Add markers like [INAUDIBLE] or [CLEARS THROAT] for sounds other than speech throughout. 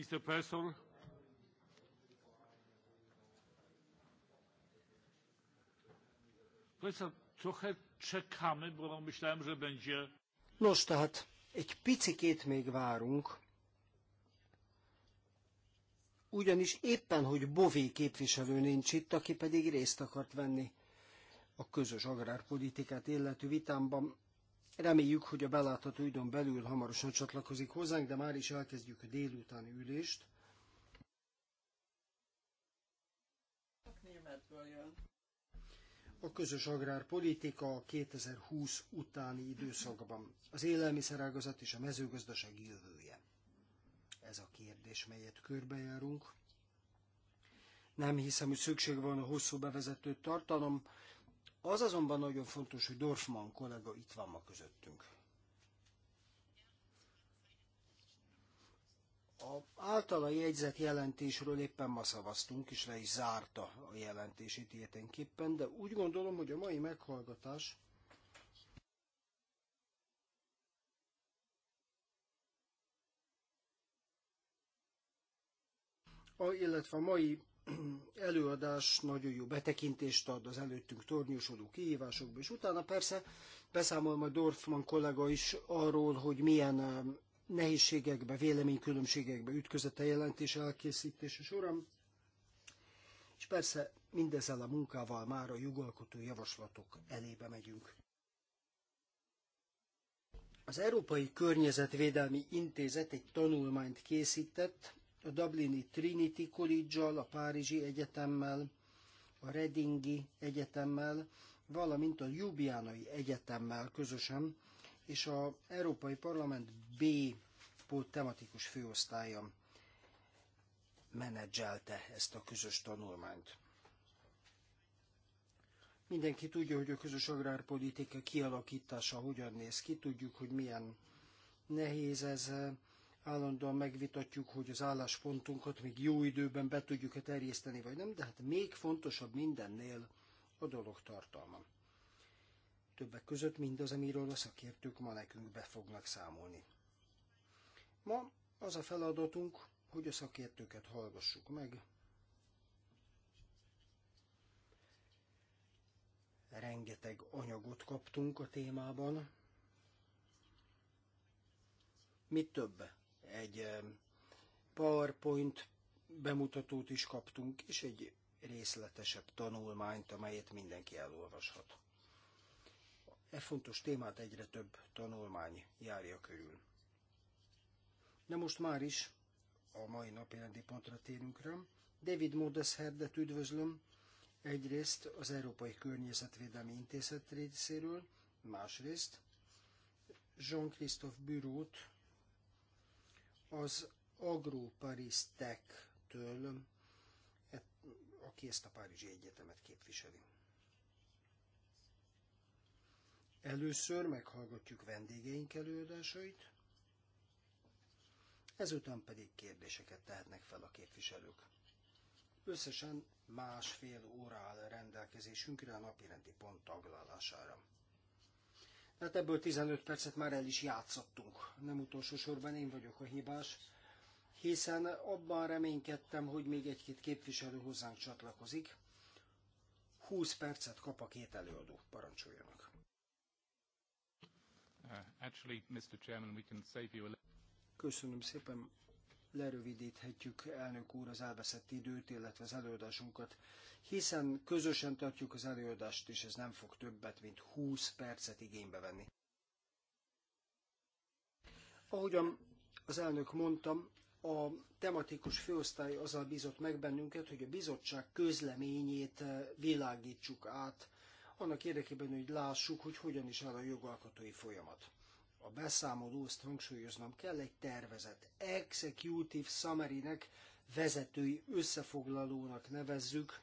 Mr. Person. trochę czekamy, bo myślałem, że będzie... Nos, tehát egy picikét még várunk, ugyanis éppen, hogy Bové képviselő nincs itt, aki pedig részt akart venni a közös agrárpolitikát illető vitámban. Reméljük, hogy a belátható időn belül hamarosan csatlakozik hozzánk, de már is elkezdjük a délutáni ülést. A közös agrárpolitika 2020 utáni időszakban. Az élelmiszerágazat és a mezőgazdaság jövője. Ez a kérdés, melyet körbejárunk. Nem hiszem, hogy szükség van a hosszú bevezető tartalom az azonban nagyon fontos, hogy Dorfman kollega itt van ma közöttünk. A általa jegyzett jelentésről éppen ma szavaztunk, és le is zárta a jelentését értenképpen, de úgy gondolom, hogy a mai meghallgatás a, illetve a mai előadás nagyon jó betekintést ad az előttünk tornyosodó kihívásokba, és utána persze beszámol majd Dorfman kollega is arról, hogy milyen nehézségekbe, véleménykülönbségekbe ütközött a jelentés elkészítése során. És persze mindezzel a munkával már a jogalkotó javaslatok elébe megyünk. Az Európai Környezetvédelmi Intézet egy tanulmányt készített, a Dublini Trinity college a Párizsi Egyetemmel, a Readingi Egyetemmel, valamint a Ljubljanai Egyetemmel közösen, és az Európai Parlament B pót tematikus főosztálya menedzselte ezt a közös tanulmányt. Mindenki tudja, hogy a közös agrárpolitika kialakítása hogyan néz ki, tudjuk, hogy milyen nehéz ez, állandóan megvitatjuk, hogy az álláspontunkat még jó időben be tudjuk-e terjeszteni, vagy nem, de hát még fontosabb mindennél a dolog tartalma. Többek között mindaz, amiről a szakértők ma nekünk be fognak számolni. Ma az a feladatunk, hogy a szakértőket hallgassuk meg. Rengeteg anyagot kaptunk a témában. Mit több, egy PowerPoint bemutatót is kaptunk, és egy részletesebb tanulmányt, amelyet mindenki elolvashat. E fontos témát egyre több tanulmány járja körül. De most már is a mai napi rendi pontra térünk rá. David Herdet üdvözlöm, egyrészt az Európai Környezetvédelmi Intézet részéről, másrészt Jean-Christophe Bürót, az agroparisztektől, e- aki ezt a Párizsi Egyetemet képviseli. Először meghallgatjuk vendégeink előadásait, ezután pedig kérdéseket tehetnek fel a képviselők. Összesen másfél óra áll rendelkezésünkre a napirendi pont taglalására. Hát ebből 15 percet már el is játszottunk. Nem utolsó sorban én vagyok a hibás, hiszen abban reménykedtem, hogy még egy-két képviselő hozzánk csatlakozik. 20 percet kap a két előadó. Parancsoljanak. Uh, Köszönöm szépen, lerövidíthetjük, elnök úr, az elveszett időt, illetve az előadásunkat, hiszen közösen tartjuk az előadást, és ez nem fog többet, mint 20 percet igénybe venni. Ahogyan az elnök mondtam, a tematikus főosztály azzal bízott meg bennünket, hogy a bizottság közleményét eh, világítsuk át, annak érdekében, hogy lássuk, hogy hogyan is áll a jogalkotói folyamat a beszámoló, azt hangsúlyoznom kell, egy tervezet. Executive summary vezetői összefoglalónak nevezzük.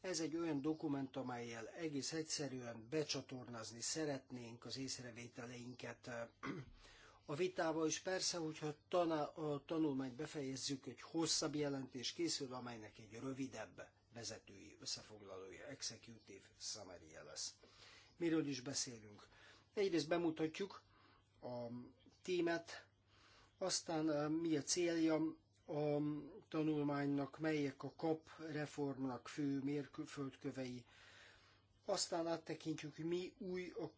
Ez egy olyan dokument, amelyel egész egyszerűen becsatornázni szeretnénk az észrevételeinket a vitával és persze, hogyha a tanulmányt befejezzük, egy hosszabb jelentés készül, amelynek egy rövidebb vezetői összefoglalója, executive summary lesz. Miről is beszélünk? Egyrészt bemutatjuk a témát, aztán eh, mi a célja a tanulmánynak, melyek a kap reformnak fő mérföldkövei. Aztán áttekintjük, mi új a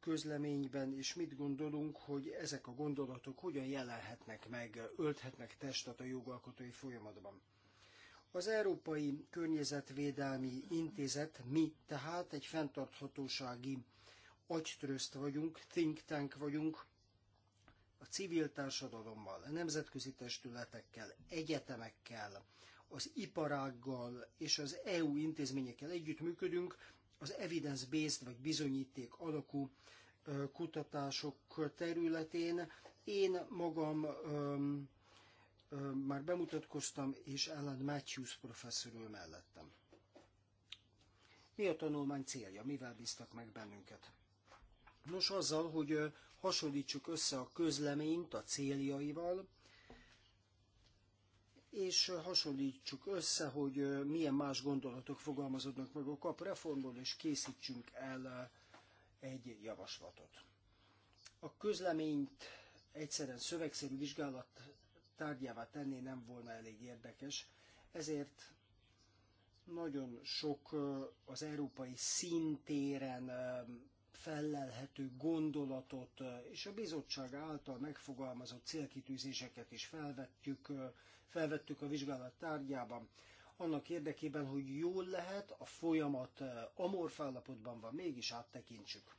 közleményben, és mit gondolunk, hogy ezek a gondolatok hogyan jelenhetnek meg, ölthetnek testet a jogalkotói folyamatban. Az Európai Környezetvédelmi Intézet, mi tehát egy fenntarthatósági agytrözt vagyunk, think tank vagyunk, a civil társadalommal, a nemzetközi testületekkel, egyetemekkel, az iparággal és az EU intézményekkel együtt működünk. az evidence-based vagy bizonyíték alakú kutatások területén. Én magam öm, öm, már bemutatkoztam, és Ellen Matthews professzor ül mellettem. Mi a tanulmány célja? Mivel bíztak meg bennünket? Nos, azzal, hogy hasonlítsuk össze a közleményt a céljaival, és hasonlítsuk össze, hogy milyen más gondolatok fogalmazódnak meg a kap és készítsünk el egy javaslatot. A közleményt egyszerűen szövegszerű vizsgálat tárgyává tenni nem volna elég érdekes, ezért nagyon sok az európai szintéren fellelhető gondolatot eh, és a bizottság által megfogalmazott célkitűzéseket is felvettük, eh, felvettük a vizsgálat tárgyában, annak érdekében, hogy jól lehet, a folyamat eh, amorf állapotban van, mégis áttekintsük.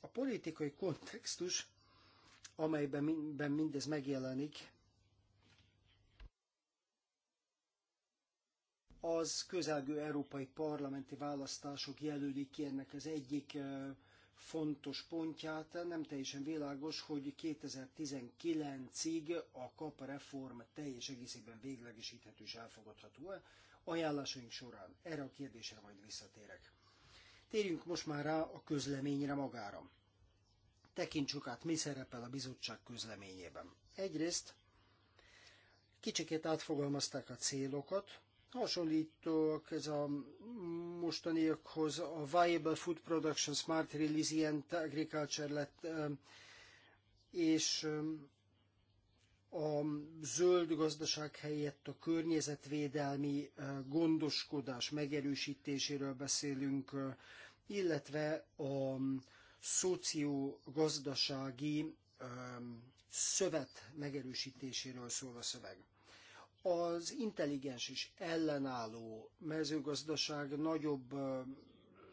A politikai kontextus, amelyben mindez megjelenik, az közelgő európai parlamenti választások jelölik ki ennek az egyik fontos pontját. Nem teljesen világos, hogy 2019-ig a KAP reform teljes egészében véglegesíthető és elfogadható-e. Ajánlásaink során erre a kérdésre majd visszatérek. Térjünk most már rá a közleményre magára. Tekintsük át, mi szerepel a bizottság közleményében. Egyrészt kicsikét átfogalmazták a célokat, hasonlítók ez a mostaniakhoz a Viable Food Production Smart Resilient Agriculture lett, és a zöld gazdaság helyett a környezetvédelmi gondoskodás megerősítéséről beszélünk, illetve a szociogazdasági szövet megerősítéséről szól a szöveg az intelligens és ellenálló mezőgazdaság nagyobb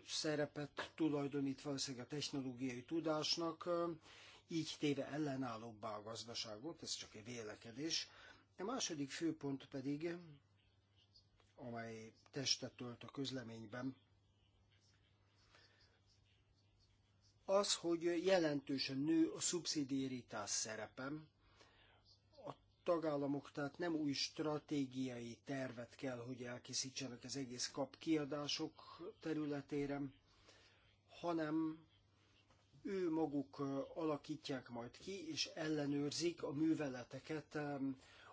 szerepet tulajdonít valószínűleg a technológiai tudásnak, így téve ellenállóbbá a gazdaságot, ez csak egy vélekedés. A második főpont pedig, amely testet tölt a közleményben, az, hogy jelentősen nő a szubszidiaritás szerepem, tagállamok tehát nem új stratégiai tervet kell, hogy elkészítsenek az egész kap kiadások területére, hanem ő maguk alakítják majd ki, és ellenőrzik a műveleteket,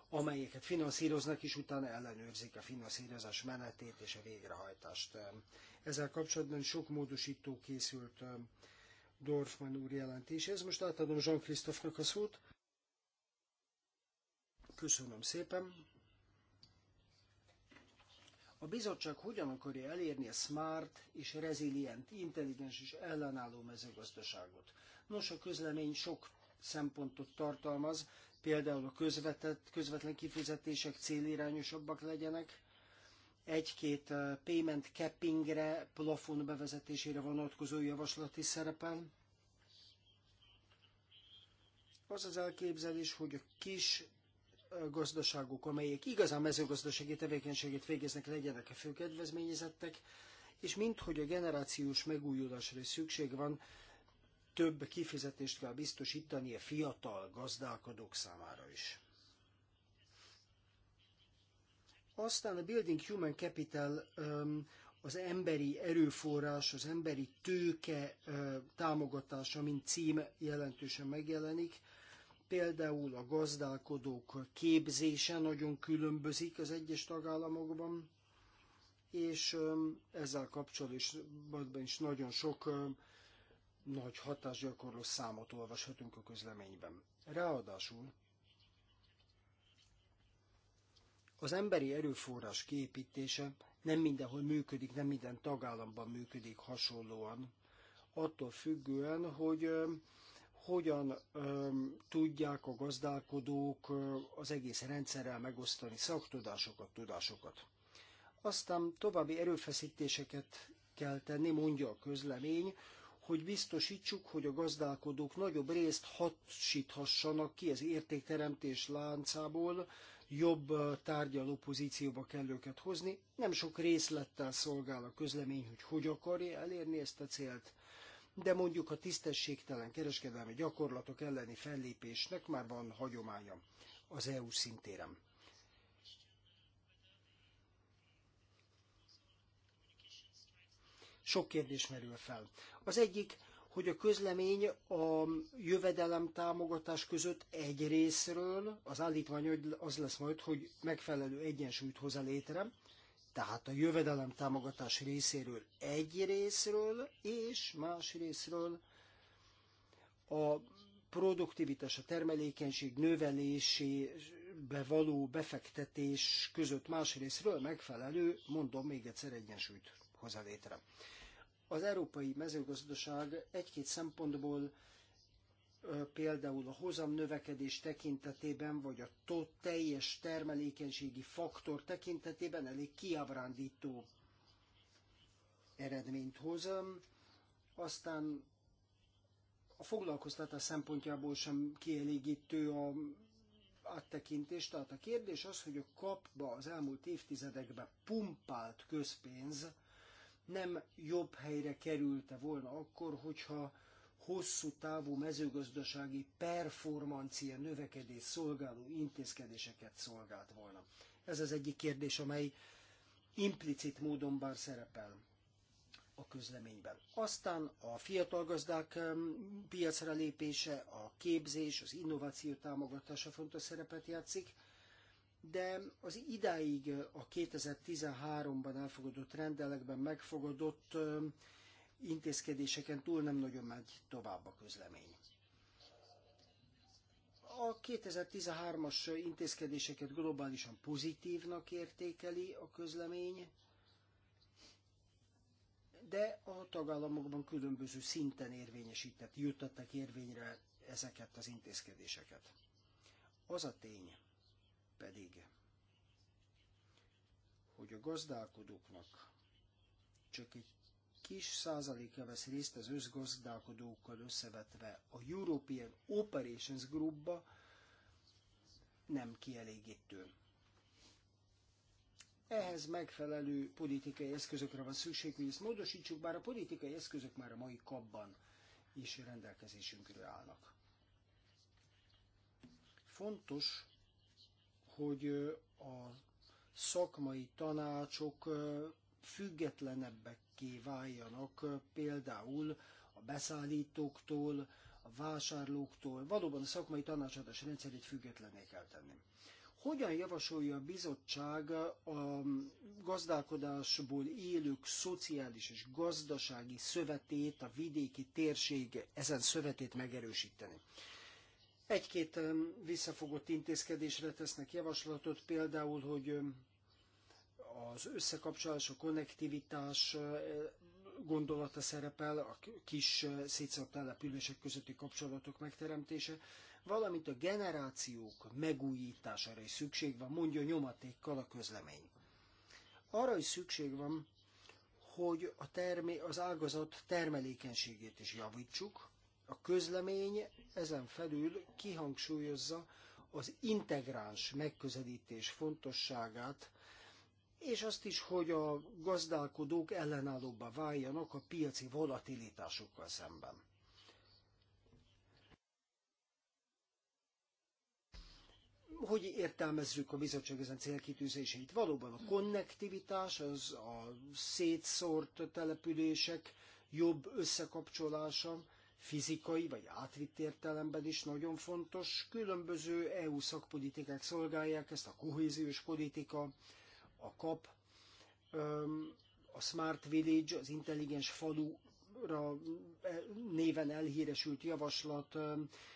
amelyeket finanszíroznak, és utána ellenőrzik a finanszírozás menetét és a végrehajtást. Ezzel kapcsolatban sok módosító készült Dorfman úr jelentés. Ez most átadom Jean-Christophe-nak a szót. Köszönöm szépen. A bizottság hogyan akarja elérni a smart és rezilient, intelligens és ellenálló mezőgazdaságot? Nos, a közlemény sok szempontot tartalmaz, például a közvetett, közvetlen kifizetések célirányosabbak legyenek, egy-két eh, payment cappingre, plafon bevezetésére vonatkozó javaslat is szerepel. Az az elképzelés, hogy a kis gazdaságok, amelyek igazán mezőgazdasági tevékenységet végeznek, legyenek a főkedvezményezettek, és minthogy a generációs megújulásra is szükség van, több kifizetést kell biztosítani a fiatal gazdálkodók számára is. Aztán a Building Human Capital az emberi erőforrás, az emberi tőke támogatása, mint cím jelentősen megjelenik például a gazdálkodók képzése nagyon különbözik az egyes tagállamokban, és ezzel kapcsolatban is nagyon sok nagy hatásgyakorló számot olvashatunk a közleményben. Ráadásul az emberi erőforrás kiépítése nem mindenhol működik, nem minden tagállamban működik hasonlóan, attól függően, hogy hogyan öm, tudják a gazdálkodók ö, az egész rendszerrel megosztani szaktudásokat, tudásokat. Aztán további erőfeszítéseket kell tenni, mondja a közlemény, hogy biztosítsuk, hogy a gazdálkodók nagyobb részt hatsíthassanak ki az értékteremtés láncából, jobb tárgyaló pozícióba kell őket hozni. Nem sok részlettel szolgál a közlemény, hogy hogy akarja elérni ezt a célt, de mondjuk a tisztességtelen kereskedelmi gyakorlatok elleni fellépésnek már van hagyománya az EU szintéren. Sok kérdés merül fel. Az egyik, hogy a közlemény a jövedelem támogatás között egy részről, az állítvány az lesz majd, hogy megfelelő egyensúlyt hoz a létre, tehát a jövedelem támogatás részéről egy részről, és más részről a produktivitás, a termelékenység növelésébe való befektetés között más részről megfelelő, mondom még egyszer, egyensúlyt hozzálétre. Az európai mezőgazdaság egy-két szempontból például a hozam növekedés tekintetében, vagy a tot teljes termelékenységi faktor tekintetében elég kiábrándító eredményt hozom. Aztán a foglalkoztatás szempontjából sem kielégítő a áttekintés. Tehát a kérdés az, hogy a kapba az elmúlt évtizedekben pumpált közpénz nem jobb helyre kerülte volna akkor, hogyha hosszú távú mezőgazdasági performancia növekedés szolgáló intézkedéseket szolgált volna. Ez az egyik kérdés, amely implicit módon bár szerepel a közleményben. Aztán a fiatal gazdák piacra lépése, a képzés, az innováció támogatása fontos szerepet játszik, de az idáig a 2013-ban elfogadott rendelekben megfogadott intézkedéseken túl nem nagyon megy tovább a közlemény. A 2013-as intézkedéseket globálisan pozitívnak értékeli a közlemény, de a tagállamokban különböző szinten érvényesített, juttattak érvényre ezeket az intézkedéseket. Az a tény pedig, hogy a gazdálkodóknak csak egy kis százaléka vesz részt az összgazdálkodókkal összevetve. A European Operations Groupba nem kielégítő. Ehhez megfelelő politikai eszközökre van szükség, hogy ezt módosítsuk, bár a politikai eszközök már a mai kapban is rendelkezésünkre állnak. Fontos, hogy a szakmai tanácsok függetlenebbek függetlenekké váljanak például a beszállítóktól, a vásárlóktól, valóban a szakmai tanácsadás rendszerét függetlené kell tenni. Hogyan javasolja a bizottság a gazdálkodásból élők szociális és gazdasági szövetét, a vidéki térség ezen szövetét megerősíteni? Egy-két visszafogott intézkedésre tesznek javaslatot, például, hogy az összekapcsolás, a konnektivitás gondolata szerepel, a kis szétszett települések közötti kapcsolatok megteremtése, valamint a generációk megújítására is szükség van, mondja nyomatékkal a közlemény. Arra is szükség van, hogy a termé, az ágazat termelékenységét is javítsuk. A közlemény ezen felül kihangsúlyozza az integráns megközelítés fontosságát, és azt is, hogy a gazdálkodók ellenállóbbá váljanak a piaci volatilitásokkal szemben. Hogy értelmezzük a bizottság ezen célkitűzéseit? Valóban a konnektivitás, az a szétszórt települések jobb összekapcsolása, fizikai vagy átvitt értelemben is nagyon fontos. Különböző EU szakpolitikák szolgálják ezt, a kohéziós politika, a kap, a Smart Village, az intelligens falura e, néven elhíresült javaslat,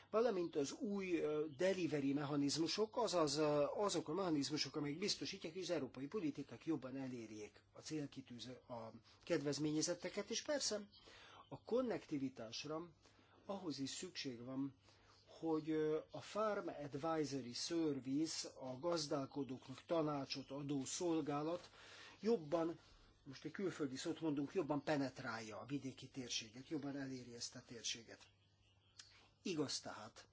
valamint az új delivery mechanizmusok, azaz azok a mechanizmusok, amelyek biztosítják, hogy az európai politikák jobban elérjék a célkitűző a kedvezményezetteket, és persze a konnektivitásra ahhoz is szükség van, hogy a Farm Advisory Service, a gazdálkodóknak tanácsot adó szolgálat jobban, most egy külföldi szót mondunk, jobban penetrálja a vidéki térséget, jobban eléri ezt a térséget. Igaz tehát,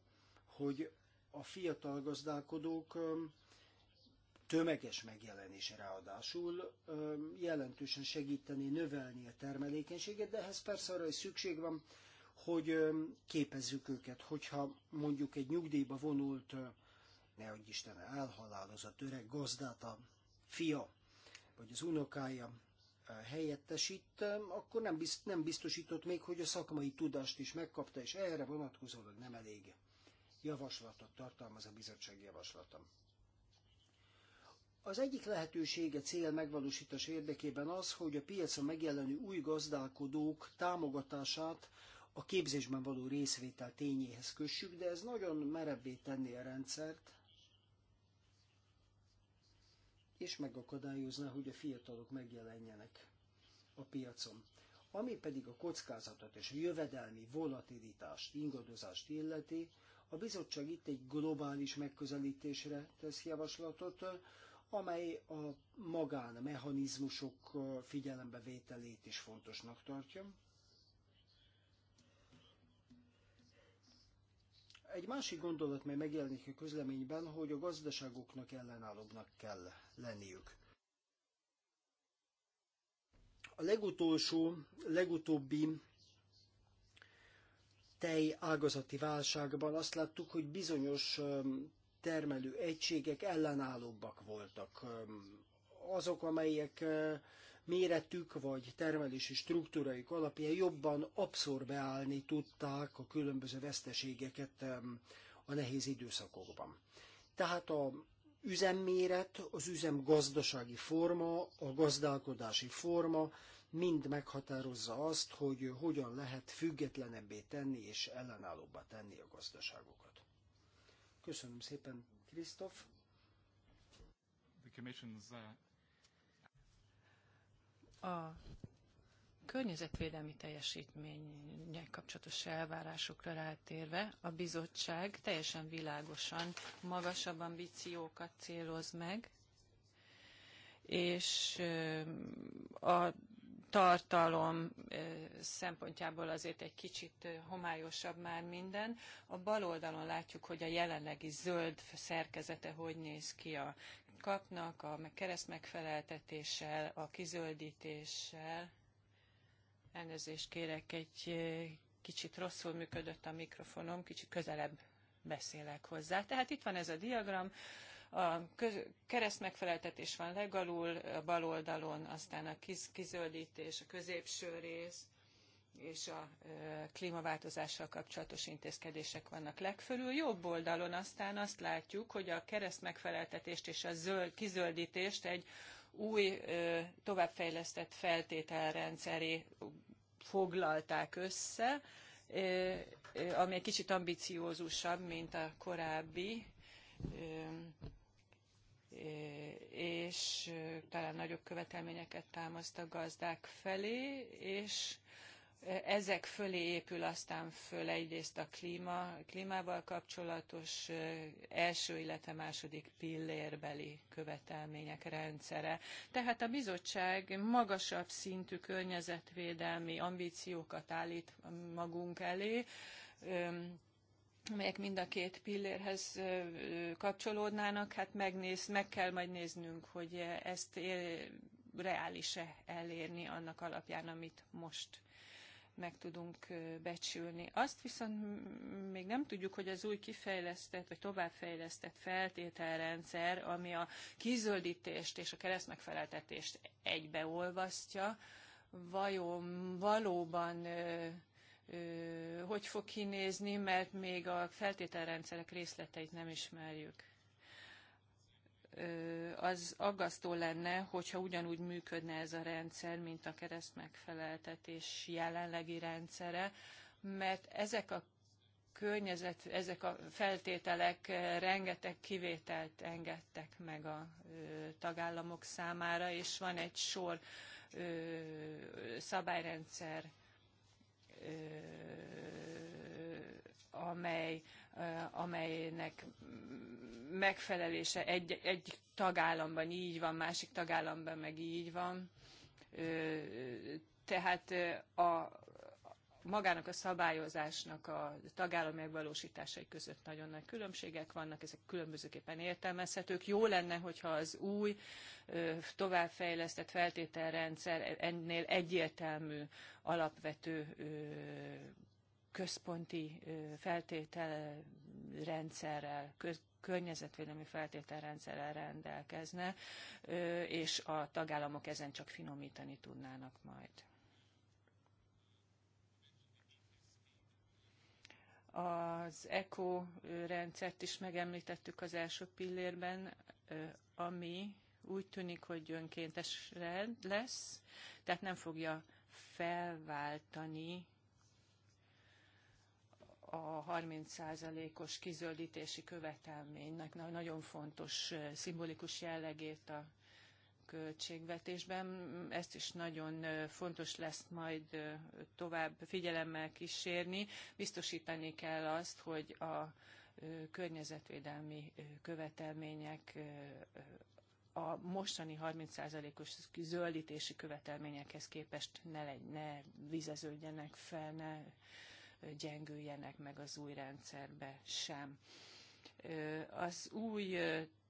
hogy a fiatal gazdálkodók tömeges megjelenése ráadásul jelentősen segíteni, növelni a termelékenységet, de ehhez persze arra is szükség van, hogy képezzük őket. Hogyha mondjuk egy nyugdíjba vonult, ne hogy Isten, elhalálozott öreg gazdát a fia, vagy az unokája helyettesít, akkor nem, bizt, nem biztosított még, hogy a szakmai tudást is megkapta, és erre vonatkozólag nem elég javaslatot tartalmaz a bizottság javaslatom. Az egyik lehetősége cél megvalósítás érdekében az, hogy a piacon megjelenő új gazdálkodók támogatását a képzésben való részvétel tényéhez kössük, de ez nagyon merebbé tenni a rendszert, és megakadályozná, hogy a fiatalok megjelenjenek a piacon. Ami pedig a kockázatot és a jövedelmi volatilitást, ingadozást illeti, a bizottság itt egy globális megközelítésre tesz javaslatot, amely a magánmechanizmusok figyelembevételét is fontosnak tartja. Egy másik gondolat, mely megjelenik a közleményben, hogy a gazdaságoknak ellenállóbbnak kell lenniük. A legutolsó, legutóbbi tej ágazati válságban azt láttuk, hogy bizonyos termelő egységek ellenállóbbak voltak. Azok, amelyek méretük vagy termelési struktúraik alapján jobban abszorbálni tudták a különböző veszteségeket a nehéz időszakokban. Tehát a üzemméret, az üzem gazdasági forma, a gazdálkodási forma mind meghatározza azt, hogy hogyan lehet függetlenebbé tenni és ellenállóbbá tenni a gazdaságokat. Köszönöm szépen, Krisztof. The commission's uh, a környezetvédelmi teljesítmények kapcsolatos elvárásokra rátérve a bizottság teljesen világosan magasabb ambíciókat céloz meg, és a tartalom szempontjából azért egy kicsit homályosabb már minden. A bal oldalon látjuk, hogy a jelenlegi zöld szerkezete hogy néz ki a kapnak a kereszt megfeleltetéssel, a kizöldítéssel. Elnézést kérek, egy kicsit rosszul működött a mikrofonom, kicsit közelebb beszélek hozzá. Tehát itt van ez a diagram, a kereszt megfeleltetés van legalul, a bal oldalon, aztán a kiz, kizöldítés, a középső rész, és a klímaváltozással kapcsolatos intézkedések vannak legfölül. Jobb oldalon aztán azt látjuk, hogy a keresztmegfeleltetést megfeleltetést és a zöld kizöldítést egy új továbbfejlesztett feltételrendszeré foglalták össze, ami egy kicsit ambiciózusabb, mint a korábbi, és talán nagyobb követelményeket támaszt a gazdák felé, és ezek fölé épül aztán föl egyrészt a klíma, klímával kapcsolatos első, illetve második pillérbeli követelmények rendszere. Tehát a bizottság magasabb szintű környezetvédelmi ambíciókat állít magunk elé, melyek mind a két pillérhez kapcsolódnának, hát megnéz, meg kell majd néznünk, hogy ezt reális-e elérni annak alapján, amit most meg tudunk becsülni. Azt viszont még nem tudjuk, hogy az új kifejlesztett vagy továbbfejlesztett feltételrendszer, ami a kizöldítést és a keresztmegfeleltetést egybeolvasztja, vajon valóban ö, ö, hogy fog kinézni, mert még a feltételrendszerek részleteit nem ismerjük az aggasztó lenne, hogyha ugyanúgy működne ez a rendszer, mint a kereszt megfeleltetés jelenlegi rendszere, mert ezek a környezet, ezek a feltételek rengeteg kivételt engedtek meg a tagállamok számára, és van egy sor szabályrendszer amely, amelynek megfelelése egy, egy tagállamban így van, másik tagállamban meg így van. Tehát a, magának a szabályozásnak a tagállam megvalósításai között nagyon nagy különbségek vannak, ezek különbözőképpen értelmezhetők. Jó lenne, hogyha az új továbbfejlesztett feltételrendszer ennél egyértelmű alapvető központi feltételrendszerrel, környezetvédelmi feltételrendszerrel rendelkezne, és a tagállamok ezen csak finomítani tudnának majd. Az ECO rendszert is megemlítettük az első pillérben, ami úgy tűnik, hogy önkéntes lesz, tehát nem fogja felváltani a 30%-os kizöldítési követelménynek nagyon fontos szimbolikus jellegét a költségvetésben. Ezt is nagyon fontos lesz majd tovább figyelemmel kísérni. Biztosítani kell azt, hogy a környezetvédelmi követelmények a mostani 30%-os zöldítési követelményekhez képest ne, legy, ne vizeződjenek fel, ne gyengüljenek meg az új rendszerbe sem. Az új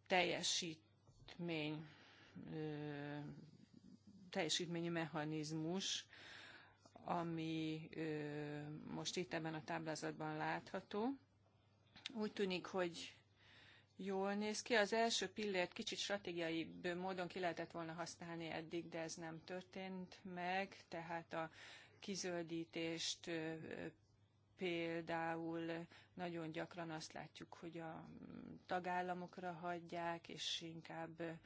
teljesítmény, teljesítményi mechanizmus, ami most itt ebben a táblázatban látható, úgy tűnik, hogy jól néz ki. Az első pillért kicsit stratégiai módon ki lehetett volna használni eddig, de ez nem történt meg, tehát a kizöldítést például nagyon gyakran azt látjuk, hogy a tagállamokra hagyják, és inkább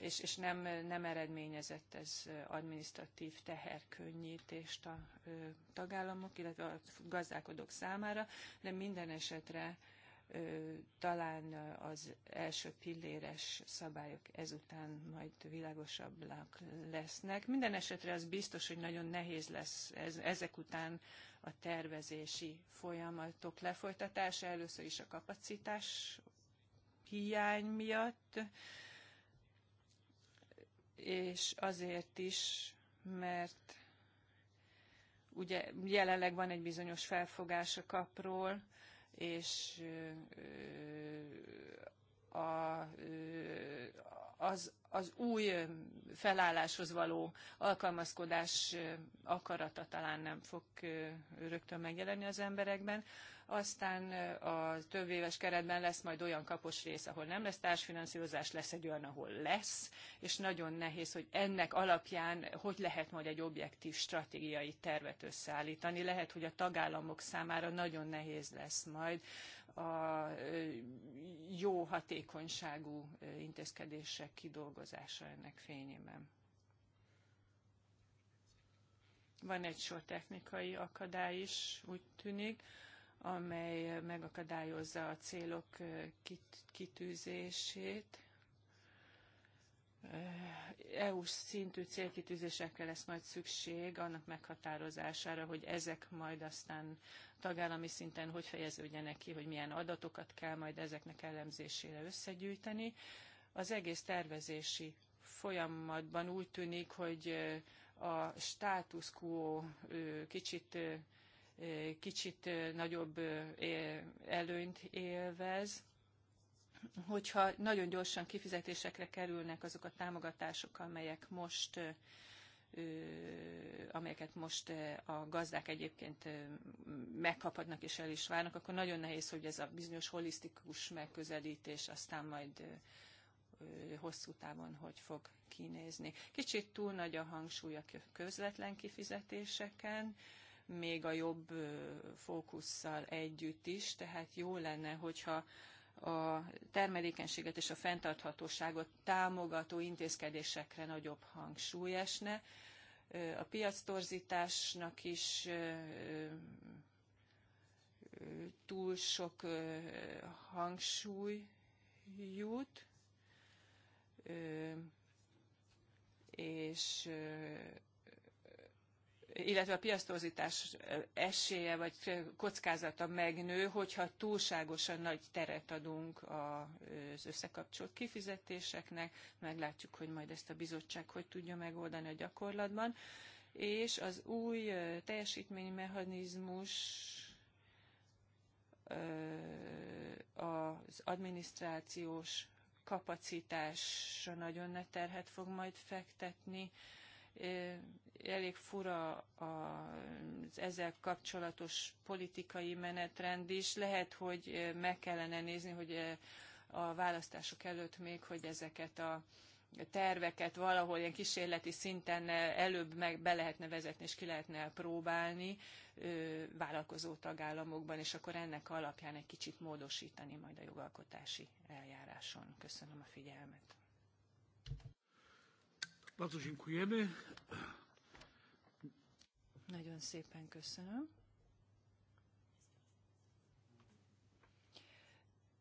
és, és nem, nem eredményezett ez administratív teherkönnyítést a tagállamok, illetve a gazdálkodók számára, de minden esetre talán az első pilléres szabályok ezután majd világosabbak lesznek. Minden esetre az biztos, hogy nagyon nehéz lesz ez, ezek után a tervezési folyamatok lefolytatása, először is a kapacitás hiány miatt, és azért is, mert ugye jelenleg van egy bizonyos felfogás a kapról, és a az, az új felálláshoz való alkalmazkodás akarata talán nem fog rögtön megjelenni az emberekben. Aztán a több éves keretben lesz majd olyan kapos rész, ahol nem lesz társfinanszírozás, lesz egy olyan, ahol lesz, és nagyon nehéz, hogy ennek alapján hogy lehet majd egy objektív stratégiai tervet összeállítani. Lehet, hogy a tagállamok számára nagyon nehéz lesz majd a jó hatékonyságú intézkedések kidolgozása ennek fényében. Van egy sor technikai akadály is, úgy tűnik, amely megakadályozza a célok kit kitűzését EU-s e szintű célkitűzésekkel lesz majd szükség annak meghatározására, hogy ezek majd aztán tagállami szinten hogy fejeződjenek ki, hogy milyen adatokat kell majd ezeknek ellenzésére összegyűjteni. Az egész tervezési folyamatban úgy tűnik, hogy e, a status quo e, kicsit, kicsit nagyobb előnyt élvez, hogyha nagyon gyorsan kifizetésekre kerülnek azok a támogatások, amelyek most amelyeket most a gazdák egyébként megkaphatnak és el is várnak, akkor nagyon nehéz, hogy ez a bizonyos holisztikus megközelítés aztán majd hosszú távon hogy fog kinézni. Kicsit túl nagy a hangsúly a közvetlen kifizetéseken, még a jobb fókusszal együtt is, tehát jó lenne, hogyha a termelékenységet és a fenntarthatóságot támogató intézkedésekre nagyobb hangsúly esne. A piactorzításnak is túl sok hangsúly jut, és illetve a piasztorzítás esélye vagy kockázata megnő, hogyha túlságosan nagy teret adunk az összekapcsolt kifizetéseknek, meglátjuk, hogy majd ezt a bizottság hogy tudja megoldani a gyakorlatban, és az új teljesítménymechanizmus az adminisztrációs kapacitásra nagyon ne terhet fog majd fektetni, elég fura az ezzel kapcsolatos politikai menetrend is. Lehet, hogy meg kellene nézni, hogy a választások előtt még, hogy ezeket a terveket valahol ilyen kísérleti szinten előbb meg be lehetne vezetni, és ki lehetne próbálni vállalkozó tagállamokban, és akkor ennek alapján egy kicsit módosítani majd a jogalkotási eljáráson. Köszönöm a figyelmet. Bardzo dziękujemy. Nagyon szépen köszönöm.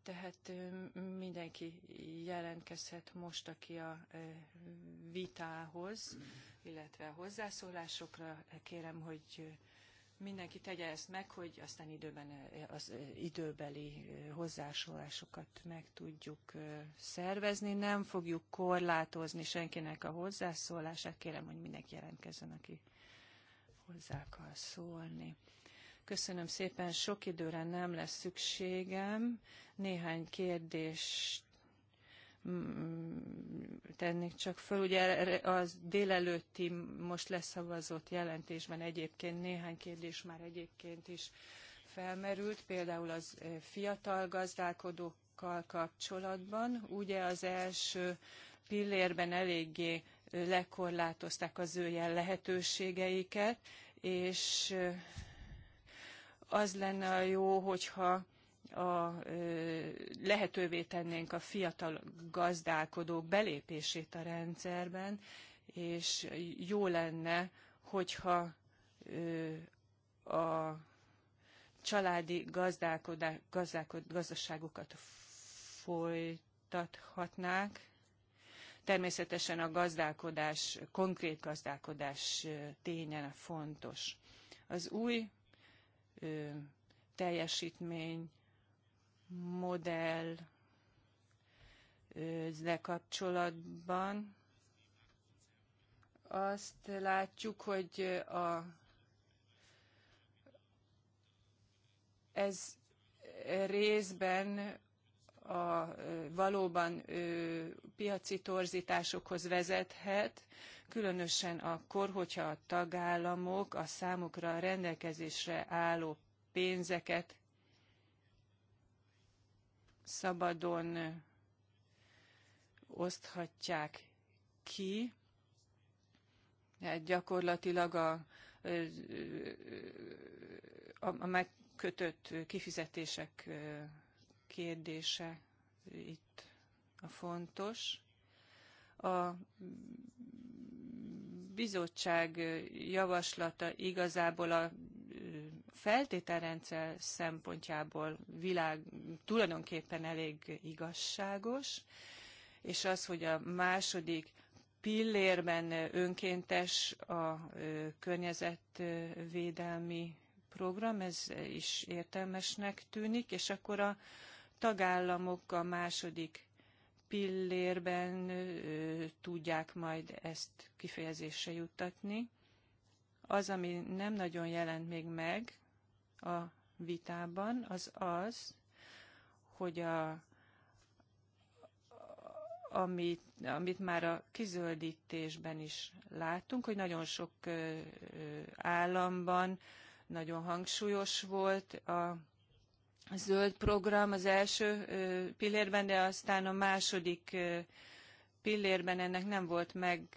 Tehát mindenki jelentkezhet most, aki a vitához, illetve a hozzászólásokra. Kérem, hogy mindenki tegye ezt meg, hogy aztán időben az időbeli hozzásolásokat meg tudjuk szervezni. Nem fogjuk korlátozni senkinek a hozzászólását. Kérem, hogy mindenki jelentkezzen, aki hozzá akar szólni. Köszönöm szépen, sok időre nem lesz szükségem. Néhány kérdést Mm, tennék csak föl. Ugye az délelőtti most leszavazott jelentésben egyébként néhány kérdés már egyébként is felmerült, például az eh, fiatal gazdálkodókkal kapcsolatban. Ugye az első pillérben eléggé eh, lekorlátozták az ő jel lehetőségeiket, és eh, az lenne a jó, hogyha a, lehetővé tennénk a fiatal gazdálkodók belépését a rendszerben, és jó lenne, hogyha a családi gazdaságokat folytathatnák. Természetesen a gazdálkodás, konkrét gazdálkodás tényen fontos. Az új teljesítmény modell ezzel kapcsolatban azt látjuk, hogy a, ez részben a, valóban ö, piaci torzításokhoz vezethet, különösen akkor, hogyha a tagállamok a számukra rendelkezésre álló pénzeket szabadon oszthatják ki. Hát gyakorlatilag a, a, a megkötött kifizetések kérdése itt a fontos. A bizottság javaslata igazából a feltételrendszer szempontjából világ tulajdonképpen elég igazságos, és az, hogy a második pillérben önkéntes a környezetvédelmi program, ez is értelmesnek tűnik, és akkor a tagállamok a második pillérben tudják majd ezt kifejezésre juttatni. Az, ami nem nagyon jelent még meg, a vitában, az az, hogy a, amit, amit már a kizöldítésben is láttunk, hogy nagyon sok államban nagyon hangsúlyos volt a zöld program az első pillérben, de aztán a második pillérben ennek nem volt, meg,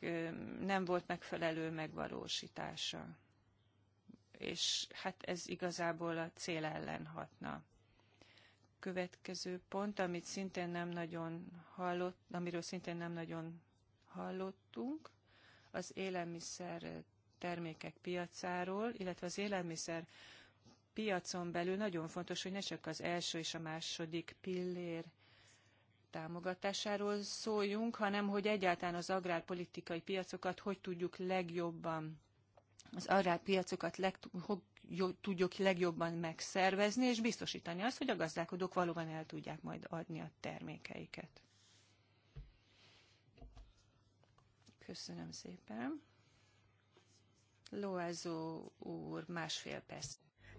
nem volt megfelelő megvalósítása és hát ez igazából a cél ellen hatna. Következő pont, amit szintén nem nagyon hallott, amiről szintén nem nagyon hallottunk, az élelmiszer termékek piacáról, illetve az élelmiszer piacon belül nagyon fontos, hogy ne csak az első és a második pillér támogatásáról szóljunk, hanem hogy egyáltalán az agrárpolitikai piacokat hogy tudjuk legjobban az agrárpiacokat leg, tudjuk legjobban megszervezni, és biztosítani azt, hogy a gazdálkodók valóban el tudják majd adni a termékeiket. Köszönöm szépen. Loázó úr, másfél perc.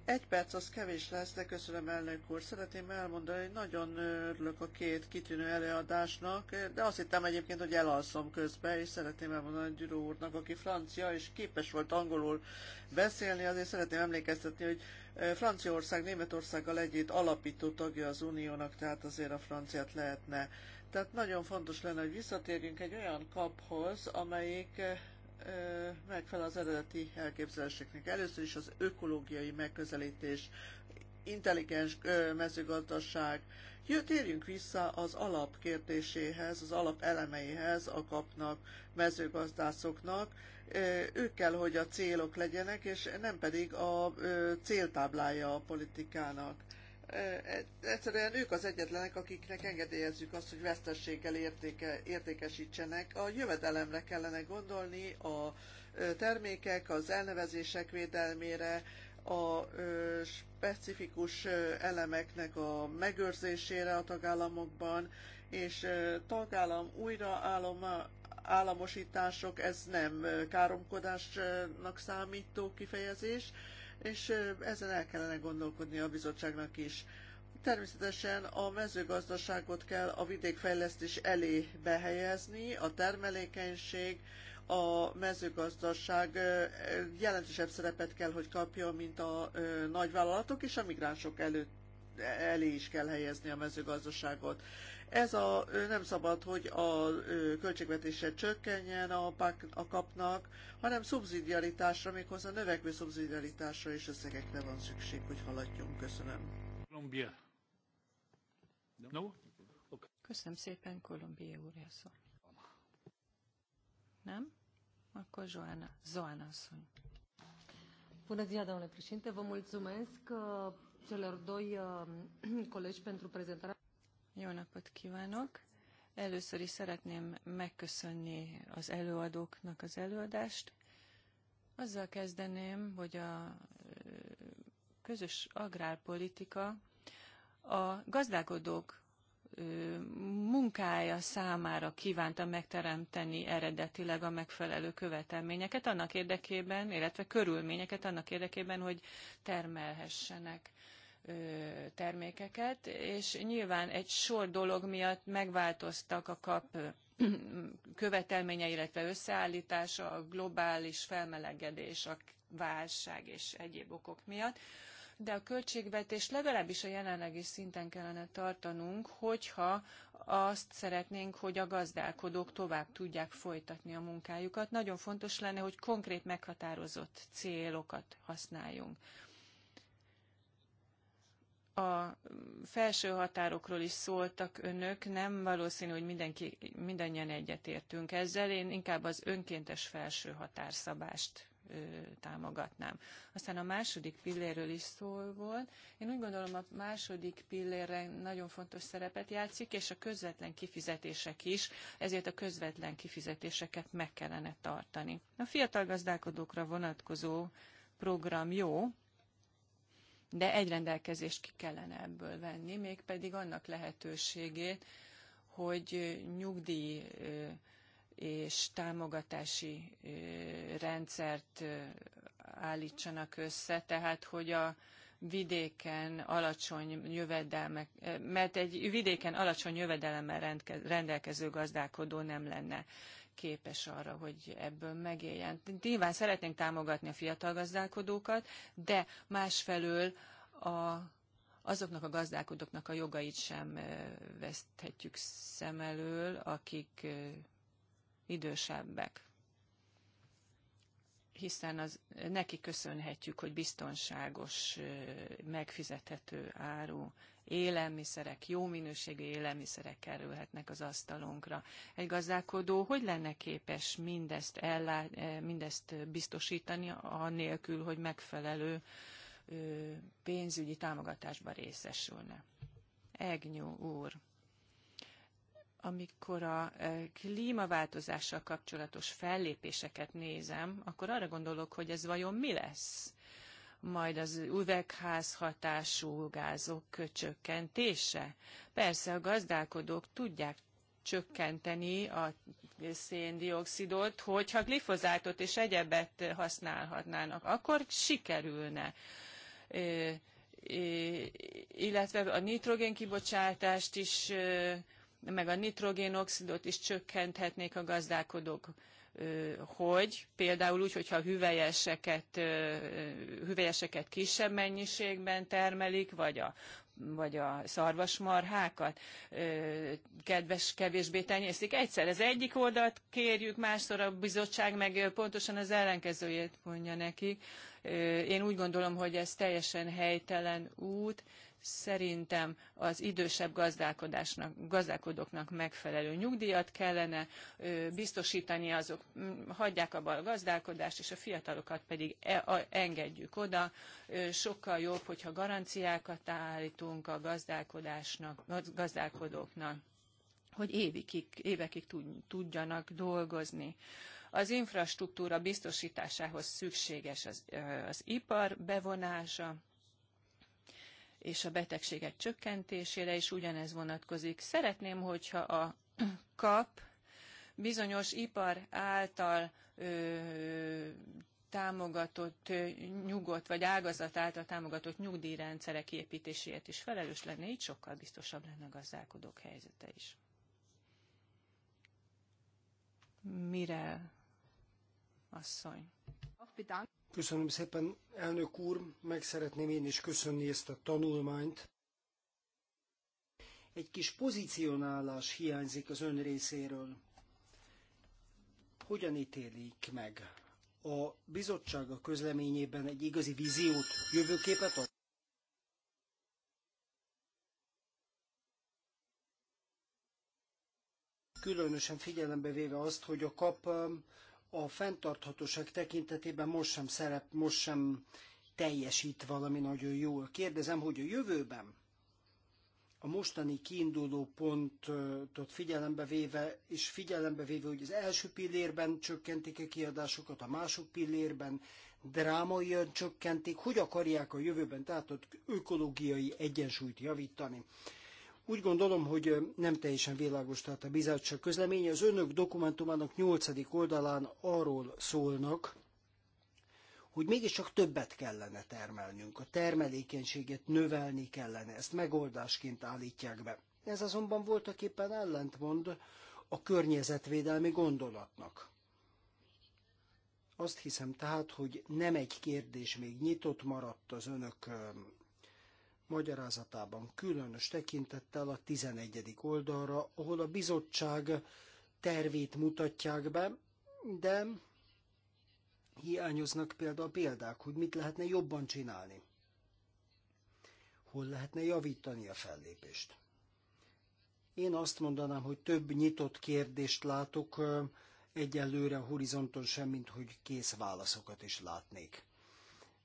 Egy perc az kevés lesz, de köszönöm elnök úr. Szeretném elmondani, hogy nagyon örülök a két kitűnő előadásnak, de azt hittem egyébként, hogy elalszom közben, és szeretném elmondani Gyuró úrnak, aki francia, és képes volt angolul beszélni, azért szeretném emlékeztetni, hogy Franciaország Németországgal együtt alapító tagja az uniónak, tehát azért a franciát lehetne. Tehát nagyon fontos lenne, hogy visszatérjünk egy olyan kaphoz, amelyik megfelel az eredeti elképzeléseknek. Először is az ökológiai megközelítés, intelligens mezőgazdaság. Jö, térjünk vissza az alapkérdéséhez, az elemeihez a kapnak, mezőgazdászoknak. Ők kell, hogy a célok legyenek, és nem pedig a céltáblája a politikának. E, egyszerűen ők az egyetlenek, akiknek engedélyezzük azt, hogy vesztességgel értéke, értékesítsenek. A jövedelemre kellene gondolni, a termékek, az elnevezések védelmére, a specifikus elemeknek a megőrzésére a tagállamokban, és tagállam újraálloma, államosítások, ez nem káromkodásnak számító kifejezés, és ezen el kellene gondolkodni a bizottságnak is. Természetesen a mezőgazdaságot kell a vidékfejlesztés elé behelyezni, a termelékenység, a mezőgazdaság jelentősebb szerepet kell, hogy kapja, mint a nagyvállalatok, és a migránsok előtt elé is kell helyezni a mezőgazdaságot. Ez a, nem szabad, hogy a költségvetése csökkenjen a, a kapnak, hanem szubszidiaritásra, méghozzá növekvő szubszidiaritásra és összegekre van szükség, hogy haladjunk. Köszönöm. Kolumbia. No? Okay. Köszönöm szépen, Kolumbia úr, Nem? Akkor Joana, Zoana asszony. Bună ziua, domnule președinte. Vă mulțumesc uh, celor doi uh, [CLEARS THROAT] colegi pentru prezentarea. Jó napot kívánok! Először is szeretném megköszönni az előadóknak az előadást. Azzal kezdeném, hogy a közös agrárpolitika a gazdálkodók munkája számára kívánta megteremteni eredetileg a megfelelő követelményeket annak érdekében, illetve körülményeket annak érdekében, hogy termelhessenek termékeket, és nyilván egy sor dolog miatt megváltoztak a kap [CLEARS THROAT] követelményei, illetve összeállítása, a globális felmelegedés, a válság és egyéb okok miatt. De a költségvetés legalábbis a jelenlegi szinten kellene tartanunk, hogyha azt szeretnénk, hogy a gazdálkodók tovább tudják folytatni a munkájukat. Nagyon fontos lenne, hogy konkrét meghatározott célokat használjunk a felső határokról is szóltak önök, nem valószínű, hogy mindenki, mindannyian egyetértünk ezzel, én inkább az önkéntes felső határszabást ö, támogatnám. Aztán a második pillérről is szó volt. Én úgy gondolom, a második pillérre nagyon fontos szerepet játszik, és a közvetlen kifizetések is, ezért a közvetlen kifizetéseket meg kellene tartani. A fiatal gazdálkodókra vonatkozó program jó, de egy rendelkezést ki kellene ebből venni, mégpedig annak lehetőségét, hogy nyugdíj és támogatási rendszert állítsanak össze, tehát hogy a vidéken alacsony jövedelmek, mert egy vidéken alacsony jövedelemmel rendelkező gazdálkodó nem lenne képes arra, hogy ebből megéljen. Nyilván szeretnénk támogatni a fiatal gazdálkodókat, de másfelől a, azoknak a gazdálkodóknak a jogait sem veszthetjük szem elől, akik idősebbek hiszen az, neki köszönhetjük, hogy biztonságos, megfizethető áru élelmiszerek, jó minőségű élelmiszerek kerülhetnek az asztalunkra. Egy gazdálkodó hogy lenne képes mindezt, ellá, eh, mindezt biztosítani, anélkül, hogy megfelelő pénzügyi támogatásba részesülne? Egnyú úr amikor a eh, klímaváltozással kapcsolatos fellépéseket nézem, akkor arra gondolok, hogy ez vajon mi lesz? majd az üvegház hatású gázok csökkentése. Persze a gazdálkodók tudják csökkenteni a széndiokszidot, hogyha glifozátot és egyebet használhatnának, akkor sikerülne illetve a nitrogén kibocsátást is, meg a nitrogénoxidot is csökkenthetnék a gazdálkodók hogy például úgy, hogyha hüvelyeseket, hüvelyeseket kisebb mennyiségben termelik, vagy a vagy a szarvasmarhákat kedves, kevésbé tenyésztik. Egyszer az egyik oldalt kérjük, másszor a bizottság meg pontosan az ellenkezőjét mondja neki. Én úgy gondolom, hogy ez teljesen helytelen út Szerintem az idősebb gazdálkodásnak, gazdálkodóknak megfelelő nyugdíjat kellene biztosítani, azok hagyják abba a gazdálkodást, és a fiatalokat pedig e, engedjük oda. Sokkal jobb, hogyha garanciákat állítunk a gazdálkodásnak, gazdálkodóknak hogy évekig, évekig tudjanak dolgozni. Az infrastruktúra biztosításához szükséges az, az ipar bevonása, és a betegségek csökkentésére is ugyanez vonatkozik. Szeretném, hogyha a [CLEARS THROAT] kap bizonyos ipar által ö, támogatott nyugodt, vagy ágazat által támogatott nyugdíjrendszerek építéséért is felelős lenne, így sokkal biztosabb lenne a gazdálkodók helyzete is. Mire asszony. Köszönöm szépen, elnök úr, meg szeretném én is köszönni ezt a tanulmányt. Egy kis pozicionálás hiányzik az ön részéről. Hogyan ítélik meg? A bizottság a közleményében egy igazi víziót, jövőképet ad? Különösen figyelembe véve azt, hogy a kap a fenntarthatóság tekintetében most sem szerep, most sem teljesít valami nagyon jól. Kérdezem, hogy a jövőben a mostani kiinduló pontot figyelembe véve, és figyelembe véve, hogy az első pillérben csökkentik a kiadásokat, a másik pillérben drámai csökkentik, hogy akarják a jövőben, tehát az ökológiai egyensúlyt javítani. Úgy gondolom, hogy nem teljesen világos, tehát a bizottság közleménye az önök dokumentumának nyolcadik oldalán arról szólnak, hogy mégiscsak többet kellene termelnünk, a termelékenységet növelni kellene, ezt megoldásként állítják be. Ez azonban voltak éppen ellentmond a környezetvédelmi gondolatnak. Azt hiszem tehát, hogy nem egy kérdés még nyitott maradt az önök magyarázatában, különös tekintettel a 11. oldalra, ahol a bizottság tervét mutatják be, de hiányoznak például a példák, hogy mit lehetne jobban csinálni, hol lehetne javítani a fellépést. Én azt mondanám, hogy több nyitott kérdést látok egyelőre a horizonton sem, mint hogy kész válaszokat is látnék.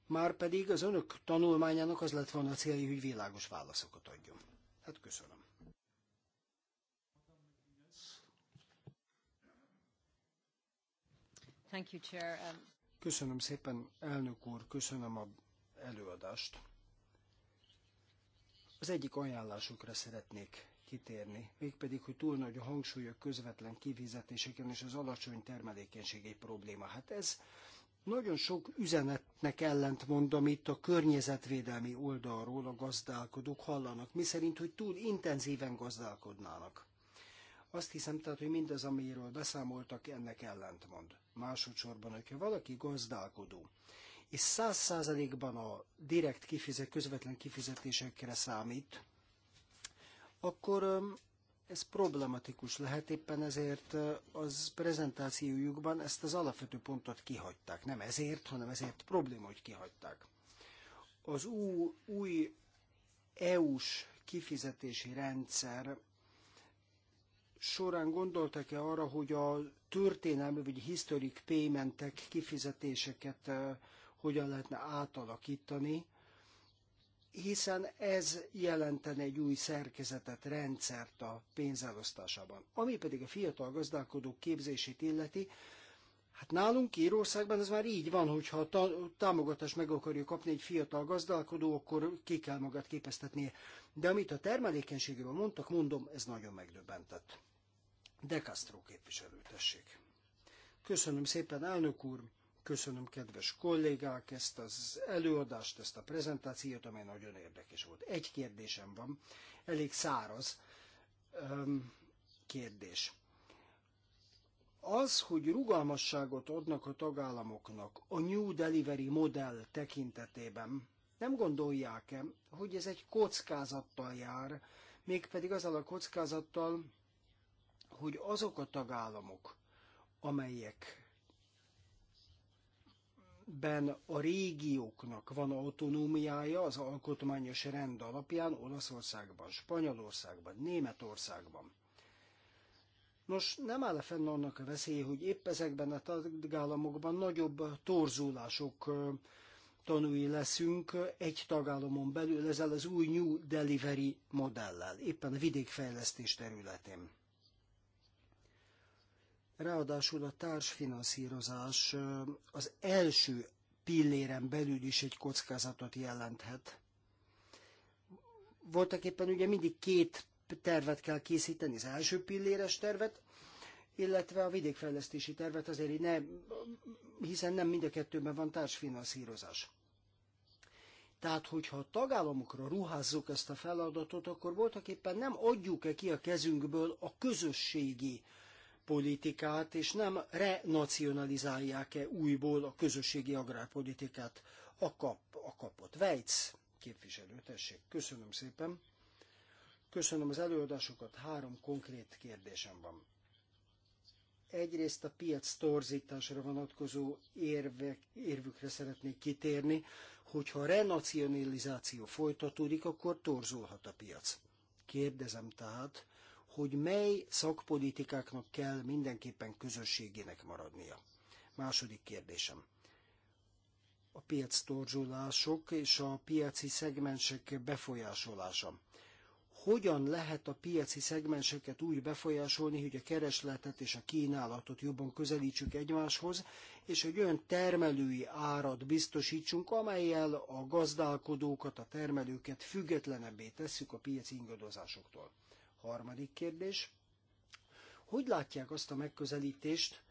Már pedig az önök tanulmányának az lett volna a célja, hogy világos válaszokat adjon. Hát köszönöm. Thank you, Chair. Um, köszönöm szépen, elnök úr, köszönöm a előadást. Az egyik ajánlásukra szeretnék kitérni, mégpedig, hogy túl nagy a hangsúly a közvetlen kivizetéseken és az alacsony termelékenységi probléma. Hát ez nagyon sok üzenetnek ellentmond, amit a környezetvédelmi oldalról a gazdálkodók hallanak, miszerint, hogy túl intenzíven gazdálkodnának. Azt hiszem tehát, hogy mindez, amiről beszámoltak, ennek ellentmond. Másodszorban, hogyha valaki gazdálkodó, és száz százalékban a direkt kifizet, közvetlen kifizetésekre számít, akkor ez problematikus lehet, éppen ezért az prezentációjukban ezt az alapvető pontot kihagyták. Nem ezért, hanem ezért probléma, hogy kihagyták. Az új, új e EU-s kifizetési rendszer során gondoltak-e arra, hogy a történelmi vagy historik paymentek kifizetéseket hogyan lehetne átalakítani, hiszen ez jelentene egy új szerkezetet, rendszert a pénzelosztásában. Ami pedig a fiatal gazdálkodók képzését illeti, hát nálunk Írországban ez már így van, hogyha a támogatást meg akarja kapni egy fiatal gazdálkodó, akkor ki kell magát képeztetnie. De amit a termelékenységében mondtak, mondom, ez nagyon megdöbbentett. De Castro képviselő, tessék. Köszönöm szépen, elnök úr! Köszönöm, kedves kollégák, ezt az előadást, ezt a prezentációt, amely nagyon érdekes volt. Egy kérdésem van, elég száraz um, kérdés. Az, hogy rugalmasságot adnak a tagállamoknak a New Delivery modell tekintetében, nem gondolják-e, hogy ez egy kockázattal jár, mégpedig azzal a kockázattal, hogy azok a tagállamok, amelyek ben a régióknak van autonómiája az alkotmányos rend alapján Olaszországban, Spanyolországban, Németországban. Nos, nem áll fenn annak a veszély, hogy épp ezekben a tagállamokban nagyobb torzulások tanúi leszünk egy tagállamon belül ezzel az új New Delivery modellel, éppen a vidékfejlesztés területén. Ráadásul a társfinanszírozás az első pilléren belül is egy kockázatot jelenthet. Voltak éppen ugye mindig két tervet kell készíteni, az első pilléres tervet, illetve a vidékfejlesztési tervet azért ne, hiszen nem mind a kettőben van társfinanszírozás. Tehát, hogyha a tagállamokra ruházzuk ezt a feladatot, akkor voltak éppen nem adjuk-e ki a kezünkből a közösségi agrárpolitikát, és nem renacionalizálják-e újból a közösségi agrárpolitikát, a, kap, a kapott Vejc képviselő, tessék, köszönöm szépen. Köszönöm az előadásokat, három konkrét kérdésem van. Egyrészt a piac torzításra vonatkozó érvek, érvükre szeretnék kitérni, hogyha a renacionalizáció folytatódik, akkor torzulhat a piac. Kérdezem tehát, hogy mely szakpolitikáknak kell mindenképpen közösségének maradnia. Második kérdésem. A piac torzsolások és a piaci szegmensek befolyásolása. Hogyan lehet a piaci szegmenseket úgy befolyásolni, hogy a keresletet és a kínálatot jobban közelítsük egymáshoz, és egy olyan termelői árat biztosítsunk, amelyel a gazdálkodókat, a termelőket függetlenebbé tesszük a piaci ingadozásoktól. Harmadik kérdés. Hogy látják azt a megközelítést,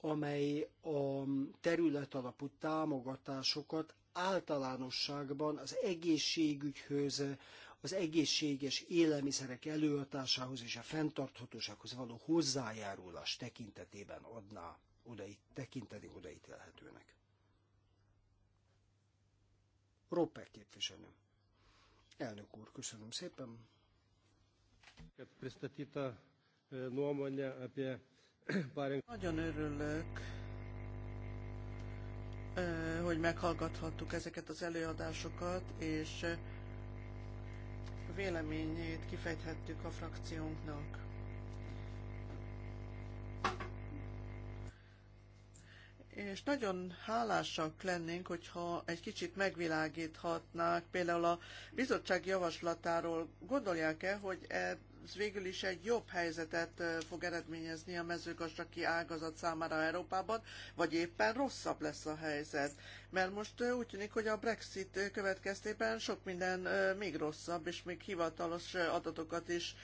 amely a terület alapú támogatásokat általánosságban az egészségügyhöz, az egészséges élelmiszerek előadásához és a fenntarthatósághoz való hozzájárulás tekintetében adná, odait, tekinteni odaítélhetőnek. Roper képviselő. Elnök úr, köszönöm szépen. E, [CLEARS THROAT] Nagyon örülök, e, hogy meghallgathattuk ezeket az előadásokat, és e, véleményét kifejthettük a frakciónknak. és nagyon hálásak lennénk, hogyha egy kicsit megvilágíthatnák például a bizottság javaslatáról. Gondolják-e, hogy ez végül is egy jobb helyzetet fog eredményezni a mezőgazdasági ágazat számára Európában, vagy éppen rosszabb lesz a helyzet? Mert most úgy tűnik, hogy a Brexit következtében sok minden még rosszabb, és még hivatalos adatokat is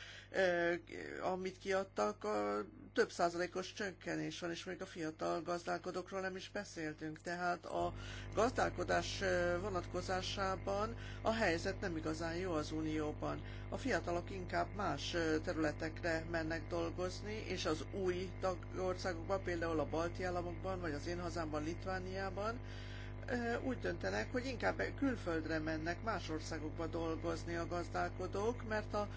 amit kiadtak, a több százalékos csökkenés van, és még a fiatal gazdálkodókról nem is beszéltünk. Tehát a gazdálkodás vonatkozásában a helyzet nem igazán jó az Unióban. A fiatalok inkább más területekre mennek dolgozni, és az új tagországokban, például a balti államokban, vagy az én hazámban, Litvániában, úgy döntenek, hogy inkább külföldre mennek, más országokba dolgozni a gazdálkodók, mert a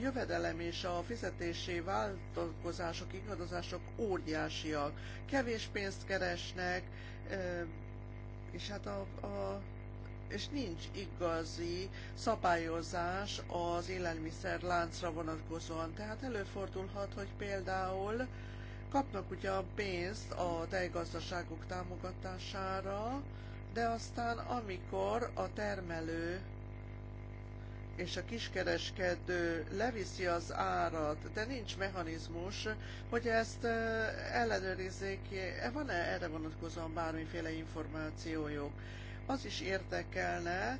jövedelem és a fizetési változások, ingadozások óriásiak. Kevés pénzt keresnek, és hát a, a és nincs igazi szabályozás az élelmiszer láncra vonatkozóan. Tehát előfordulhat, hogy például kapnak ugye pénzt a tejgazdaságok támogatására, de aztán amikor a termelő és a kiskereskedő leviszi az árat, de nincs mechanizmus, hogy ezt ellenőrizzék, van-e erre vonatkozóan bármiféle információjuk. Az is érdekelne,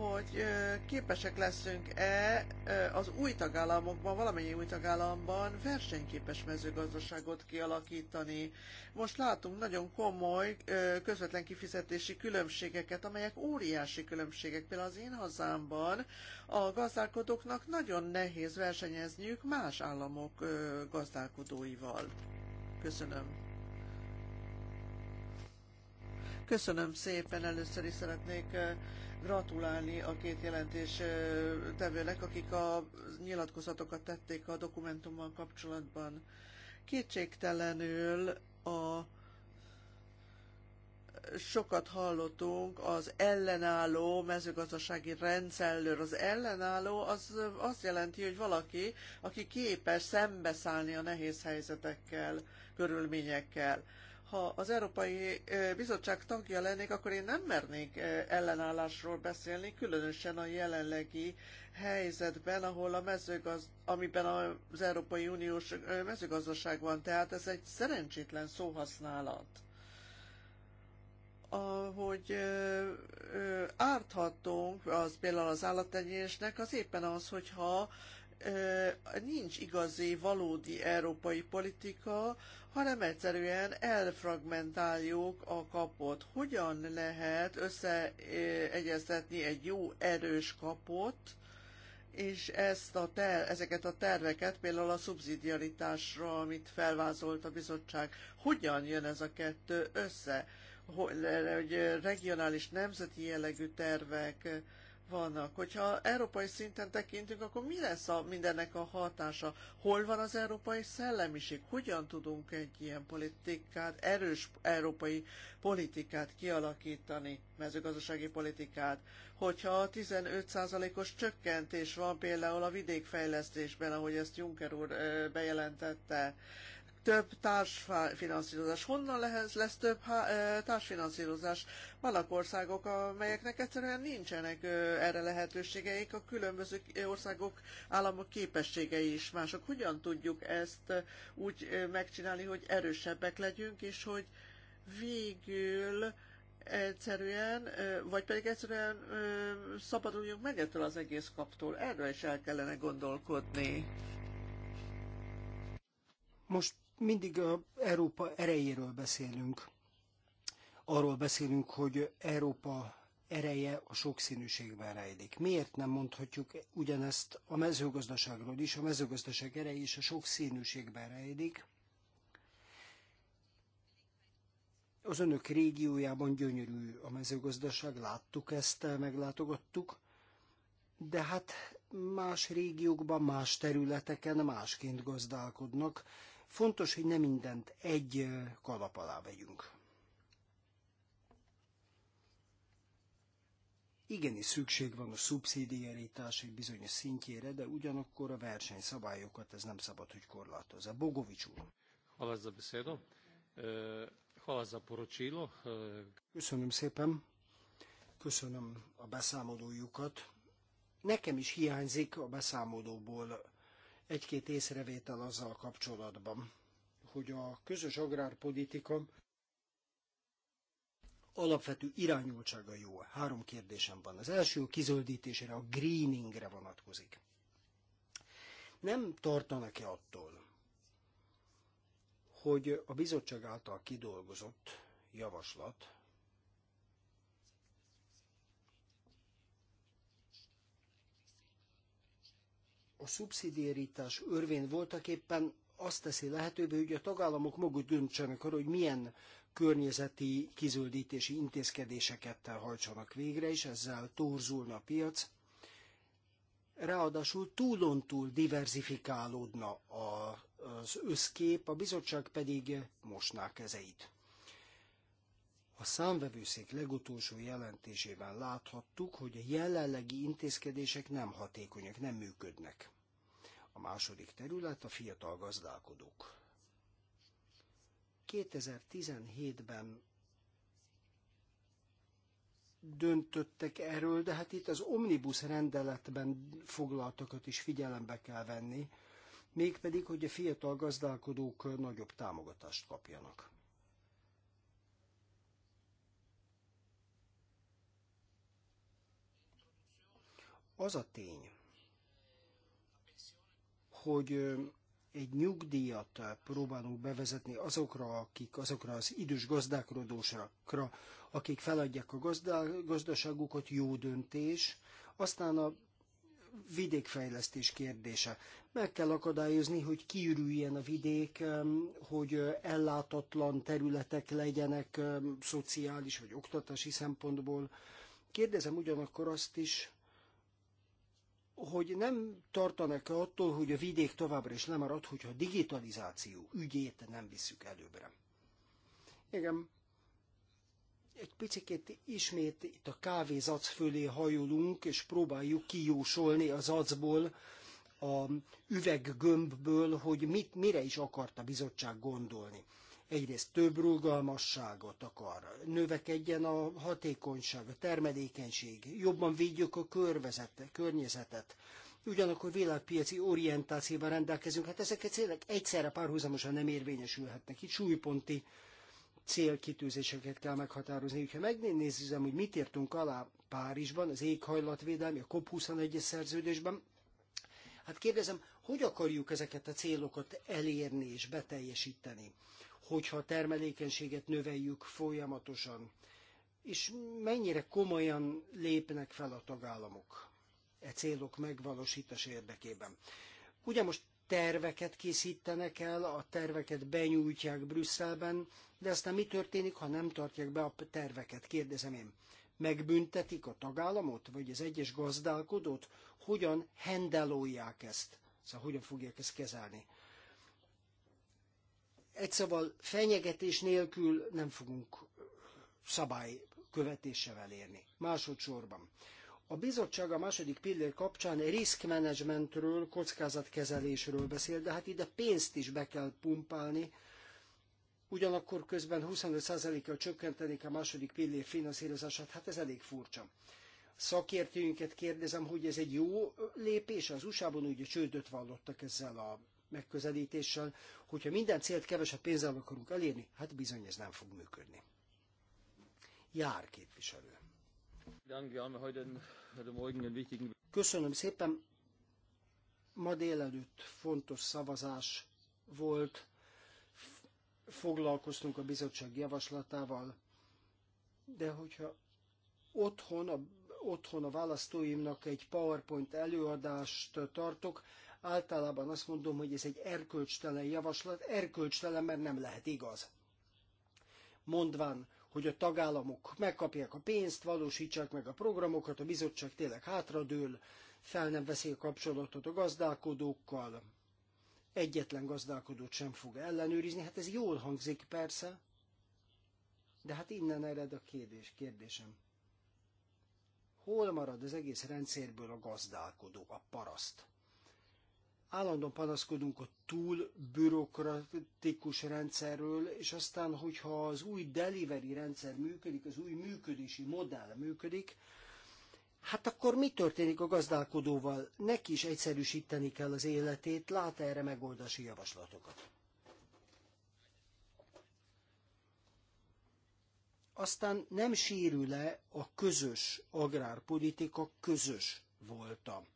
hogy képesek leszünk-e az új tagállamokban, valamennyi új tagállamban versenyképes mezőgazdaságot kialakítani. Most látunk nagyon komoly közvetlen kifizetési különbségeket, amelyek óriási különbségek. Például az én hazámban a gazdálkodóknak nagyon nehéz versenyezniük más államok gazdálkodóival. Köszönöm. Köszönöm szépen, először is szeretnék gratulálni a két jelentés tevőnek, akik a nyilatkozatokat tették a dokumentummal kapcsolatban. Kétségtelenül a sokat hallottunk az ellenálló mezőgazdasági rendszerről. Az ellenálló az azt jelenti, hogy valaki, aki képes szembeszállni a nehéz helyzetekkel, körülményekkel ha az Európai Bizottság tagja lennék, akkor én nem mernék ellenállásról beszélni, különösen a jelenlegi helyzetben, ahol a mezőgaz, amiben az Európai Uniós mezőgazdaság van, tehát ez egy szerencsétlen szóhasználat ahogy árthatunk, az például az állattenyésnek, az éppen az, hogyha nincs igazi, valódi európai politika, hanem egyszerűen elfragmentáljuk a kapot. Hogyan lehet összeegyeztetni egy jó, erős kapot, és ezt a ter, ezeket a terveket, például a szubszidiaritásra, amit felvázolt a bizottság, hogyan jön ez a kettő össze? Hogy, hogy regionális, nemzeti jellegű tervek, vannak. Hogyha európai szinten tekintünk, akkor mi lesz a mindennek a hatása? Hol van az európai szellemiség? Hogyan tudunk egy ilyen politikát, erős európai politikát kialakítani, mezőgazdasági politikát? Hogyha 15%-os csökkentés van például a vidékfejlesztésben, ahogy ezt Juncker úr bejelentette, több társfinanszírozás. Honnan lehez, lesz több társfinanszírozás? Vannak országok, amelyeknek egyszerűen nincsenek erre lehetőségeik, a különböző országok, államok képességei is mások. Hogyan tudjuk ezt úgy megcsinálni, hogy erősebbek legyünk, és hogy végül egyszerűen, vagy pedig egyszerűen szabaduljunk meg ettől az egész kaptól. Erről is el kellene gondolkodni. Most mindig a Európa erejéről beszélünk. Arról beszélünk, hogy Európa ereje a sokszínűségben rejlik. Miért nem mondhatjuk ugyanezt a mezőgazdaságról is? A mezőgazdaság ereje is a sokszínűségben rejlik. Az önök régiójában gyönyörű a mezőgazdaság, láttuk ezt, meglátogattuk, de hát más régiókban, más területeken másként gazdálkodnak Fontos, hogy nem mindent egy kalap alá vegyünk. Igenis szükség van a szubszidiaritás egy bizonyos szintjére, de ugyanakkor a versenyszabályokat ez nem szabad, hogy korlátozza. Bogovics úr. Halazza beszédo. E, Halazza porocsilo. E, Köszönöm szépen. Köszönöm a beszámolójukat. Nekem is hiányzik a beszámolóból egy-két észrevétel azzal kapcsolatban, hogy a közös agrárpolitika alapvető irányultsága jó. Három kérdésem van. Az első a kizöldítésre, a greeningre vonatkozik. Nem tartanak-e attól, hogy a bizottság által kidolgozott javaslat a szubszidiaritás örvén voltak éppen azt teszi lehetővé, hogy a tagállamok maguk döntsenek arról, hogy milyen környezeti kizöldítési intézkedéseket hajtsanak végre, és ezzel torzulna a piac. Ráadásul túlontúl -túl diverzifikálódna az összkép, a bizottság pedig mosná kezeit. A számvevőszék legutolsó jelentésében láthattuk, hogy a jelenlegi intézkedések nem hatékonyak, nem működnek. A második terület a fiatal gazdálkodók. 2017-ben döntöttek erről, de hát itt az omnibus rendeletben foglaltakat is figyelembe kell venni, mégpedig, hogy a fiatal gazdálkodók nagyobb támogatást kapjanak. Az a tény, hogy egy nyugdíjat próbálunk bevezetni azokra, akik, azokra az idős gazdálkodósokra, akik feladják a gazdaságukat, jó döntés. Aztán a vidékfejlesztés kérdése. Meg kell akadályozni, hogy kiürüljen a vidék, hogy ellátatlan területek legyenek szociális vagy oktatási szempontból. Kérdezem ugyanakkor azt is, hogy nem tartanak -e attól, hogy a vidék továbbra is lemarad, hogyha a digitalizáció ügyét nem visszük előbbre. Igen, egy picit ismét itt a kávézac fölé hajolunk, és próbáljuk kijósolni az acból, a üveggömbből, hogy mit, mire is akart a bizottság gondolni egyrészt több rugalmasságot akar, növekedjen a hatékonyság, a termelékenység, jobban védjük a környezetet, ugyanakkor világpiaci orientációval rendelkezünk, hát ezek célek egyszerre párhuzamosan nem érvényesülhetnek. Itt súlyponti célkitűzéseket kell meghatározni. Ha megnézzük, hogy mit írtunk alá Párizsban, az éghajlatvédelmi, a cop 21 szerződésben, hát kérdezem, hogy akarjuk ezeket a célokat elérni és beteljesíteni? hogyha a termelékenységet növeljük folyamatosan. És mennyire komolyan lépnek fel a tagállamok e célok megvalósítás érdekében. Ugye most terveket készítenek el, a terveket benyújtják Brüsszelben, de aztán mi történik, ha nem tartják be a terveket, kérdezem én. Megbüntetik a tagállamot, vagy az egyes gazdálkodót? Hogyan hendelolják ezt? Szóval hogyan fogják ezt kezelni? Egy szóval fenyegetés nélkül nem fogunk szabály követésevel elérni. Másodszorban. A bizottság a második pillér kapcsán risk managementről, kockázatkezelésről beszél, de hát ide pénzt is be kell pumpálni, ugyanakkor közben 25%-kal csökkentenék a második pillér finanszírozását, hát ez elég furcsa. Szakértőinket kérdezem, hogy ez egy jó lépés, az USA-ban ugye csődöt vallottak ezzel a megközelítéssel, hogyha minden célt kevesebb pénzzel akarunk elérni, hát bizony ez nem fog működni. Jár képviselő. Köszönöm szépen. Ma délelőtt fontos szavazás volt. Foglalkoztunk a bizottság javaslatával, de hogyha otthon a, otthon a választóimnak egy PowerPoint előadást tartok, Általában azt mondom, hogy ez egy erkölcstelen javaslat, erkölcstelen, mert nem lehet igaz. Mondván, hogy a tagállamok megkapják a pénzt, valósítsák meg a programokat, a bizottság tényleg hátradől, fel nem veszi a kapcsolatot a gazdálkodókkal, egyetlen gazdálkodót sem fog ellenőrizni. Hát ez jól hangzik persze, de hát innen ered a kérdés, kérdésem. Hol marad az egész rendszerből a gazdálkodó, a paraszt? állandóan panaszkodunk a túl bürokratikus rendszerről, és aztán, hogyha az új delivery rendszer működik, az új működési modell működik, hát akkor mi történik a gazdálkodóval? Neki is egyszerűsíteni kell az életét, lát -e erre megoldási javaslatokat? Aztán nem sérül-e a közös agrárpolitika közös voltam?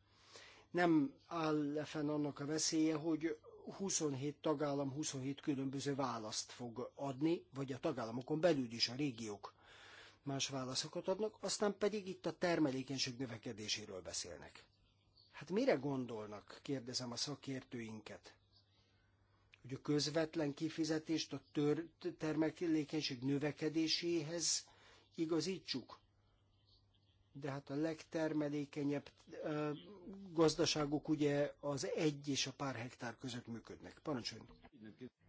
nem áll fenn annak a veszélye, hogy 27 tagállam 27 különböző választ fog adni, vagy a tagállamokon belül is a régiók más válaszokat adnak, aztán pedig itt a termelékenység növekedéséről beszélnek. Hát mire gondolnak, kérdezem a szakértőinket? Hogy a közvetlen kifizetést a tör- termelékenység növekedéséhez igazítsuk? De hát a legtermelékenyebb gazdaságok ugye az egy és a pár hektár között működnek. Parancsoljon!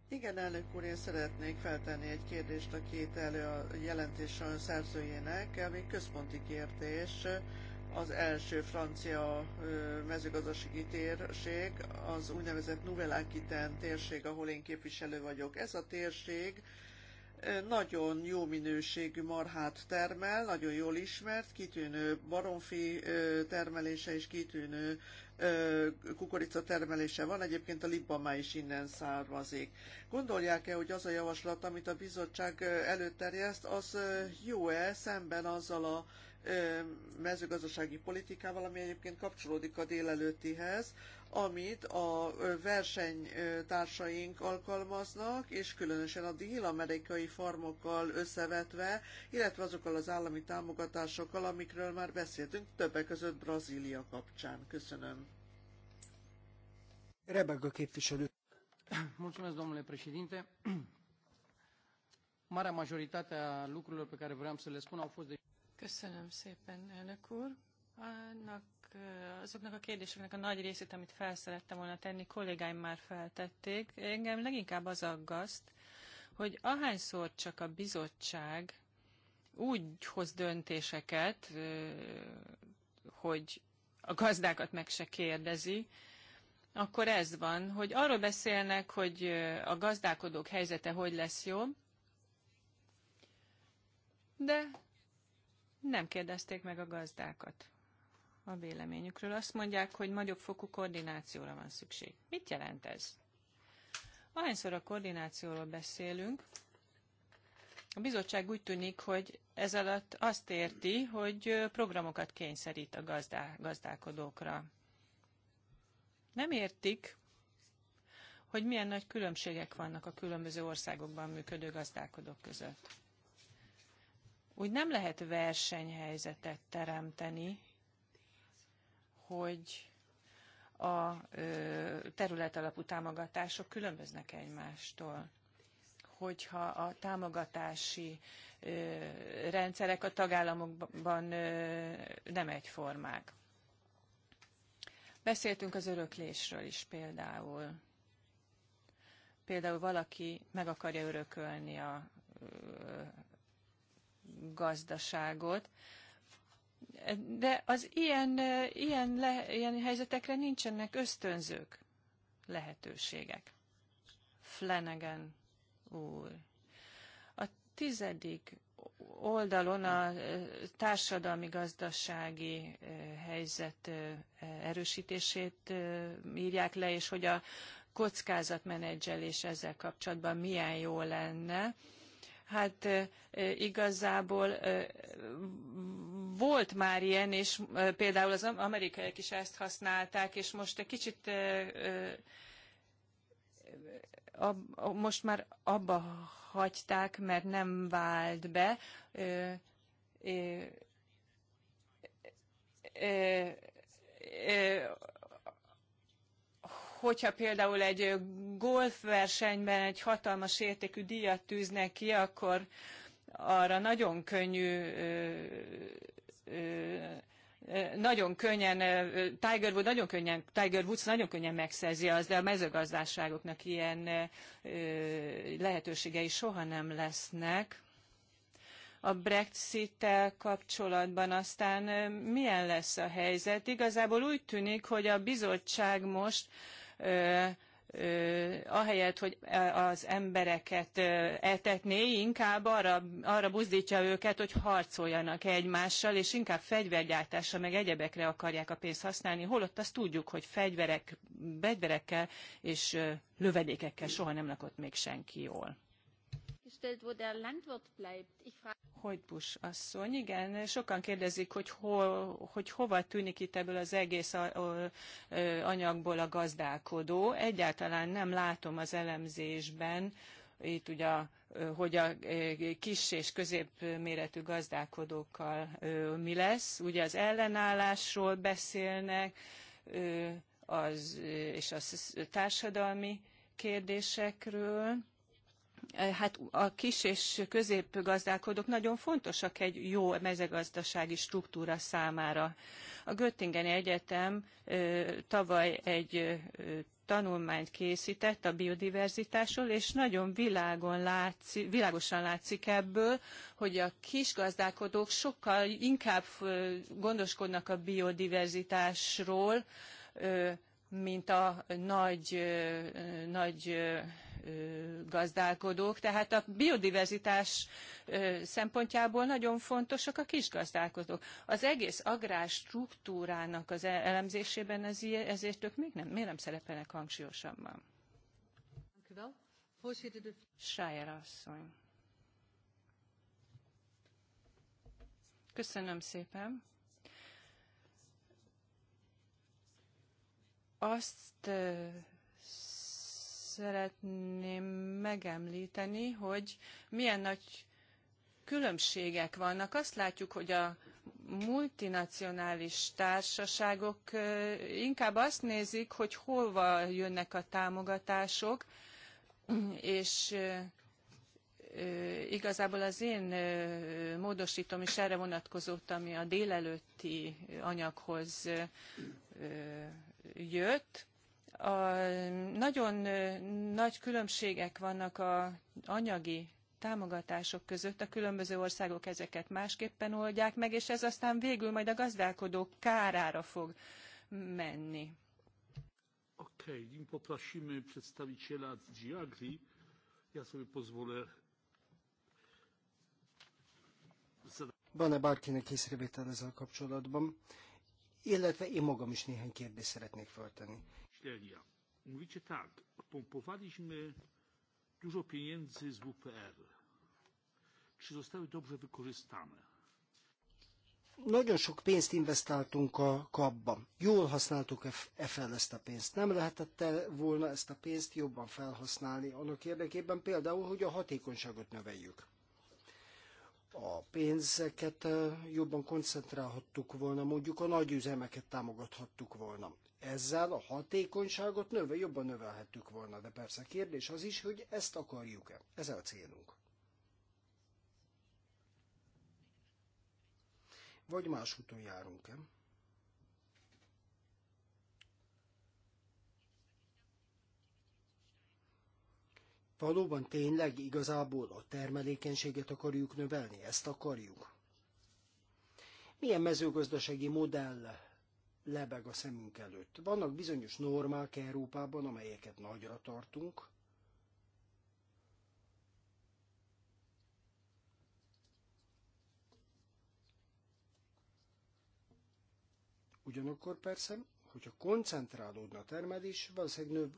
Igen, elnök úr, én szeretnék feltenni egy kérdést a két elő a jelentés szerzőjének, ami központi kérdés. Az első francia mezőgazdasági térség, az úgynevezett nouvelle Aquitaine térség, ahol én képviselő vagyok. Ez a térség nagyon jó minőségű marhát termel, nagyon jól ismert, kitűnő baromfi termelése és kitűnő kukorica termelése van, egyébként a már is innen származik. Gondolják-e, hogy az a javaslat, amit a bizottság előterjeszt, az jó-e szemben azzal a mezőgazdasági politikával, ami egyébként kapcsolódik a délelőttihez, amit a versenytársaink alkalmaznak, és különösen a dél-amerikai farmokkal összevetve, illetve azokkal az állami támogatásokkal, amikről már beszéltünk, többek között Brazília kapcsán. Köszönöm. Rebega képviselő. Mulțumesc, domnule președinte. Marea majoritate a lucrurilor pe care vreau să le spun au fost de... Köszönöm szépen, elnök úr. Annak azoknak a kérdéseknek a nagy részét, amit felszerettem volna tenni, kollégáim már feltették. Engem leginkább az aggaszt, hogy ahányszor csak a bizottság úgy hoz döntéseket, hogy a gazdákat meg se kérdezi, akkor ez van, hogy arról beszélnek, hogy a gazdálkodók helyzete hogy lesz jó, de nem kérdezték meg a gazdákat a véleményükről. Azt mondják, hogy nagyobb fokú koordinációra van szükség. Mit jelent ez? Ahányszor a koordinációról beszélünk, a bizottság úgy tűnik, hogy ez alatt azt érti, hogy programokat kényszerít a gazdá, gazdálkodókra. Nem értik, hogy milyen nagy különbségek vannak a különböző országokban működő gazdálkodók között. Úgy nem lehet versenyhelyzetet teremteni hogy a területalapú támogatások különböznek egymástól hogyha a támogatási rendszerek a tagállamokban nem egyformák. Beszéltünk az öröklésről is például. Például valaki meg akarja örökölni a gazdaságot, de az ilyen, ilyen, le, ilyen helyzetekre nincsenek ösztönzők, lehetőségek. Flanagan úr. A tizedik oldalon a társadalmi-gazdasági helyzet erősítését írják le, és hogy a kockázatmenedzselés ezzel kapcsolatban milyen jó lenne. Hát igazából volt már ilyen, és például az amerikaiak is ezt használták, és most egy kicsit most már abba hagyták, mert nem vált be. Hogyha például egy golfversenyben egy hatalmas értékű díjat tűznek ki, akkor arra nagyon könnyű nagyon könnyen, Tiger Woods nagyon könnyen, Tiger Woods nagyon könnyen megszerzi az, de a mezőgazdaságoknak ilyen lehetőségei soha nem lesznek. A Brexit-tel kapcsolatban aztán milyen lesz a helyzet? Igazából úgy tűnik, hogy a bizottság most ahelyett, hogy az embereket etetné, inkább arra, arra buzdítja őket, hogy harcoljanak egymással, és inkább fegyvergyártásra, meg egyebekre akarják a pénzt használni, holott azt tudjuk, hogy fegyverek, fegyverekkel és lövedékekkel soha nem lakott még senki jól gestellt, wo asszony, igen, sokan kérdezik, hogy, ho, hogy hova tűnik itt ebből az egész a, a, anyagból a gazdálkodó. Egyáltalán nem látom az elemzésben, itt ugye, hogy a kis és középméretű gazdálkodókkal mi lesz. Ugye az ellenállásról beszélnek, az, és a társadalmi kérdésekről Eh, hát a kis és középgazdálkodók nagyon fontosak egy jó mezőgazdasági struktúra számára. A Göttingeni Egyetem eh, tavaly egy eh, tanulmányt készített a biodiverzitásról, és nagyon világon világosan látszik ebből, hogy a kisgazdálkodók sokkal inkább gondoskodnak a biodiverzitásról, mint a nagy, nagy gazdálkodók, tehát a biodiverzitás szempontjából nagyon fontosak a kis gazdálkodók. Az egész agrárstruktúrának az elemzésében ez, ezért ők még nem, miért nem szerepelnek hangsúlyosabban? Sájer asszony. Köszönöm szépen. Azt szeretném megemlíteni, hogy milyen nagy különbségek vannak. Azt látjuk, hogy a multinacionális társaságok inkább azt nézik, hogy hova jönnek a támogatások, és igazából az én módosítom is erre vonatkozott, ami a délelőtti anyaghoz jött. A, nagyon nagy különbségek vannak a anyagi támogatások között. A különböző országok ezeket másképpen oldják meg, és ez aztán végül majd a gazdálkodók kárára fog menni. okay, poprosimy przedstawiciela Agri, ja sobie pozwolę van-e bárkinek észrevétel ezzel kapcsolatban? Illetve én magam is néhány kérdést szeretnék föltenni śledzia. Mówicie tak, pompowaliśmy dużo pieniędzy z WPR. Czy zostały dobrze wykorzystane? Nagyon sok pénzt investáltunk a kapba. Jól használtuk e fel ezt a pénzt. Nem lehetett -e volna ezt a pénzt jobban felhasználni annak érdekében például, hogy a hatékonyságot növeljük a pénzeket eh, jobban koncentrálhattuk volna, mondjuk a nagy üzemeket támogathattuk volna ezzel a hatékonyságot növe, jobban növelhettük volna, de persze a kérdés az is, hogy ezt akarjuk-e. Ez a célunk. Vagy más úton járunk-e? Valóban tényleg igazából a termelékenységet akarjuk növelni? Ezt akarjuk? Milyen mezőgazdasági modell lebeg a szemünk előtt. Vannak bizonyos normák Európában, amelyeket nagyra tartunk, Ugyanakkor persze, hogyha koncentrálódna a termelés, valószínűleg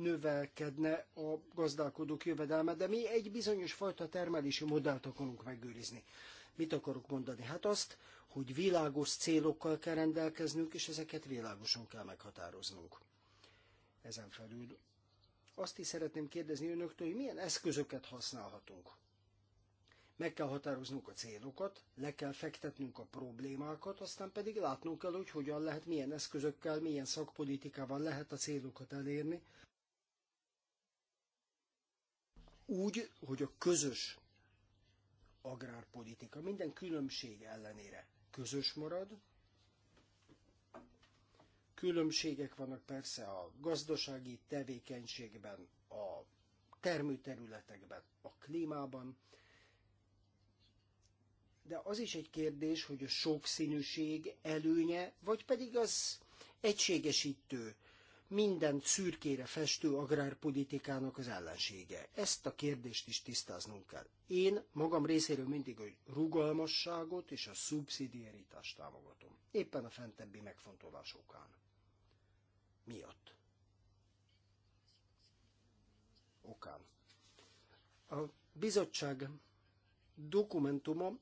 növelkedne a gazdálkodók jövedelme, de mi egy bizonyos fajta termelési modellt akarunk megőrizni. Mit akarok mondani? Hát azt, hogy világos célokkal kell rendelkeznünk, és ezeket világosan kell meghatároznunk. Ezen felül azt is szeretném kérdezni önöktől, hogy milyen eszközöket használhatunk. Meg kell határoznunk a célokat, le kell fektetnünk a problémákat, aztán pedig látnunk kell, hogy hogyan lehet, milyen eszközökkel, milyen szakpolitikával lehet a célokat elérni. Úgy, hogy a közös agrárpolitika minden különbség ellenére közös marad. Különbségek vannak persze a gazdasági tevékenységben, a termőterületekben, a klímában, de az is egy kérdés, hogy a sokszínűség előnye, vagy pedig az egységesítő minden szürkére festő agrárpolitikának az ellensége. Ezt a kérdést is tisztáznunk kell. Én magam részéről mindig a rugalmasságot és a szubszidiaritást támogatom. Éppen a fentebbi megfontolásokán. Miatt. Okán. A bizottság dokumentuma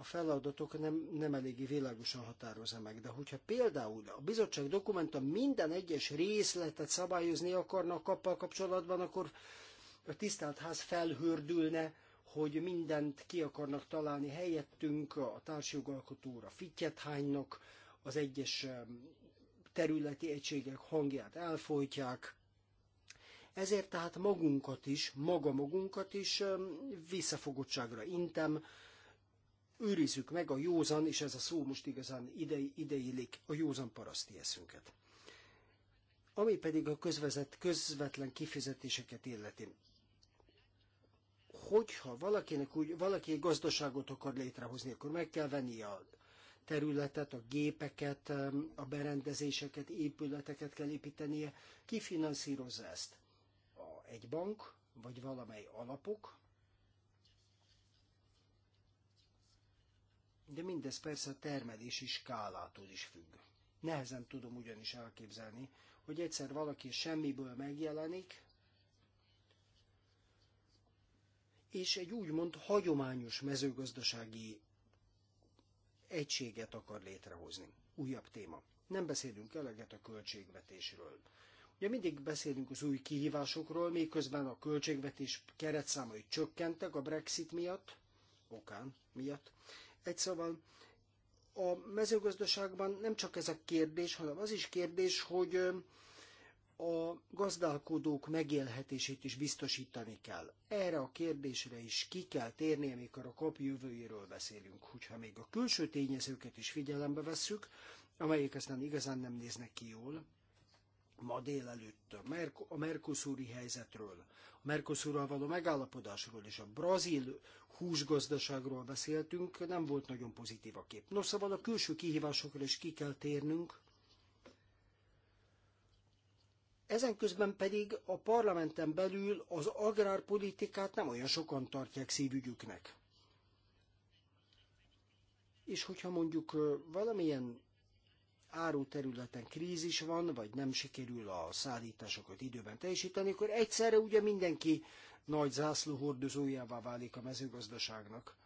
a feladatok nem, nem eléggé világosan határozza meg. De hogyha például a bizottság dokumentum minden egyes részletet szabályozni akarna a kappal kapcsolatban, akkor a tisztelt ház felhördülne, hogy mindent ki akarnak találni helyettünk, a társjogalkotóra fittyet hánynak, az egyes területi egységek hangját elfolytják. Ezért tehát magunkat is, maga magunkat is visszafogottságra intem, őrizzük meg a józan, és ez a szó most igazán ide, ideillik, a józan paraszti eszünket. Ami pedig a közvezet, közvetlen kifizetéseket illeti. Hogyha valakinek úgy, valaki egy gazdaságot akar létrehozni, akkor meg kell venni a területet, a gépeket, a berendezéseket, épületeket kell építenie. Ki finanszírozza ezt? A, egy bank, vagy valamely alapok, de mindez persze a termelési skálától is függ. Nehezen tudom ugyanis elképzelni, hogy egyszer valaki semmiből megjelenik, és egy úgymond hagyományos mezőgazdasági egységet akar létrehozni. Újabb téma. Nem beszélünk eleget a költségvetésről. Ugye mindig beszélünk az új kihívásokról, miközben a költségvetés keretszámai csökkentek a Brexit miatt, okán miatt. Egy szóval a mezőgazdaságban nem csak ez a kérdés, hanem az is kérdés, hogy a gazdálkodók megélhetését is biztosítani kell. Erre a kérdésre is ki kell térni, amikor a kap jövőjéről beszélünk. Hogyha még a külső tényezőket is figyelembe vesszük, amelyek aztán igazán nem néznek ki jól, ma délelőtt a Mercosuri helyzetről, a Mercosurral való megállapodásról és a brazil húsgazdaságról beszéltünk, nem volt nagyon pozitív a kép. Nos, szóval a külső kihívásokra is ki kell térnünk. Ezen közben pedig a parlamenten belül az agrárpolitikát nem olyan sokan tartják szívügyüknek. És hogyha mondjuk valamilyen áruterületen krízis van, vagy nem sikerül a szállításokat időben teljesíteni, akkor egyszerre ugye mindenki nagy zászlóhordozójává válik a mezőgazdaságnak.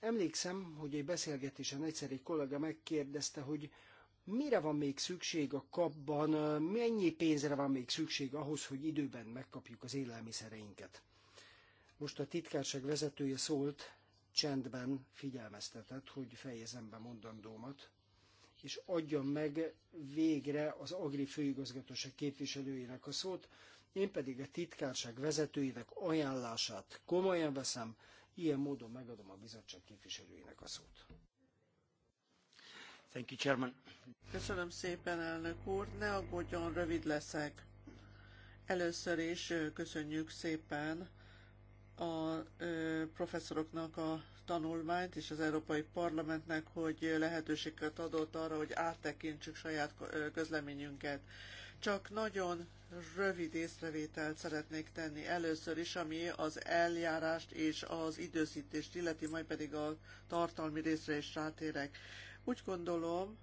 Emlékszem, hogy egy beszélgetésen egyszer egy kollega megkérdezte, hogy mire van még szükség a kapban, mennyi pénzre van még szükség ahhoz, hogy időben megkapjuk az élelmiszereinket. Most a titkárság vezetője szólt, csendben figyelmeztetett, hogy fejezem be mondandómat, és adjam meg végre az Agri főigazgatóság képviselőjének a szót, én pedig a titkárság vezetőinek ajánlását komolyan veszem, ilyen módon megadom a bizottság képviselőinek a szót. Thank you, Chairman. Köszönöm szépen, elnök úr. Ne aggódjon, rövid leszek. Először is köszönjük szépen a professzoroknak a tanulmányt és az Európai Parlamentnek, hogy lehetőséget adott arra, hogy áttekintsük saját közleményünket. Csak nagyon rövid észrevételt szeretnék tenni először is, ami az eljárást és az időszítést illeti, majd pedig a tartalmi részre is rátérek. Úgy gondolom,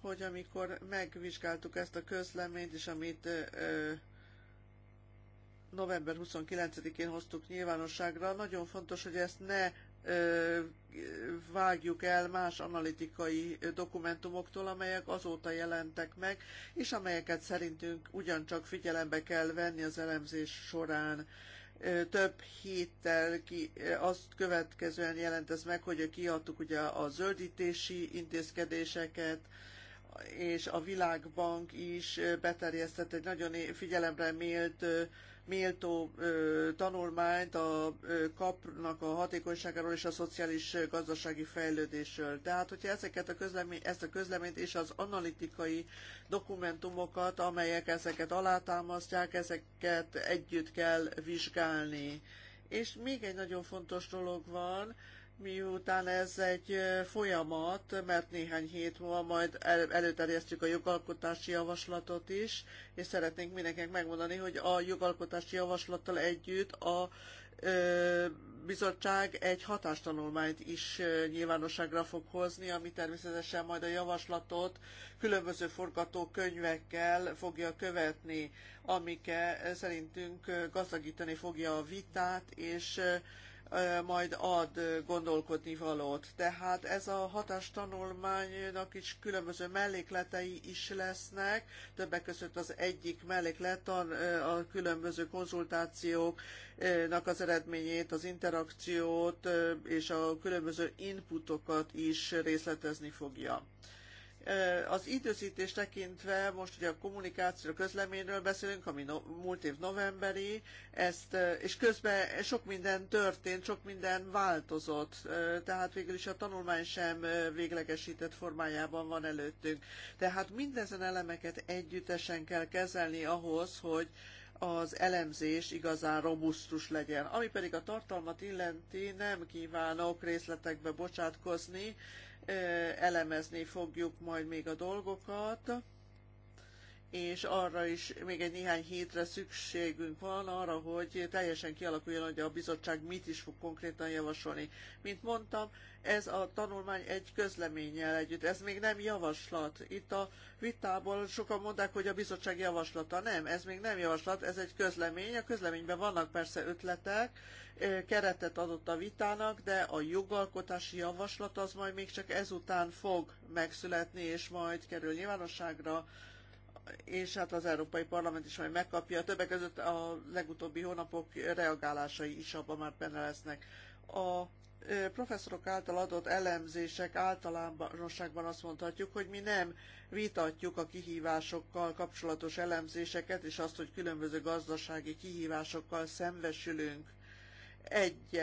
hogy amikor megvizsgáltuk ezt a közleményt, és amit november 29-én hoztuk nyilvánosságra. Nagyon fontos, hogy ezt ne vágjuk el más analitikai dokumentumoktól, amelyek azóta jelentek meg, és amelyeket szerintünk ugyancsak figyelembe kell venni az elemzés során. Több héttel ki, azt következően jelent ez meg, hogy kiadtuk ugye a zöldítési intézkedéseket, és a Világbank is beterjesztett egy nagyon figyelemre méltó méltó tanulmányt a kapnak a hatékonyságáról és a szociális gazdasági fejlődésről. Tehát, hogyha ezeket a közlemény, ezt a közleményt és az analitikai dokumentumokat, amelyek ezeket alátámasztják, ezeket együtt kell vizsgálni. És még egy nagyon fontos dolog van, miután ez egy folyamat, mert néhány hét múlva majd el, előterjesztjük a jogalkotási javaslatot is, és szeretnénk mindenkinek megmondani, hogy a jogalkotási javaslattal együtt a ö, bizottság egy hatástanulmányt is nyilvánosságra fog hozni, ami természetesen majd a javaslatot különböző forgatókönyvekkel fogja követni, amike szerintünk gazdagítani fogja a vitát, és majd ad gondolkodni valót. Tehát ez a hatástanulmánynak is különböző mellékletei is lesznek, többek között az egyik melléklet a különböző konzultációknak az eredményét, az interakciót és a különböző inputokat is részletezni fogja. Az időzítés tekintve most ugye a kommunikáció közleményről beszélünk, ami no, múlt év novemberi, ezt, és közben sok minden történt, sok minden változott, tehát végül is a tanulmány sem véglegesített formájában van előttünk. Tehát mindezen elemeket együttesen kell kezelni ahhoz, hogy az elemzés igazán robusztus legyen. Ami pedig a tartalmat illeti, nem kívánok részletekbe bocsátkozni, elemezni fogjuk majd még a dolgokat és arra is még egy néhány hétre szükségünk van arra, hogy teljesen kialakuljon, hogy a bizottság mit is fog konkrétan javasolni. Mint mondtam, ez a tanulmány egy közleménnyel együtt, ez még nem javaslat. Itt a vitából sokan mondták, hogy a bizottság javaslata. Nem, ez még nem javaslat, ez egy közlemény. A közleményben vannak persze ötletek, keretet adott a vitának, de a jogalkotási javaslat az majd még csak ezután fog megszületni, és majd kerül nyilvánosságra és hát az Európai Parlament is majd megkapja. Többek között a legutóbbi hónapok reagálásai is abban már benne lesznek. A professzorok által adott elemzések általánosságban azt mondhatjuk, hogy mi nem vitatjuk a kihívásokkal kapcsolatos elemzéseket, és azt, hogy különböző gazdasági kihívásokkal szembesülünk egy,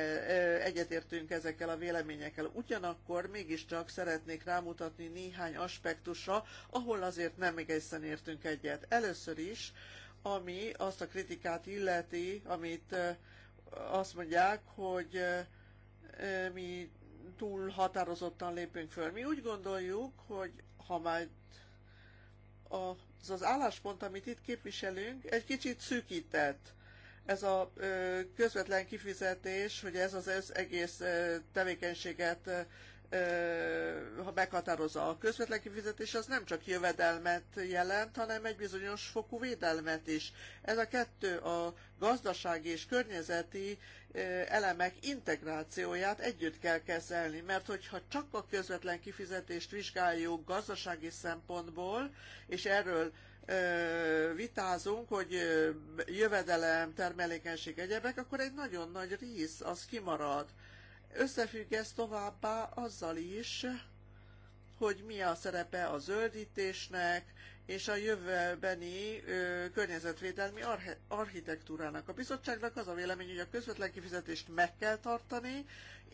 egyetértünk ezekkel a véleményekkel. Ugyanakkor mégiscsak szeretnék rámutatni néhány aspektusra, ahol azért nem egészen értünk egyet. Először is, ami azt a kritikát illeti, amit azt mondják, hogy mi túl határozottan lépünk föl. Mi úgy gondoljuk, hogy ha majd az az álláspont, amit itt képviselünk, egy kicsit szűkített ez a közvetlen kifizetés, hogy ez az egész tevékenységet ha meghatározza a közvetlen kifizetés, az nem csak jövedelmet jelent, hanem egy bizonyos fokú védelmet is. Ez a kettő a gazdasági és környezeti elemek integrációját együtt kell kezelni, mert hogyha csak a közvetlen kifizetést vizsgáljuk gazdasági szempontból, és erről vitázunk, hogy jövedelem, termelékenység, egyebek, akkor egy nagyon nagy rész az kimarad. Összefügg ez továbbá azzal is, hogy mi a szerepe a zöldítésnek és a jövőbeni ö, környezetvédelmi arhe- architektúrának. A bizottságnak az a vélemény, hogy a közvetlen kifizetést meg kell tartani,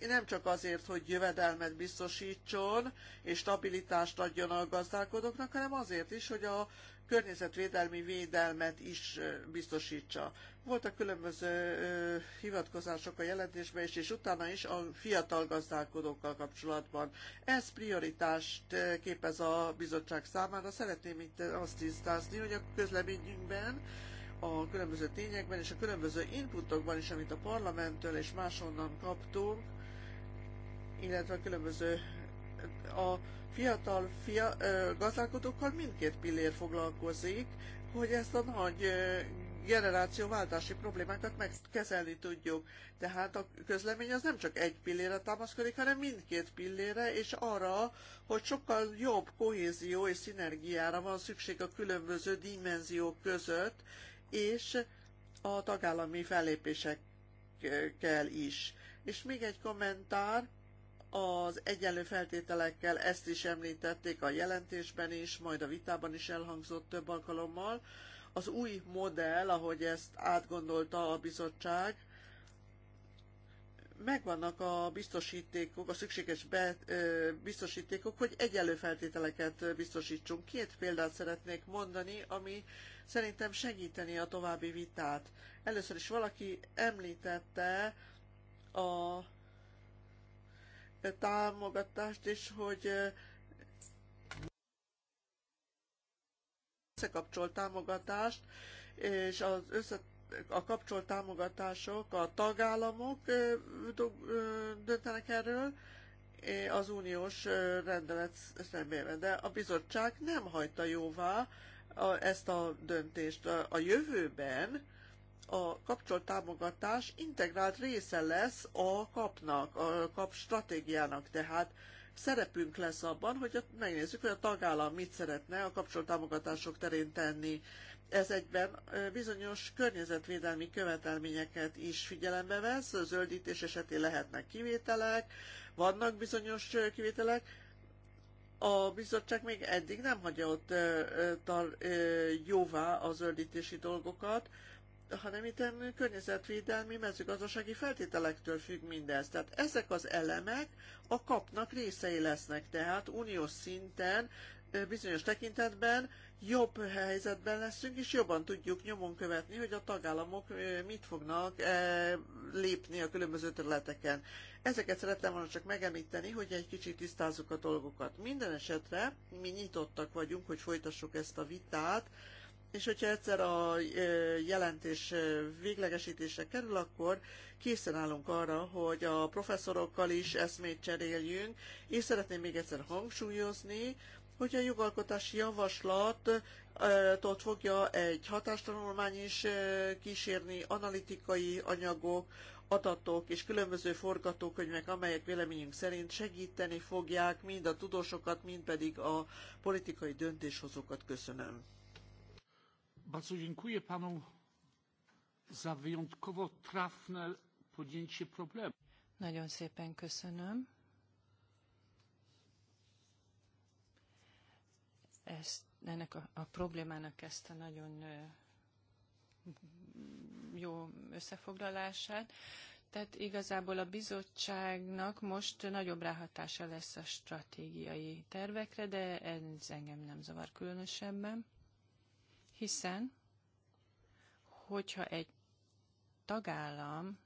nem csak azért, hogy jövedelmet biztosítson és stabilitást adjon a gazdálkodóknak, hanem azért is, hogy a környezetvédelmi védelmet is biztosítsa. Voltak különböző hivatkozások a jelentésben is, és utána is a fiatal gazdálkodókkal kapcsolatban. Ez prioritást képez a bizottság számára. Szeretném itt azt tisztázni, hogy a közleményünkben a különböző tényekben és a különböző inputokban is, amit a parlamenttől és másonnan kaptunk, illetve a különböző a fiatal fia, ö, gazdálkodókkal mindkét pillér foglalkozik, hogy ezt a nagy ö, generációváltási problémákat megkezelni tudjuk. Tehát a közlemény az nem csak egy pillére támaszkodik, hanem mindkét pillére, és arra, hogy sokkal jobb kohézió és szinergiára van szükség a különböző dimenziók között, és a tagállami fellépésekkel is. És még egy kommentár, az egyenlő feltételekkel, ezt is említették a jelentésben is, majd a vitában is elhangzott több alkalommal. Az új modell, ahogy ezt átgondolta a bizottság, megvannak a biztosítékok, a szükséges be, ö, biztosítékok, hogy egyenlő feltételeket biztosítsunk. Két példát szeretnék mondani, ami szerintem segíteni a további vitát. Először is valaki említette a támogatást, és hogy összekapcsolt támogatást, és az össze, a kapcsolt támogatások a tagállamok döntenek erről, az uniós rendelet szemébe. De a bizottság nem hagyta jóvá ezt a döntést. A jövőben a kapcsolt támogatás integrált része lesz a kapnak, a kap stratégiának, tehát szerepünk lesz abban, hogy megnézzük, hogy a tagállam mit szeretne a kapcsolt támogatások terén tenni. Ez egyben bizonyos környezetvédelmi követelményeket is figyelembe vesz, a zöldítés esetén lehetnek kivételek, vannak bizonyos kivételek, a bizottság még eddig nem hagyott jóvá a zöldítési dolgokat, hanem itt környezetvédelmi, mezőgazdasági feltételektől függ mindez. Tehát ezek az elemek a kapnak részei lesznek, tehát uniós szinten bizonyos tekintetben jobb helyzetben leszünk, és jobban tudjuk nyomon követni, hogy a tagállamok mit fognak lépni a különböző területeken. Ezeket szerettem volna csak megemlíteni, hogy egy kicsit tisztázzuk a dolgokat. Minden esetre mi nyitottak vagyunk, hogy folytassuk ezt a vitát, és hogyha egyszer a jelentés véglegesítése kerül, akkor készen állunk arra, hogy a professzorokkal is eszmét cseréljünk, és szeretném még egyszer hangsúlyozni, hogy a jogalkotási ott fogja egy hatástanulmány is kísérni, analitikai anyagok, adatok és különböző forgatókönyvek, amelyek véleményünk szerint segíteni fogják mind a tudósokat, mind pedig a politikai döntéshozókat. Köszönöm. Bardzo dziękuję panu za wyjątkowo trafne podjęcie problemu. Nagyon szépen köszönöm. Ezt, ennek a, a problémának ezt a nagyon jó összefoglalását. Tehát igazából a bizottságnak most nagyobb ráhatása lesz a stratégiai tervekre, de ez engem nem zavar különösebben hiszen hogyha egy tagállam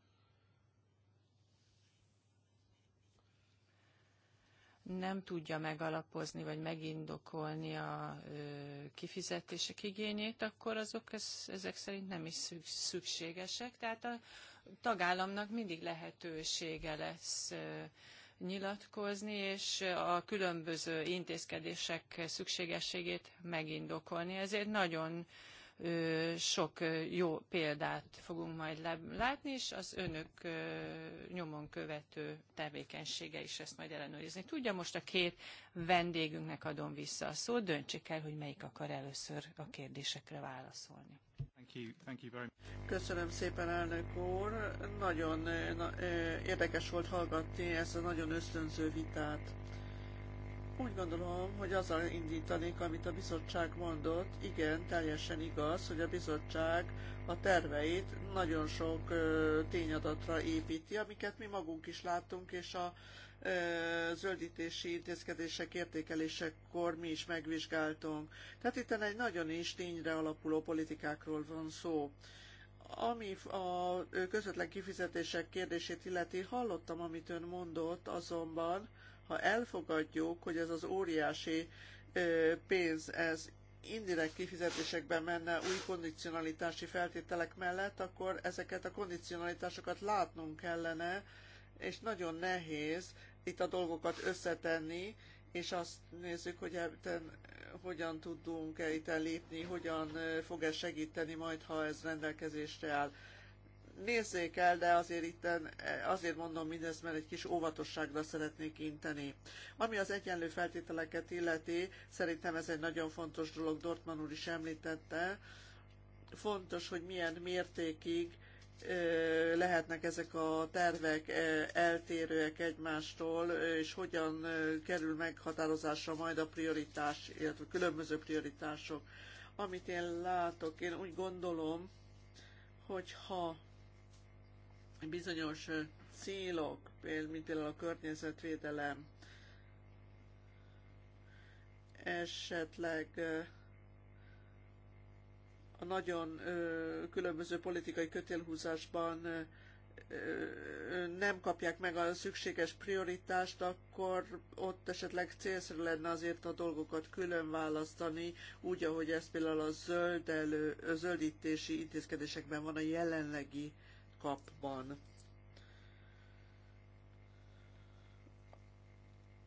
nem tudja megalapozni vagy megindokolni a kifizetések igényét, akkor azok ez, ezek szerint nem is szükségesek. Tehát a tagállamnak mindig lehetősége lesz nyilatkozni, és a különböző intézkedések szükségességét megindokolni. Ezért nagyon sok jó példát fogunk majd látni, és az önök nyomon követő tevékenysége is ezt majd ellenőrizni tudja. Most a két vendégünknek adom vissza a szót, döntsék el, hogy melyik akar először a kérdésekre válaszolni. Köszönöm szépen, elnök úr. Nagyon érdekes volt hallgatni ezt a nagyon ösztönző vitát. Úgy gondolom, hogy azzal indítanék, amit a bizottság mondott. Igen, teljesen igaz, hogy a bizottság a terveit nagyon sok tényadatra építi, amiket mi magunk is láttunk, és a zöldítési intézkedések értékelésekor mi is megvizsgáltunk. Tehát itt egy nagyon is tényre alapuló politikákról van szó. Ami a közvetlen kifizetések kérdését illeti, hallottam, amit ön mondott, azonban, ha elfogadjuk, hogy ez az óriási pénz, ez indirekt kifizetésekben menne új kondicionalitási feltételek mellett, akkor ezeket a kondicionalitásokat látnunk kellene, és nagyon nehéz itt a dolgokat összetenni, és azt nézzük, hogy ebben hogyan tudunk -e itt lépni, hogyan e, fog ez segíteni majd, ha ez rendelkezésre áll. Nézzék el, de azért itten, azért mondom mindezt, mert egy kis óvatosságra szeretnék inteni. Ami az egyenlő feltételeket illeti, szerintem ez egy nagyon fontos dolog, Dortman úr is említette, fontos, hogy milyen mértékig lehetnek ezek a tervek eltérőek egymástól, és hogyan kerül meghatározásra majd a prioritás, illetve különböző prioritások. Amit én látok, én úgy gondolom, hogy ha bizonyos célok, mint például a környezetvédelem, esetleg a nagyon különböző politikai kötélhúzásban nem kapják meg a szükséges prioritást, akkor ott esetleg célszerű lenne azért a dolgokat külön választani, úgy, ahogy ez például a, zöldelő, a zöldítési intézkedésekben van a jelenlegi kapban.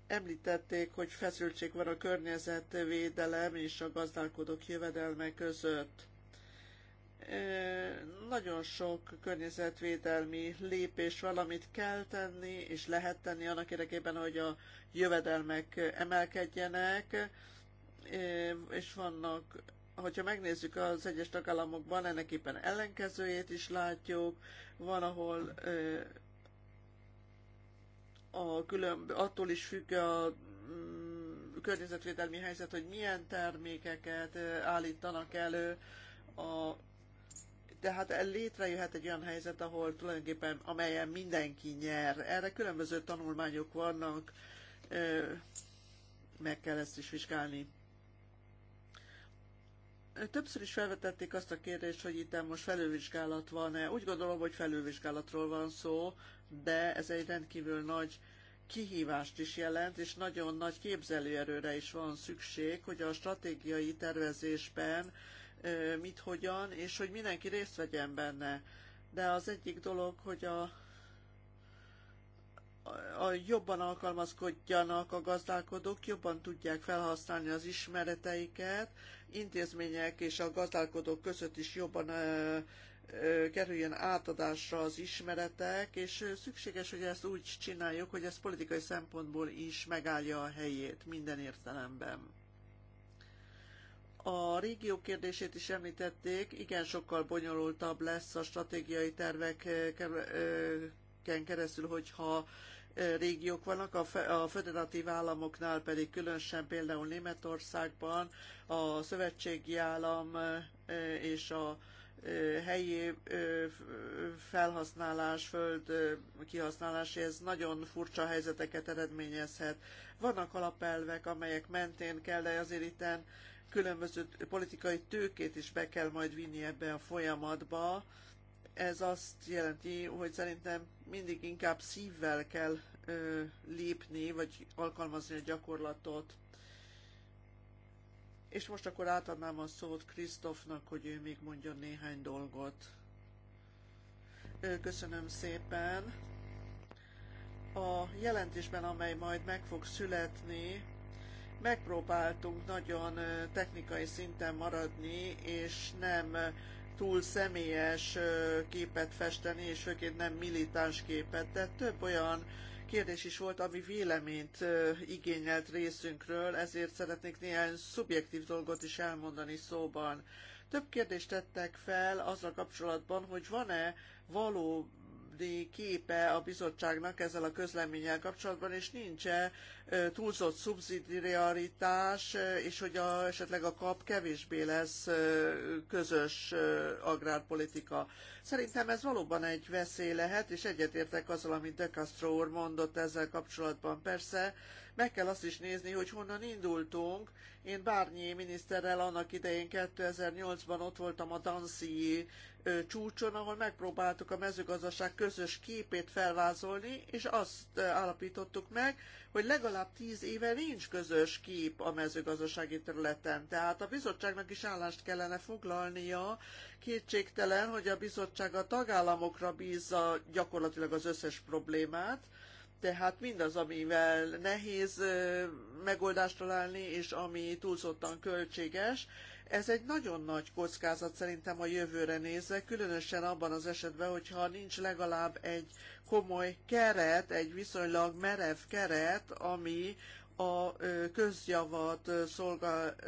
Említették, hogy feszültség van a környezetvédelem és a gazdálkodók jövedelme között nagyon sok környezetvédelmi lépés valamit kell tenni, és lehet tenni annak érdekében, hogy a jövedelmek emelkedjenek, és vannak, hogyha megnézzük az egyes tagállamokban, ennek éppen ellenkezőjét is látjuk, van, ahol a külön, attól is függ a mm, környezetvédelmi helyzet, hogy milyen termékeket állítanak elő, a tehát létrejöhet egy olyan helyzet, ahol tulajdonképpen amelyen mindenki nyer. Erre különböző tanulmányok vannak, meg kell ezt is vizsgálni. Többször is felvetették azt a kérdést, hogy itt most felülvizsgálat van-e. Úgy gondolom, hogy felülvizsgálatról van szó, de ez egy rendkívül nagy kihívást is jelent, és nagyon nagy képzelőerőre is van szükség, hogy a stratégiai tervezésben mit, hogyan, és hogy mindenki részt vegyen benne. De az egyik dolog, hogy a, a jobban alkalmazkodjanak a gazdálkodók, jobban tudják felhasználni az ismereteiket, intézmények és a gazdálkodók között is jobban ö, ö, kerüljen átadásra az ismeretek, és szükséges, hogy ezt úgy csináljuk, hogy ez politikai szempontból is megállja a helyét minden értelemben. A régió kérdését is említették, igen sokkal bonyolultabb lesz a stratégiai terveken keresztül, hogyha régiók vannak, a föderatív államoknál pedig különösen például Németországban a szövetségi állam és a helyi felhasználás, föld kihasználás, ez nagyon furcsa helyzeteket eredményezhet. Vannak alapelvek, amelyek mentén kell, de azért itten különböző politikai tőkét is be kell majd vinni ebbe a folyamatba. Ez azt jelenti, hogy szerintem mindig inkább szívvel kell ö, lépni, vagy alkalmazni a gyakorlatot. És most akkor átadnám a szót Krisztofnak, hogy ő még mondjon néhány dolgot. Köszönöm szépen. A jelentésben, amely majd meg fog születni, megpróbáltunk nagyon technikai szinten maradni, és nem túl személyes képet festeni, és főként nem militáns képet, de több olyan kérdés is volt, ami véleményt igényelt részünkről, ezért szeretnék néhány szubjektív dolgot is elmondani szóban. Több kérdést tettek fel azzal kapcsolatban, hogy van-e való valódi képe a bizottságnak ezzel a közleménnyel kapcsolatban, és nincs-e túlzott szubszidiaritás, és hogy a, esetleg a kap kevésbé lesz közös agrárpolitika. Szerintem ez valóban egy veszély lehet, és egyetértek azzal, amit De Castro úr mondott ezzel kapcsolatban. Persze meg kell azt is nézni, hogy honnan indultunk. Én Bárnyi miniszterrel annak idején 2008-ban ott voltam a Danszi csúcson, ahol megpróbáltuk a mezőgazdaság közös képét felvázolni, és azt állapítottuk meg, hogy legalább tíz éve nincs közös kép a mezőgazdasági területen. Tehát a bizottságnak is állást kellene foglalnia. Kétségtelen, hogy a bizottság a tagállamokra bízza gyakorlatilag az összes problémát, tehát mindaz, amivel nehéz megoldást találni, és ami túlzottan költséges, ez egy nagyon nagy kockázat szerintem a jövőre nézve, különösen abban az esetben, hogyha nincs legalább egy komoly keret, egy viszonylag merev keret, ami a közjavat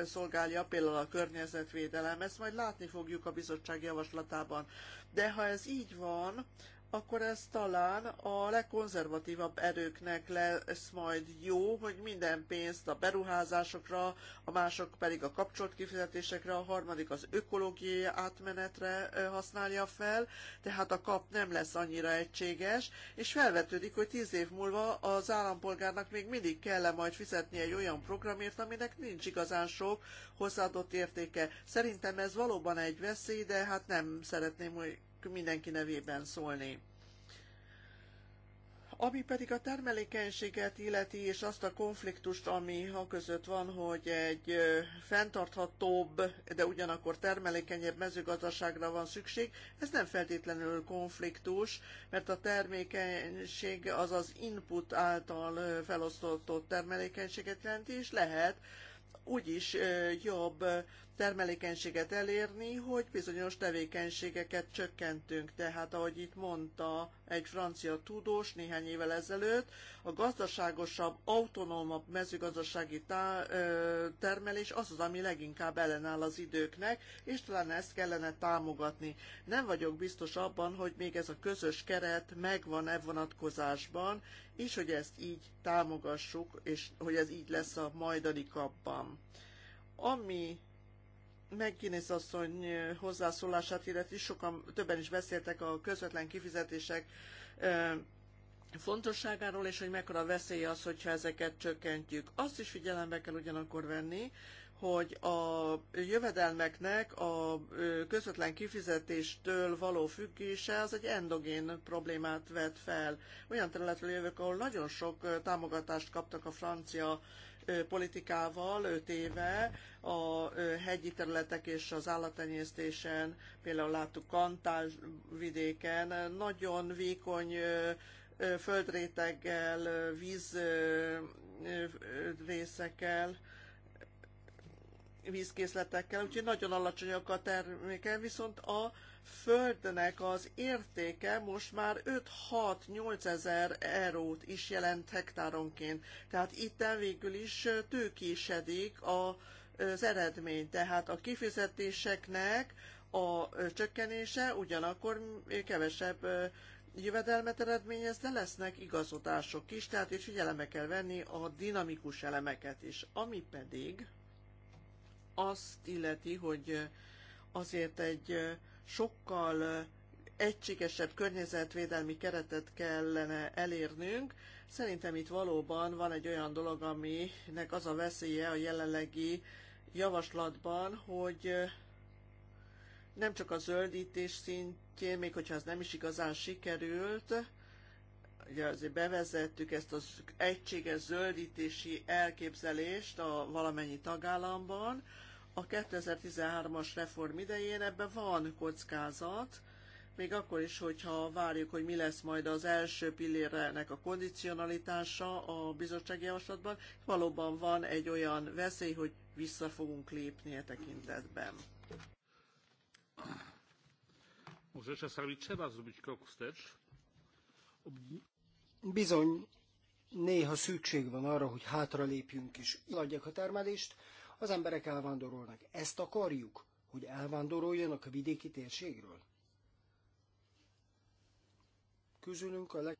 szolgálja, például a környezetvédelem. Ezt majd látni fogjuk a bizottság javaslatában. De ha ez így van, akkor ez talán a legkonzervatívabb erőknek lesz majd jó, hogy minden pénzt a beruházásokra, a mások pedig a kapcsolt kifizetésekre, a harmadik az ökológiai átmenetre használja fel, tehát a kap nem lesz annyira egységes, és felvetődik, hogy tíz év múlva az állampolgárnak még mindig kell -e majd fizetni egy olyan programért, aminek nincs igazán sok hozzáadott értéke. Szerintem ez valóban egy veszély, de hát nem szeretném, hogy mindenki nevében szólni. Ami pedig a termelékenységet illeti, és azt a konfliktust, ami a között van, hogy egy fenntarthatóbb, de ugyanakkor termelékenyebb mezőgazdaságra van szükség, ez nem feltétlenül konfliktus, mert a termékenység az az input által felosztott termelékenységet jelenti, és lehet úgyis jobb termelékenységet elérni, hogy bizonyos tevékenységeket csökkentünk. Tehát, ahogy itt mondta egy francia tudós néhány évvel ezelőtt, a gazdaságosabb, autonómabb mezőgazdasági tá- termelés az az, ami leginkább ellenáll az időknek, és talán ezt kellene támogatni. Nem vagyok biztos abban, hogy még ez a közös keret megvan-e vonatkozásban, és hogy ezt így támogassuk, és hogy ez így lesz a majdani kapban. Ami McGuinness asszony hozzászólását, illetve sokan többen is beszéltek a közvetlen kifizetések fontosságáról, és hogy mekkora veszély az, hogyha ezeket csökkentjük. Azt is figyelembe kell ugyanakkor venni, hogy a jövedelmeknek a közvetlen kifizetéstől való függése az egy endogén problémát vet fel. Olyan területről jövök, ahol nagyon sok támogatást kaptak a francia politikával 5 éve a hegyi területek és az állattenyésztésen, például láttuk Kantás vidéken, nagyon vékony földréteggel, víz részekkel, vízkészletekkel, úgyhogy nagyon alacsonyak a terméke, viszont a földnek az értéke most már 5-6-8 ezer eurót is jelent hektáronként. Tehát itten végül is tőkésedik a, az eredmény. Tehát a kifizetéseknek a csökkenése ugyanakkor kevesebb jövedelmet eredményez, de lesznek igazodások is, tehát is figyelembe kell venni a dinamikus elemeket is. Ami pedig azt illeti, hogy azért egy sokkal egységesebb környezetvédelmi keretet kellene elérnünk. Szerintem itt valóban van egy olyan dolog, aminek az a veszélye a jelenlegi javaslatban, hogy nem csak a zöldítés szintjén, még hogyha ez nem is igazán sikerült, ugye azért bevezettük ezt az egységes zöldítési elképzelést a valamennyi tagállamban, a 2013-as reform idején ebben van kockázat, még akkor is, hogyha várjuk, hogy mi lesz majd az első pillérnek a kondicionalitása a bizottsági javaslatban, valóban van egy olyan veszély, hogy vissza fogunk lépni e tekintetben. Bizony, néha szükség van arra, hogy hátralépjünk és adjak a termelést, az emberek elvándorolnak. Ezt akarjuk, hogy elvándoroljanak a vidéki térségről? Közülünk a leg...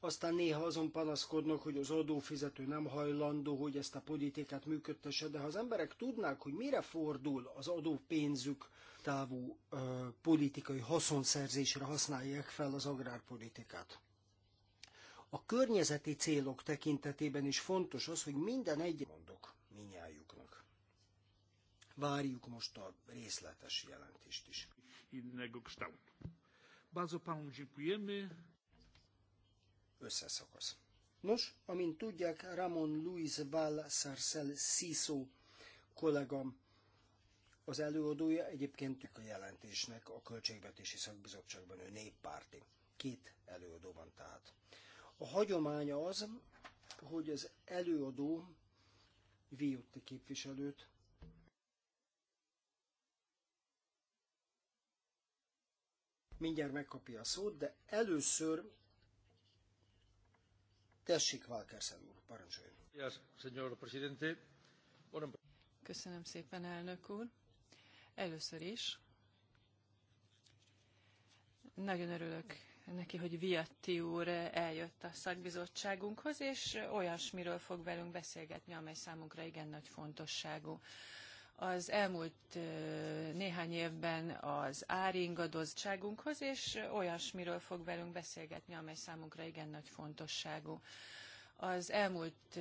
Aztán néha azon panaszkodnak, hogy az adófizető nem hajlandó, hogy ezt a politikát működtesse, de ha az emberek tudnák, hogy mire fordul az adópénzük, távú ö, politikai haszonszerzésre használják fel az agrárpolitikát. A környezeti célok tekintetében is fontos az, hogy minden egy mondó Várjuk most a részletes jelentést is. Innego kształtu. Bardzo panu dziękujemy. Összeszakasz. Nos, amint tudják, Ramon Luis Val Sarcel Siso kollégám az előadója egyébként a jelentésnek a Költségvetési Szakbizottságban ő néppárti. Két előadó van tehát. A hagyománya az, hogy az előadó Viotti képviselőt mindjárt megkapja a szót, de először tessék Valkerszen úr, parancsoljon. Köszönöm szépen, elnök úr. Először is nagyon örülök neki, hogy Viatti úr eljött a szakbizottságunkhoz, és olyasmiről fog velünk beszélgetni, amely számunkra igen nagy fontosságú az elmúlt néhány évben az áringadozságunkhoz, és olyasmiről fog velünk beszélgetni, amely számunkra igen nagy fontosságú. Az elmúlt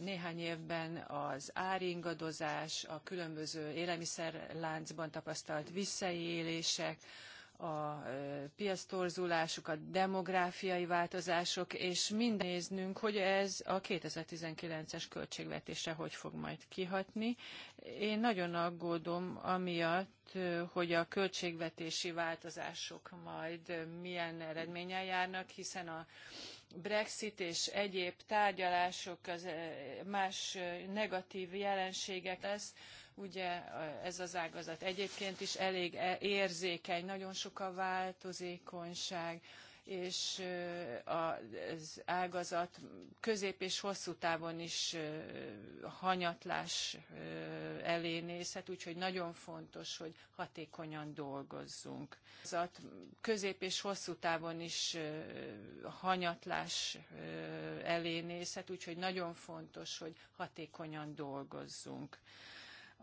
néhány évben az áringadozás, a különböző élelmiszerláncban tapasztalt visszaélések, a a demográfiai változások, és mind néznünk, hogy ez a 2019-es költségvetésre hogy fog majd kihatni. Én nagyon aggódom amiatt, hogy a költségvetési változások majd milyen eredménnyel járnak, hiszen a Brexit és egyéb tárgyalások, az más negatív jelenségek lesz, Ugye ez az ágazat egyébként is elég e- érzékeny, nagyon sok a változékonyság, és az ágazat közép és hosszú távon is hanyatlás elé nézhet, úgyhogy nagyon fontos, hogy hatékonyan dolgozzunk. Az közép és hosszú távon is hanyatlás elé nézhet, úgyhogy nagyon fontos, hogy hatékonyan dolgozzunk.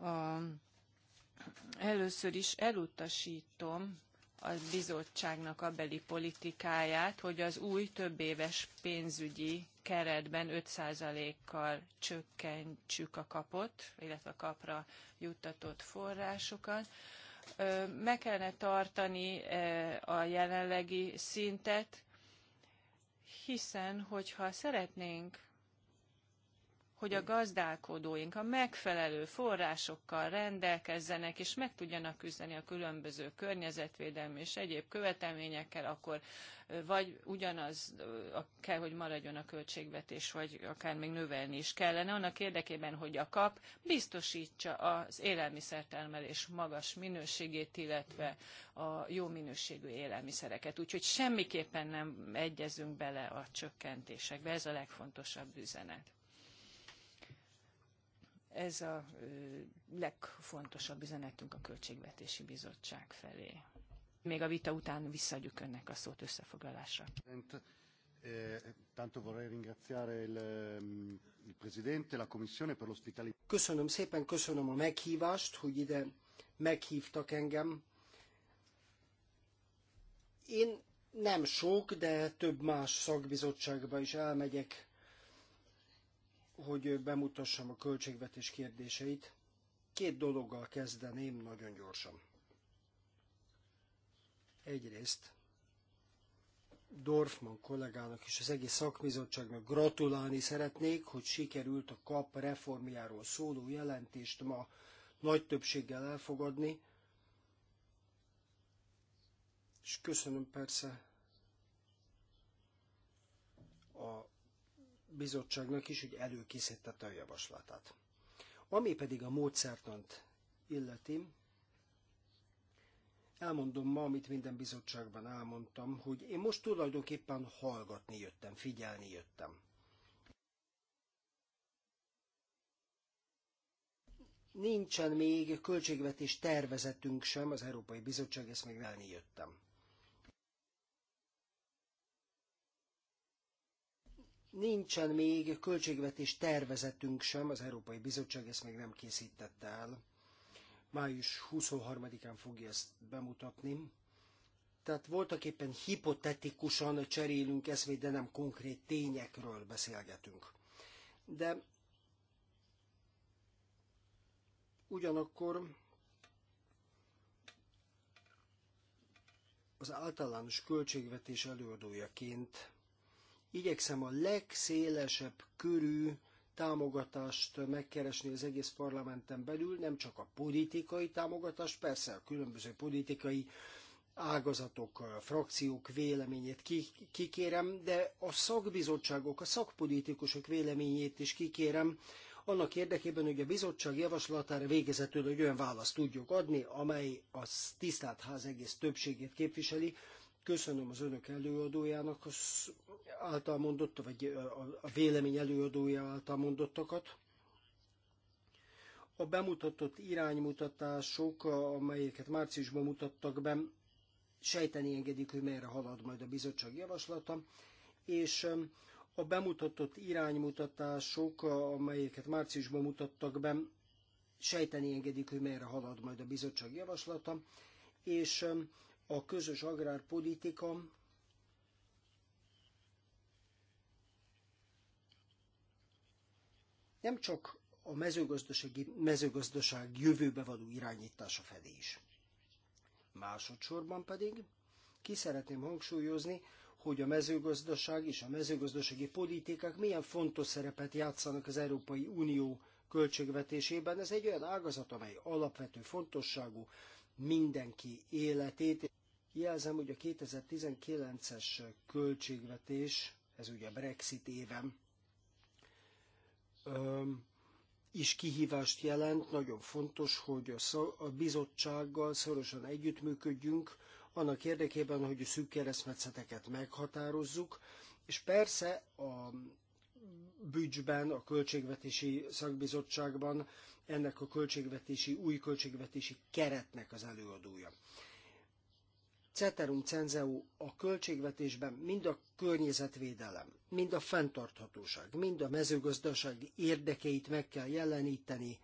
A, először is elutasítom a bizottságnak a beli politikáját, hogy az új többéves pénzügyi keretben 5%-kal csökkentsük a kapot, illetve a kapra juttatott forrásokat. Meg kellene tartani e, a jelenlegi szintet, hiszen hogyha szeretnénk hogy a gazdálkodóink a megfelelő forrásokkal rendelkezzenek, és meg tudjanak küzdeni a különböző környezetvédelmi és egyéb követelményekkel, akkor vagy ugyanaz kell, hogy maradjon a költségvetés, vagy akár még növelni is kellene, annak érdekében, hogy a kap biztosítsa az élelmiszertermelés magas minőségét, illetve a jó minőségű élelmiszereket. Úgyhogy semmiképpen nem egyezünk bele a csökkentésekbe. Ez a legfontosabb üzenet. Ez a legfontosabb üzenetünk a Költségvetési Bizottság felé. Még a vita után visszaadjuk önnek a szót összefoglalásra. Eh, mm, köszönöm szépen, köszönöm a meghívást, hogy ide meghívtak engem. Én nem sok, de több más szakbizottságba is elmegyek hogy bemutassam a költségvetés kérdéseit. Két dologgal kezdeném nagyon gyorsan. Egyrészt Dorfman kollégának és az egész szakbizottságnak gratulálni szeretnék, hogy sikerült a KAP reformjáról szóló jelentést ma nagy többséggel elfogadni, és köszönöm persze a bizottságnak is, hogy előkészítette a javaslatát. Ami pedig a módszertant illeti, elmondom ma, amit minden bizottságban elmondtam, hogy én most tulajdonképpen hallgatni jöttem, figyelni jöttem. Nincsen még költségvetés tervezetünk sem, az Európai Bizottság, ezt még elni jöttem. nincsen még költségvetés tervezetünk sem, az Európai Bizottság ezt még nem készítette el. Május 23-án fogja ezt bemutatni. Tehát voltak éppen hipotetikusan cserélünk eszmét, de nem konkrét tényekről beszélgetünk. De ugyanakkor az általános költségvetés előadójaként Igyekszem a legszélesebb körű támogatást megkeresni az egész parlamenten belül, nem csak a politikai támogatást, persze a különböző politikai ágazatok, frakciók véleményét kikérem, de a szakbizottságok, a szakpolitikusok véleményét is kikérem, annak érdekében, hogy a bizottság javaslatára végezetül egy olyan választ tudjuk adni, amely a tisztelt ház egész többségét képviseli. Köszönöm az önök előadójának által mondott, vagy a vélemény előadója által mondottakat. A bemutatott iránymutatások, amelyeket márciusban mutattak be, sejteni engedik, hogy merre halad majd a bizottság javaslata, és um, a bemutatott iránymutatások, amelyeket márciusban mutattak be, sejteni engedik, hogy merre halad majd a bizottság javaslata, és um, a közös agrárpolitika nem csak a mezőgazdasági, mezőgazdaság jövőbe való irányítása felé is. Másodszorban pedig ki szeretném hangsúlyozni, hogy a mezőgazdaság és a mezőgazdasági politikák milyen fontos szerepet játszanak az Európai Unió költségvetésében. Ez egy olyan ágazat, amely alapvető fontosságú mindenki életét. Jelzem, hogy a 2019-es költségvetés, ez ugye a Brexit évem, is kihívást jelent. Nagyon fontos, hogy a bizottsággal szorosan együttműködjünk, annak érdekében, hogy a szűk keresztmetszeteket meghatározzuk, és persze a bücsben, a költségvetési szakbizottságban ennek a költségvetési, új költségvetési keretnek az előadója ceterum censeo a költségvetésben mind a környezetvédelem, mind a fenntarthatóság, mind a mezőgazdaság érdekeit meg kell jeleníteni,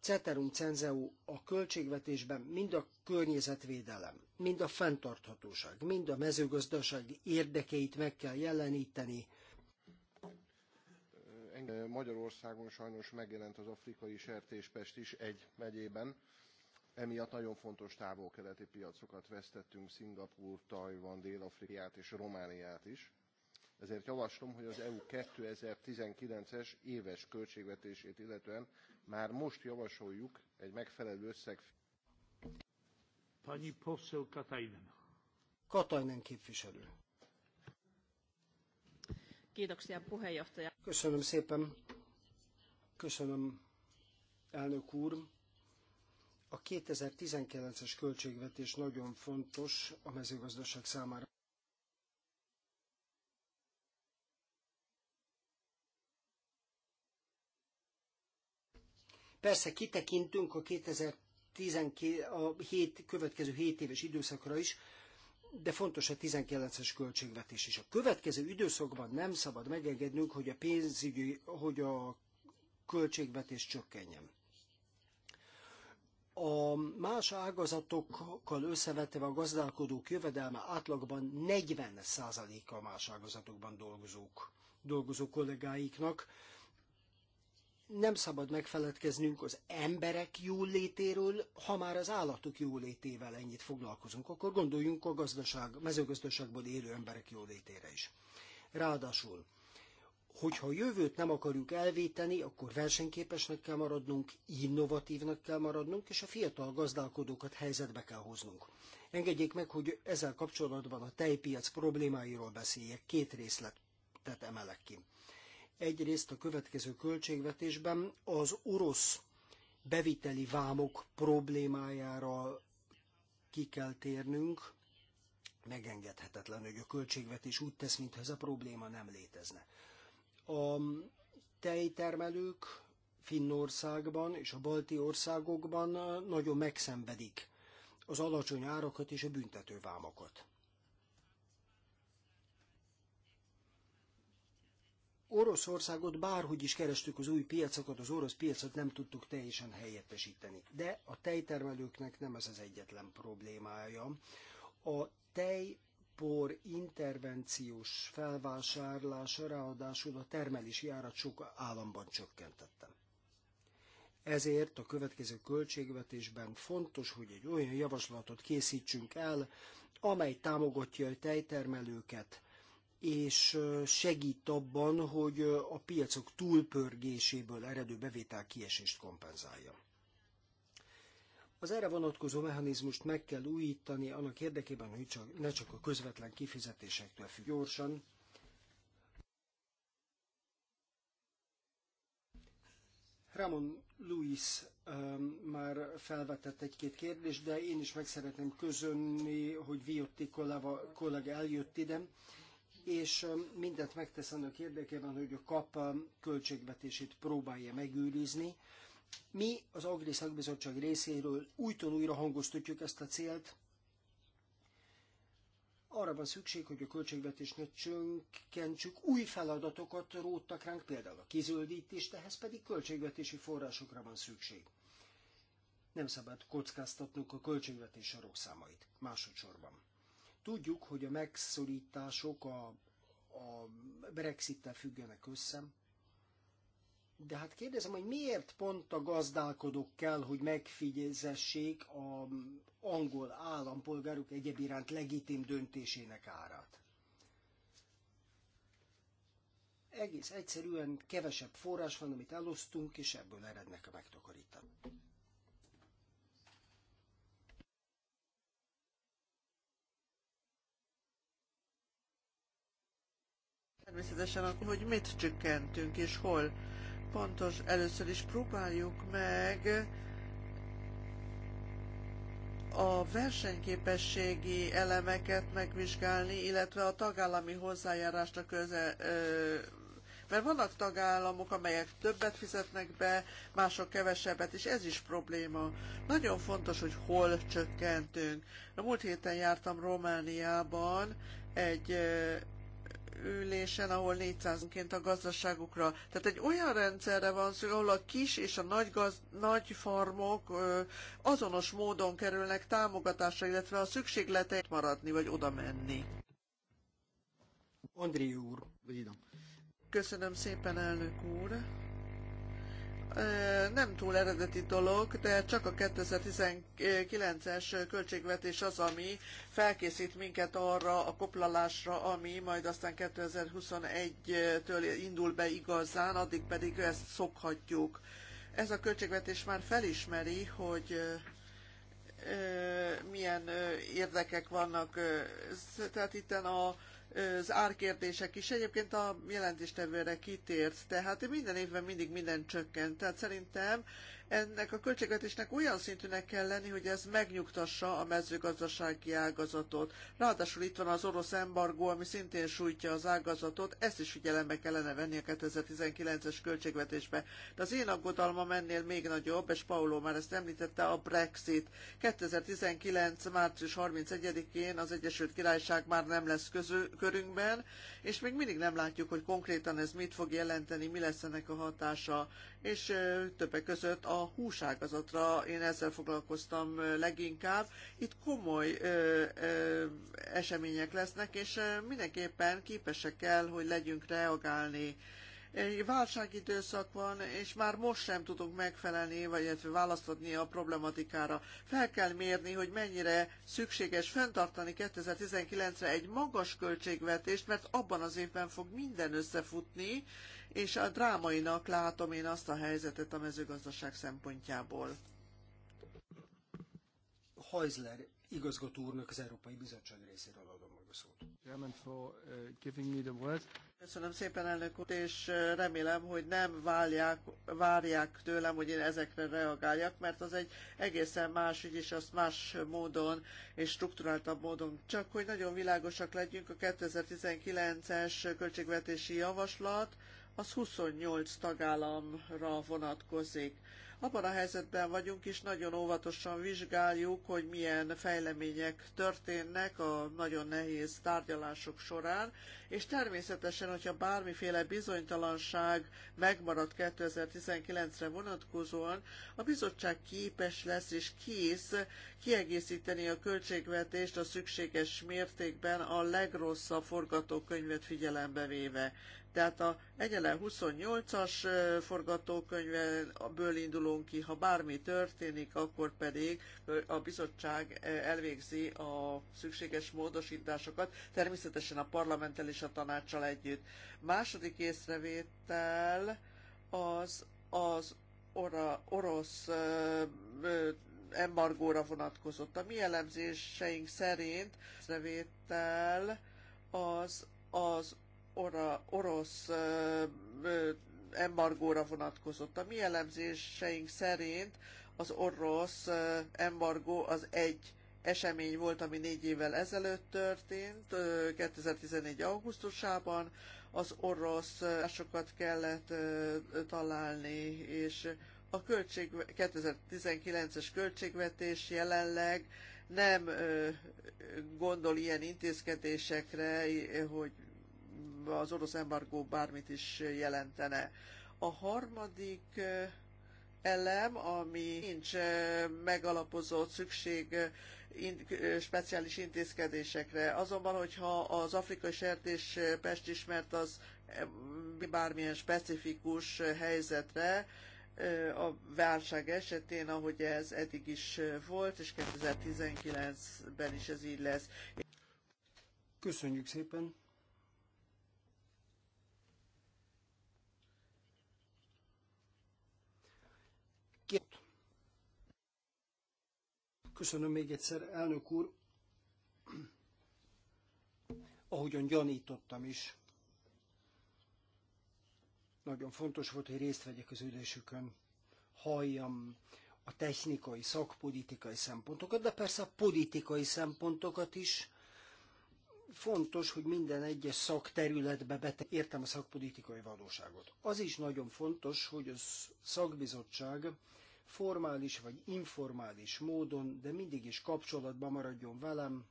ceterum censeo a költségvetésben mind a környezetvédelem, mind a fenntarthatóság, mind a mezőgazdaság érdekeit meg kell jeleníteni. Magyarországon sajnos megjelent az afrikai sertéspest is egy megyében Emiatt nagyon fontos távol-keleti piacokat vesztettünk, Szingapur, Tajvan, Dél-Afrikát és Romániát is. Ezért javaslom, hogy az EU 2019-es éves költségvetését illetően már most javasoljuk egy megfelelő összeg. Pani poseł Katainen. Katainen képviselő. puheenjohtaja. Köszönöm szépen. Köszönöm elnök úr. A 2019-es költségvetés nagyon fontos a mezőgazdaság számára. Persze kitekintünk a 2017. a következő 7 éves időszakra is, de fontos a 19-es költségvetés is. A következő időszakban nem szabad megengednünk, hogy a pénzügyi, hogy a költségvetés csökkenjen. A más ágazatokkal összevetve a gazdálkodók jövedelme átlagban 40%-a a más ágazatokban dolgozók, dolgozó kollégáiknak. Nem szabad megfeledkeznünk az emberek jólétéről, ha már az állatok jólétével ennyit foglalkozunk, akkor gondoljunk a gazdaság, mezőgazdaságból élő emberek jólétére is. Ráadásul hogyha a jövőt nem akarjuk elvéteni, akkor versenyképesnek kell maradnunk, innovatívnak kell maradnunk, és a fiatal gazdálkodókat helyzetbe kell hoznunk. Engedjék meg, hogy ezzel kapcsolatban a tejpiac problémáiról beszéljek, két részletet emelek ki. Egyrészt a következő költségvetésben az orosz beviteli vámok problémájára ki kell térnünk, megengedhetetlen, hogy a költségvetés úgy tesz, mintha ez a probléma nem létezne. A tejtermelők Finnországban és a balti országokban nagyon megszenvedik az alacsony árakat és a büntetővámokat. Oroszországot bárhogy is kerestük az új piacokat, az orosz piacot nem tudtuk teljesen helyettesíteni. De a tejtermelőknek nem ez az egyetlen problémája. A tej por intervenciós felvásárlása, ráadásul a termelési árat sok államban csökkentettem. Ezért a következő költségvetésben fontos, hogy egy olyan javaslatot készítsünk el, amely támogatja a tejtermelőket, és segít abban, hogy a piacok túlpörgéséből eredő bevétel kiesést kompenzálja. Az erre vonatkozó mechanizmust meg kell újítani annak érdekében, hogy csak, ne csak a közvetlen kifizetésektől függ. Gyorsan. Ramon Luis um, már felvetett egy-két kérdést, de én is meg szeretném közönni, hogy Viotti kollega, kollega eljött ide, és um, mindent megtesz annak érdekében, hogy a kap um, költségvetését próbálja megőrizni mi az Agri Szakbizottság részéről újton újra hangoztatjuk ezt a célt, arra van szükség, hogy a költségvetésnek csökkentsük, új feladatokat róttak ránk, például a kizöldítést, ehhez pedig költségvetési forrásokra van szükség. Nem szabad kockáztatnunk a költségvetés sarokszámait, másodszorban. Tudjuk, hogy a megszorítások a, a Brexit-tel függenek össze, de hát kérdezem, hogy miért pont a gazdálkodók kell, hogy megfigyezessék a angol állampolgárok egyebiránt legitim döntésének árát? Egész egyszerűen kevesebb forrás van, amit elosztunk, és ebből erednek a megtakarítani. Természetesen, hogy mit csökkentünk és hol fontos, először is próbáljuk meg a versenyképességi elemeket megvizsgálni, illetve a tagállami hozzájárást a köze, mert vannak tagállamok, amelyek többet fizetnek be, mások kevesebbet, és ez is probléma. Nagyon fontos, hogy hol csökkentünk. A múlt héten jártam Romániában egy ülésen, ahol 400-ként a gazdaságukra. Tehát egy olyan rendszerre van szükség, ahol a kis és a nagy, gaz, nagy farmok azonos módon kerülnek támogatásra, illetve a szükségleteit maradni vagy oda menni. Andri úr, Köszönöm szépen, elnök úr nem túl eredeti dolog, de csak a 2019-es költségvetés az, ami felkészít minket arra a koplalásra, ami majd aztán 2021-től indul be igazán, addig pedig ezt szokhatjuk. Ez a költségvetés már felismeri, hogy milyen érdekek vannak. Tehát itten a az árkérdések is egyébként a jelentéstevőre kitért, tehát minden évben mindig minden csökkent. Tehát szerintem ennek a költségvetésnek olyan szintűnek kell lenni, hogy ez megnyugtassa a mezőgazdasági ágazatot. Ráadásul itt van az orosz embargó, ami szintén sújtja az ágazatot, ezt is figyelembe kellene venni a 2019-es költségvetésbe. De az én aggodalmam ennél még nagyobb, és Paulo már ezt említette, a Brexit. 2019. március 31-én az Egyesült Királyság már nem lesz közül, körünkben, és még mindig nem látjuk, hogy konkrétan ez mit fog jelenteni, mi lesz ennek a hatása és többek között a húságazatra én ezzel foglalkoztam leginkább. Itt komoly ö, ö, események lesznek, és mindenképpen képesek kell, hogy legyünk reagálni egy válságidőszak van, és már most sem tudunk megfelelni, vagy illetve hát választ adni a problematikára. Fel kell mérni, hogy mennyire szükséges fenntartani 2019-re egy magas költségvetést, mert abban az évben fog minden összefutni, és a drámainak látom én azt a helyzetet a mezőgazdaság szempontjából. Heusler igazgató úrnak az Európai Bizottság részéről adom meg a szót. Uh, Köszönöm szépen, elnök úr, és remélem, hogy nem válják, várják tőlem, hogy én ezekre reagáljak, mert az egy egészen más ügy, és azt más módon és struktúráltabb módon. Csak hogy nagyon világosak legyünk, a 2019-es költségvetési javaslat az 28 tagállamra vonatkozik. Abban a helyzetben vagyunk, és nagyon óvatosan vizsgáljuk, hogy milyen fejlemények történnek a nagyon nehéz tárgyalások során, és természetesen, hogyha bármiféle bizonytalanság megmarad 2019-re vonatkozóan, a bizottság képes lesz és kész kiegészíteni a költségvetést a szükséges mértékben a legrosszabb forgatókönyvet figyelembe véve. Tehát a egyelen 28-as forgatókönyvből indulunk ki, ha bármi történik, akkor pedig a bizottság elvégzi a szükséges módosításokat, természetesen a parlamenttel és a tanácssal együtt. Második észrevétel az az ora, orosz embargóra vonatkozott. A mi elemzéseink szerint észrevétel az az orra, orosz embargóra vonatkozott. A mi elemzéseink szerint az orosz embargó az egy esemény volt, ami négy évvel ezelőtt történt, 2014. augusztusában. Az orosz sokat kellett találni, és a költség, 2019-es költségvetés jelenleg nem gondol ilyen intézkedésekre, hogy az orosz embargó bármit is jelentene. A harmadik elem, ami nincs megalapozott szükség in, speciális intézkedésekre. Azonban, hogyha az afrikai sertés pest ismert az bármilyen specifikus helyzetre, a válság esetén, ahogy ez eddig is volt, és 2019-ben is ez így lesz. Köszönjük szépen! Köszönöm még egyszer, elnök úr. Ahogyan gyanítottam is, nagyon fontos volt, hogy részt vegyek az ülésükön, halljam a technikai, szakpolitikai szempontokat, de persze a politikai szempontokat is. Fontos, hogy minden egyes szakterületbe bete értem a szakpolitikai valóságot. Az is nagyon fontos, hogy a szakbizottság formális vagy informális módon, de mindig is kapcsolatban maradjon velem,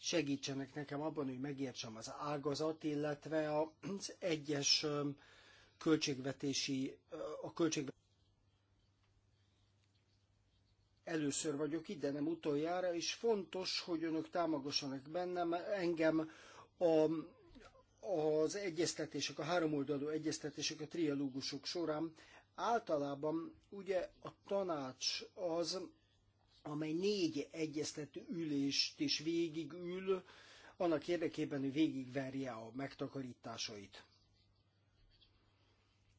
segítsenek nekem abban, hogy megértsem az ágazat, illetve az egyes költségvetési, a költségvetési először vagyok itt, de nem utoljára, és fontos, hogy önök támogassanak bennem, engem a, az egyeztetések, a háromoldalú egyeztetések, a trialógusok során Általában ugye a tanács az, amely négy egyeztető ülést is végigül, annak érdekében, hogy végigverje a megtakarításait.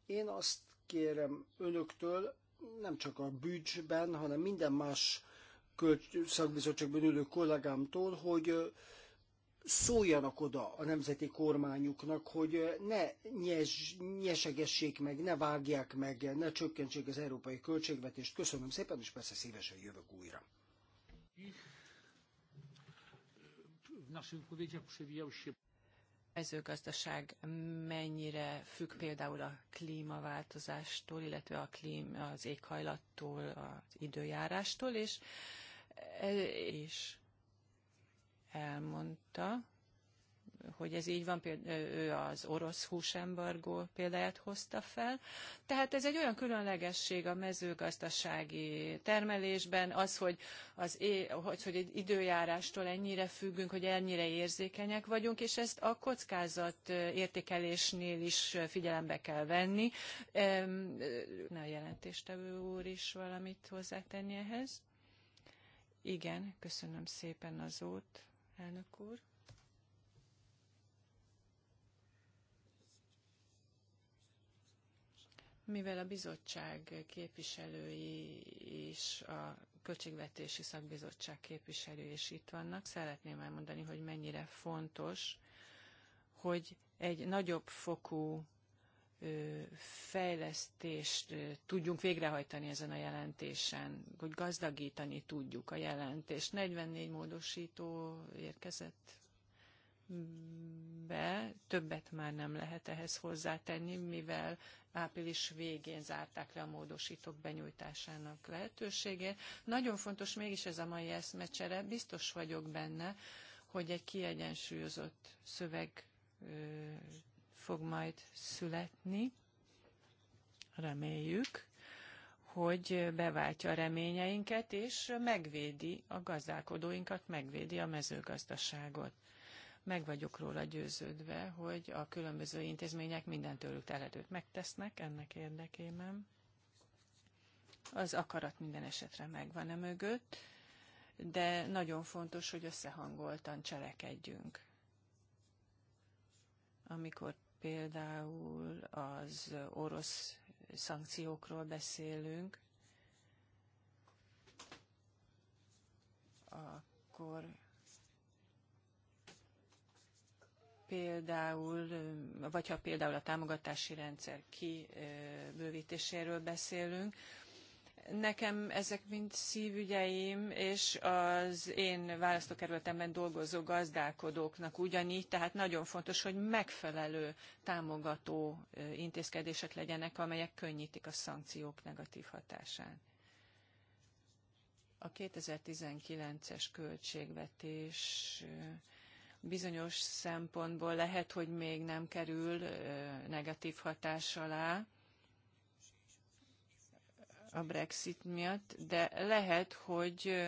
Én azt kérem önöktől, nem csak a bücsben, hanem minden más szakbizottságban ülő kollégámtól, hogy szóljanak oda a nemzeti kormányuknak, hogy ne nyes, nyesegessék meg, ne vágják meg, ne csökkentsék az európai költségvetést. Köszönöm szépen, és persze szívesen jövök újra. A mezőgazdaság mennyire függ például a klímaváltozástól, illetve a klím, az éghajlattól, az időjárástól, és, és elmondta, hogy ez így van, ő az orosz húsembargó példáját hozta fel. Tehát ez egy olyan különlegesség a mezőgazdasági termelésben, az, hogy, az é, hogy, hogy egy időjárástól ennyire függünk, hogy ennyire érzékenyek vagyunk, és ezt a kockázat értékelésnél is figyelembe kell venni. Na, a jelentéstevő úr is valamit hozzátenni ehhez? Igen, köszönöm szépen az út elnök úr. Mivel a bizottság képviselői és a Költségvetési Szakbizottság képviselői is itt vannak, szeretném elmondani, hogy mennyire fontos, hogy egy nagyobb fokú fejlesztést tudjunk végrehajtani ezen a jelentésen, hogy gazdagítani tudjuk a jelentést. 44 módosító érkezett be, többet már nem lehet ehhez hozzátenni, mivel április végén zárták le a módosítók benyújtásának lehetőségét. Nagyon fontos mégis ez a mai eszmecsere, biztos vagyok benne, hogy egy kiegyensúlyozott szöveg fog majd születni, reméljük, hogy beváltja a reményeinket, és megvédi a gazdálkodóinkat, megvédi a mezőgazdaságot. Meg vagyok róla győződve, hogy a különböző intézmények mindentőlük telhetőt megtesznek ennek érdekében. Az akarat minden esetre megvan a e mögött, de nagyon fontos, hogy összehangoltan cselekedjünk. Amikor például az orosz szankciókról beszélünk, akkor például, vagy ha például a támogatási rendszer kibővítéséről beszélünk, Nekem ezek mind szívügyeim, és az én választókerületemben dolgozó gazdálkodóknak ugyanígy, tehát nagyon fontos, hogy megfelelő támogató intézkedések legyenek, amelyek könnyítik a szankciók negatív hatását. A 2019-es költségvetés bizonyos szempontból lehet, hogy még nem kerül negatív hatás alá, a Brexit miatt, de lehet, hogy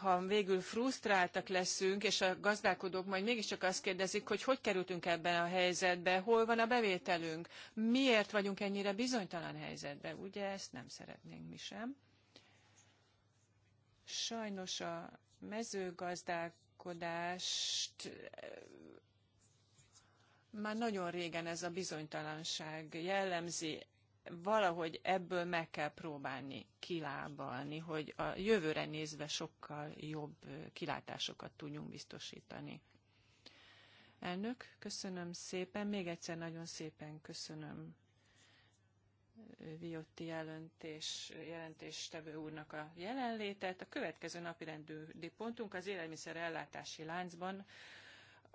ha végül frusztráltak leszünk, és a gazdálkodók majd mégiscsak azt kérdezik, hogy hogy kerültünk ebben a helyzetbe, hol van a bevételünk, miért vagyunk ennyire bizonytalan helyzetben. Ugye ezt nem szeretnénk mi sem. Sajnos a mezőgazdálkodást már nagyon régen ez a bizonytalanság jellemzi valahogy ebből meg kell próbálni kilábalni, hogy a jövőre nézve sokkal jobb kilátásokat tudjunk biztosítani. Elnök, köszönöm szépen, még egyszer nagyon szépen köszönöm Viotti jelentés, jelentéstevő úrnak a jelenlétet. A következő napi rendőri pontunk az élelmiszer ellátási láncban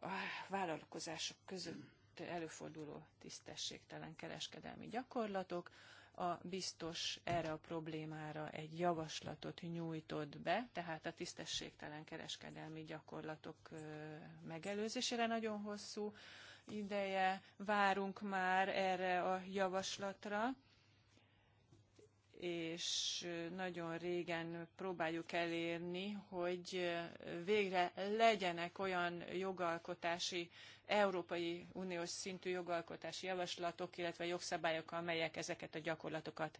a vállalkozások között itt előforduló tisztességtelen kereskedelmi gyakorlatok. A biztos erre a problémára egy javaslatot nyújtott be, tehát a tisztességtelen kereskedelmi gyakorlatok megelőzésére nagyon hosszú ideje várunk már erre a javaslatra és nagyon régen próbáljuk elérni, hogy végre legyenek olyan jogalkotási Európai Uniós szintű jogalkotási javaslatok, illetve jogszabályok, amelyek ezeket a gyakorlatokat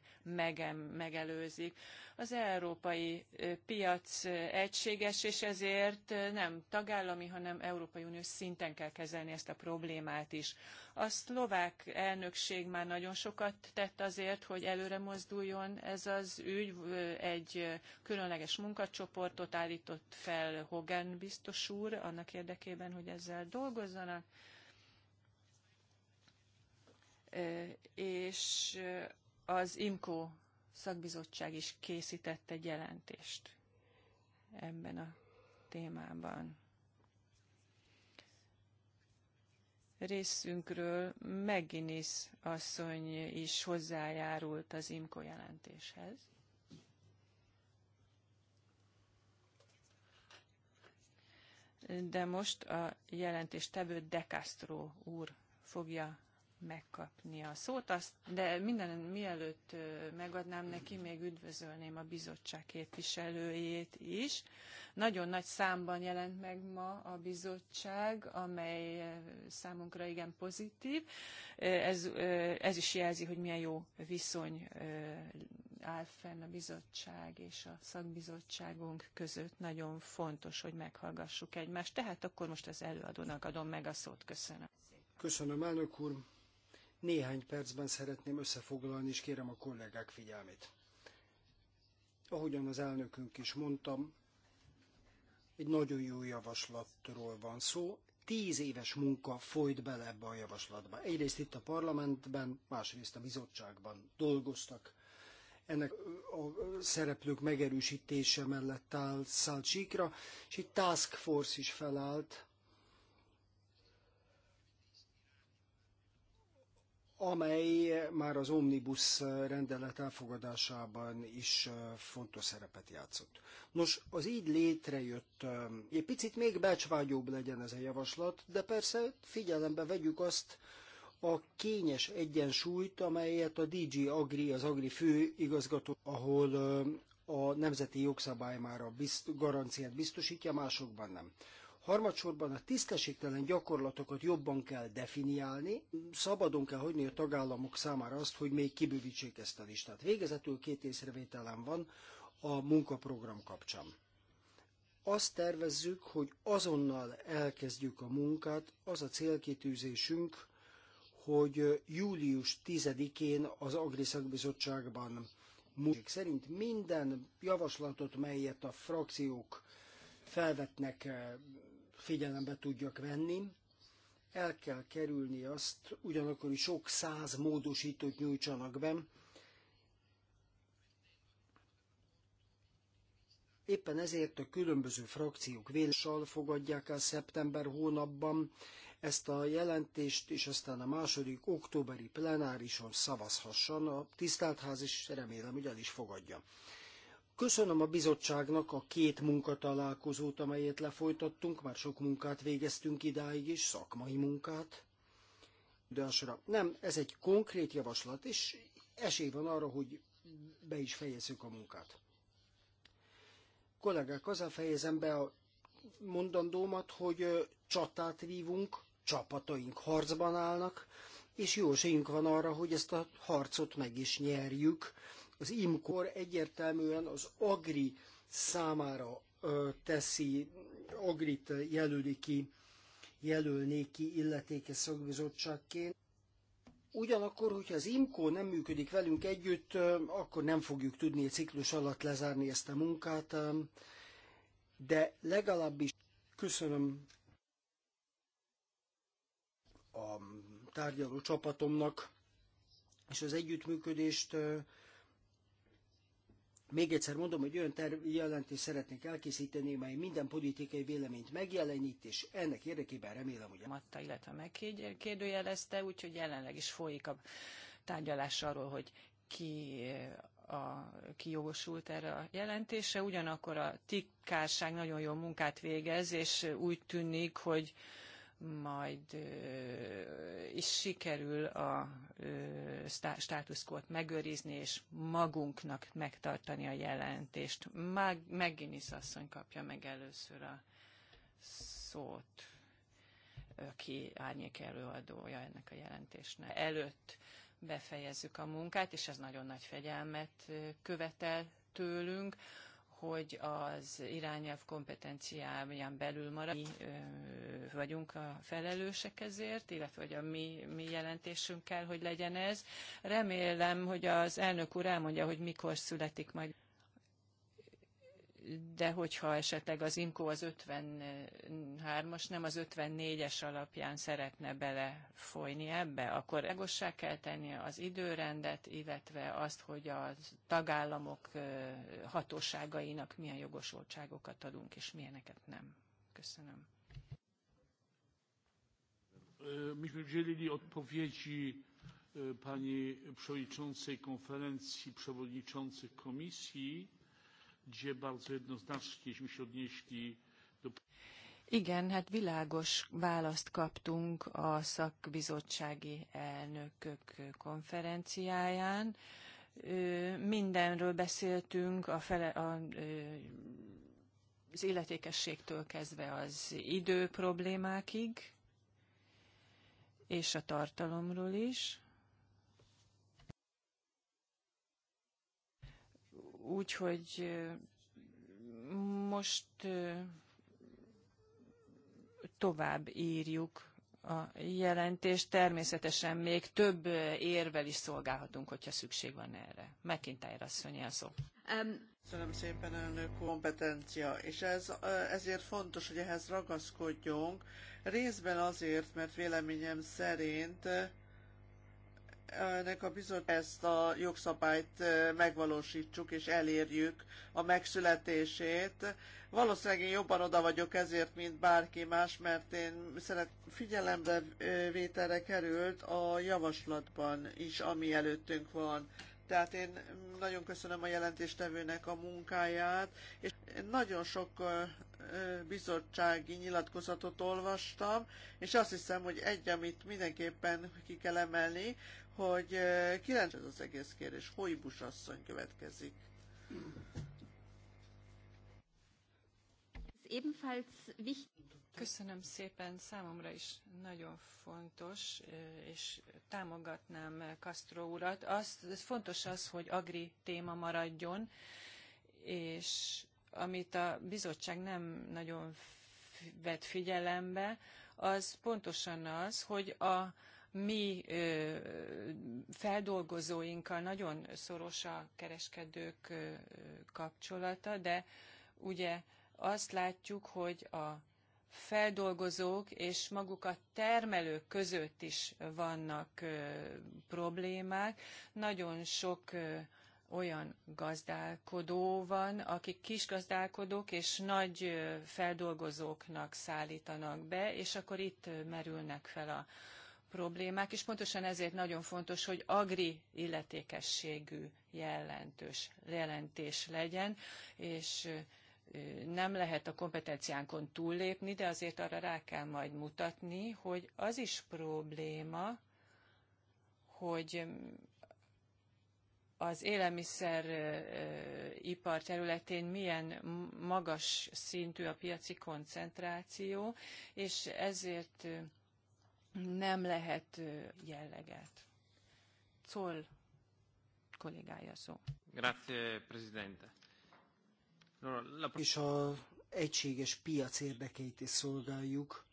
megelőzik. Az európai piac egységes, és ezért nem tagállami, hanem Európai Uniós szinten kell kezelni ezt a problémát is. A szlovák elnökség már nagyon sokat tett azért, hogy előre mozduljon ez az ügy. Egy különleges munkacsoportot állított fel Hogan biztos úr annak érdekében, hogy ezzel dolgozzanak és az IMCO szakbizottság is készített egy jelentést ebben a témában. Részünkről Meginis asszony is hozzájárult az IMCO jelentéshez. de most a jelentéstevő De Castro úr fogja megkapni a szót, azt, de minden mielőtt megadnám neki, még üdvözölném a bizottság képviselőjét is. Nagyon nagy számban jelent meg ma a bizottság, amely számunkra igen pozitív. Ez, ez is jelzi, hogy milyen jó viszony áll fenn a bizottság és a szakbizottságunk között. Nagyon fontos, hogy meghallgassuk egymást. Tehát akkor most az előadónak adom meg a szót. Köszönöm. Köszönöm, elnök úr. Néhány percben szeretném összefoglalni, és kérem a kollégák figyelmét. Ahogyan az elnökünk is mondtam, egy nagyon jó javaslatról van szó. Tíz éves munka folyt bele ebbe a javaslatba. Egyrészt itt a parlamentben, másrészt a bizottságban dolgoztak ennek a szereplők megerősítése mellett áll, szállt síkra, és itt Task Force is felállt, amely már az omnibus rendelet elfogadásában is fontos szerepet játszott. Nos, az így létrejött, egy picit még becsvágyóbb legyen ez a javaslat, de persze figyelembe vegyük azt, a kényes egyensúlyt, amelyet a DG Agri, az Agri főigazgató, ahol a nemzeti jogszabály már a bizt, garanciát biztosítja, másokban nem. Harmadsorban a tisztességtelen gyakorlatokat jobban kell definiálni, szabadon kell hagyni a tagállamok számára azt, hogy még kibővítsék ezt a listát. Végezetül két észrevételem van a munkaprogram kapcsán. Azt tervezzük, hogy azonnal elkezdjük a munkát, az a célkitűzésünk, hogy július 10-én az Agri Szakbizottságban múlik. Szerint minden javaslatot, melyet a frakciók felvetnek, figyelembe tudjak venni. El kell kerülni azt, ugyanakkor is sok száz módosítót nyújtsanak be. Éppen ezért a különböző frakciók véléssal fogadják el szeptember hónapban, ezt a jelentést, és aztán a második októberi plenárison szavazhasson a tisztelt ház, és remélem, hogy el is fogadja. Köszönöm a bizottságnak a két munkatalálkozót, amelyet lefolytattunk, már sok munkát végeztünk idáig is, szakmai munkát. De asra, nem, ez egy konkrét javaslat, és esély van arra, hogy be is fejezzük a munkát. Kollégák, azzal fejezem be a mondandómat, hogy csatát vívunk csapataink harcban állnak, és jó esélyünk van arra, hogy ezt a harcot meg is nyerjük. Az IMKOR egyértelműen az Agri számára ö, teszi, Agrit jelöli ki, jelölné ki illetékes szakbizottságként. Ugyanakkor, hogyha az IMKO nem működik velünk együtt, akkor nem fogjuk tudni a ciklus alatt lezárni ezt a munkát, de legalábbis köszönöm a tárgyaló csapatomnak, és az együttműködést még egyszer mondom, hogy olyan terv jelentést szeretnék elkészíteni, mely minden politikai véleményt megjelenít, és ennek érdekében remélem, hogy... Matta, illetve megkérdőjelezte, úgyhogy jelenleg is folyik a tárgyalás arról, hogy ki a, ki jogosult erre a jelentése. Ugyanakkor a titkárság nagyon jó munkát végez, és úgy tűnik, hogy majd is sikerül a státuszkót megőrizni, és magunknak megtartani a jelentést. Mag, Megginis asszony kapja meg először a szót, aki árnyék előadója ennek a jelentésnek. Előtt befejezzük a munkát, és ez nagyon nagy fegyelmet követel tőlünk hogy az irányelv kompetenciáján belül marad. Mi vagyunk a felelősek ezért, illetve hogy a mi, mi jelentésünk kell, hogy legyen ez. Remélem, hogy az elnök úr elmondja, hogy mikor születik majd de hogyha esetleg az IMCO az 53-as, nem az 54-es alapján szeretne belefolyni ebbe, akkor egossá kell tenni az időrendet, illetve azt, hogy a tagállamok hatóságainak milyen jogosultságokat adunk, és milyeneket nem. Köszönöm. E, myśmy udzielili odpowiedzi e, pani przewodniczącej konferencji przewodniczących komisji gdzie bardzo jednoznacznieśmy się odnieśli do... Igen, hát világos választ kaptunk a szakbizottsági elnökök konferenciáján. Mindenről beszéltünk, a, fele, a az illetékességtől kezdve az idő problémákig, és a tartalomról is. Úgyhogy most tovább írjuk a jelentést. Természetesen még több érvel is szolgálhatunk, hogyha szükség van erre. McIntyre asszony, a szó. Um. Köszönöm szépen, elnök kompetencia, és ez, ezért fontos, hogy ehhez ragaszkodjunk, részben azért, mert véleményem szerint ennek a bizony ezt a jogszabályt megvalósítsuk és elérjük a megszületését. Valószínűleg én jobban oda vagyok ezért, mint bárki más, mert én szeret figyelembe vételre került a javaslatban is, ami előttünk van. Tehát én nagyon köszönöm a jelentéstevőnek a munkáját, és nagyon sok bizottsági nyilatkozatot olvastam, és azt hiszem, hogy egy, amit mindenképpen ki kell emelni, hogy kilenc ez az egész kérdés. Hojbus asszony következik. Köszönöm szépen, számomra is nagyon fontos, és támogatnám Castro urat. Az, ez fontos az, hogy agri téma maradjon, és amit a bizottság nem nagyon vett figyelembe, az pontosan az, hogy a mi feldolgozóinkkal nagyon szoros a kereskedők kapcsolata, de ugye azt látjuk, hogy a feldolgozók és maguk a termelők között is vannak problémák. Nagyon sok olyan gazdálkodó van, akik kis gazdálkodók és nagy feldolgozóknak szállítanak be, és akkor itt merülnek fel a problémák, és pontosan ezért nagyon fontos, hogy agri illetékességű jelentős jelentés legyen, és nem lehet a kompetenciánkon túllépni, de azért arra rá kell majd mutatni, hogy az is probléma, hogy az élelmiszeripar területén milyen magas szintű a piaci koncentráció, és ezért nem lehet jelleget. Col kollégája szó. Grazie, Presidente. És a egységes piac érdekeit is szolgáljuk,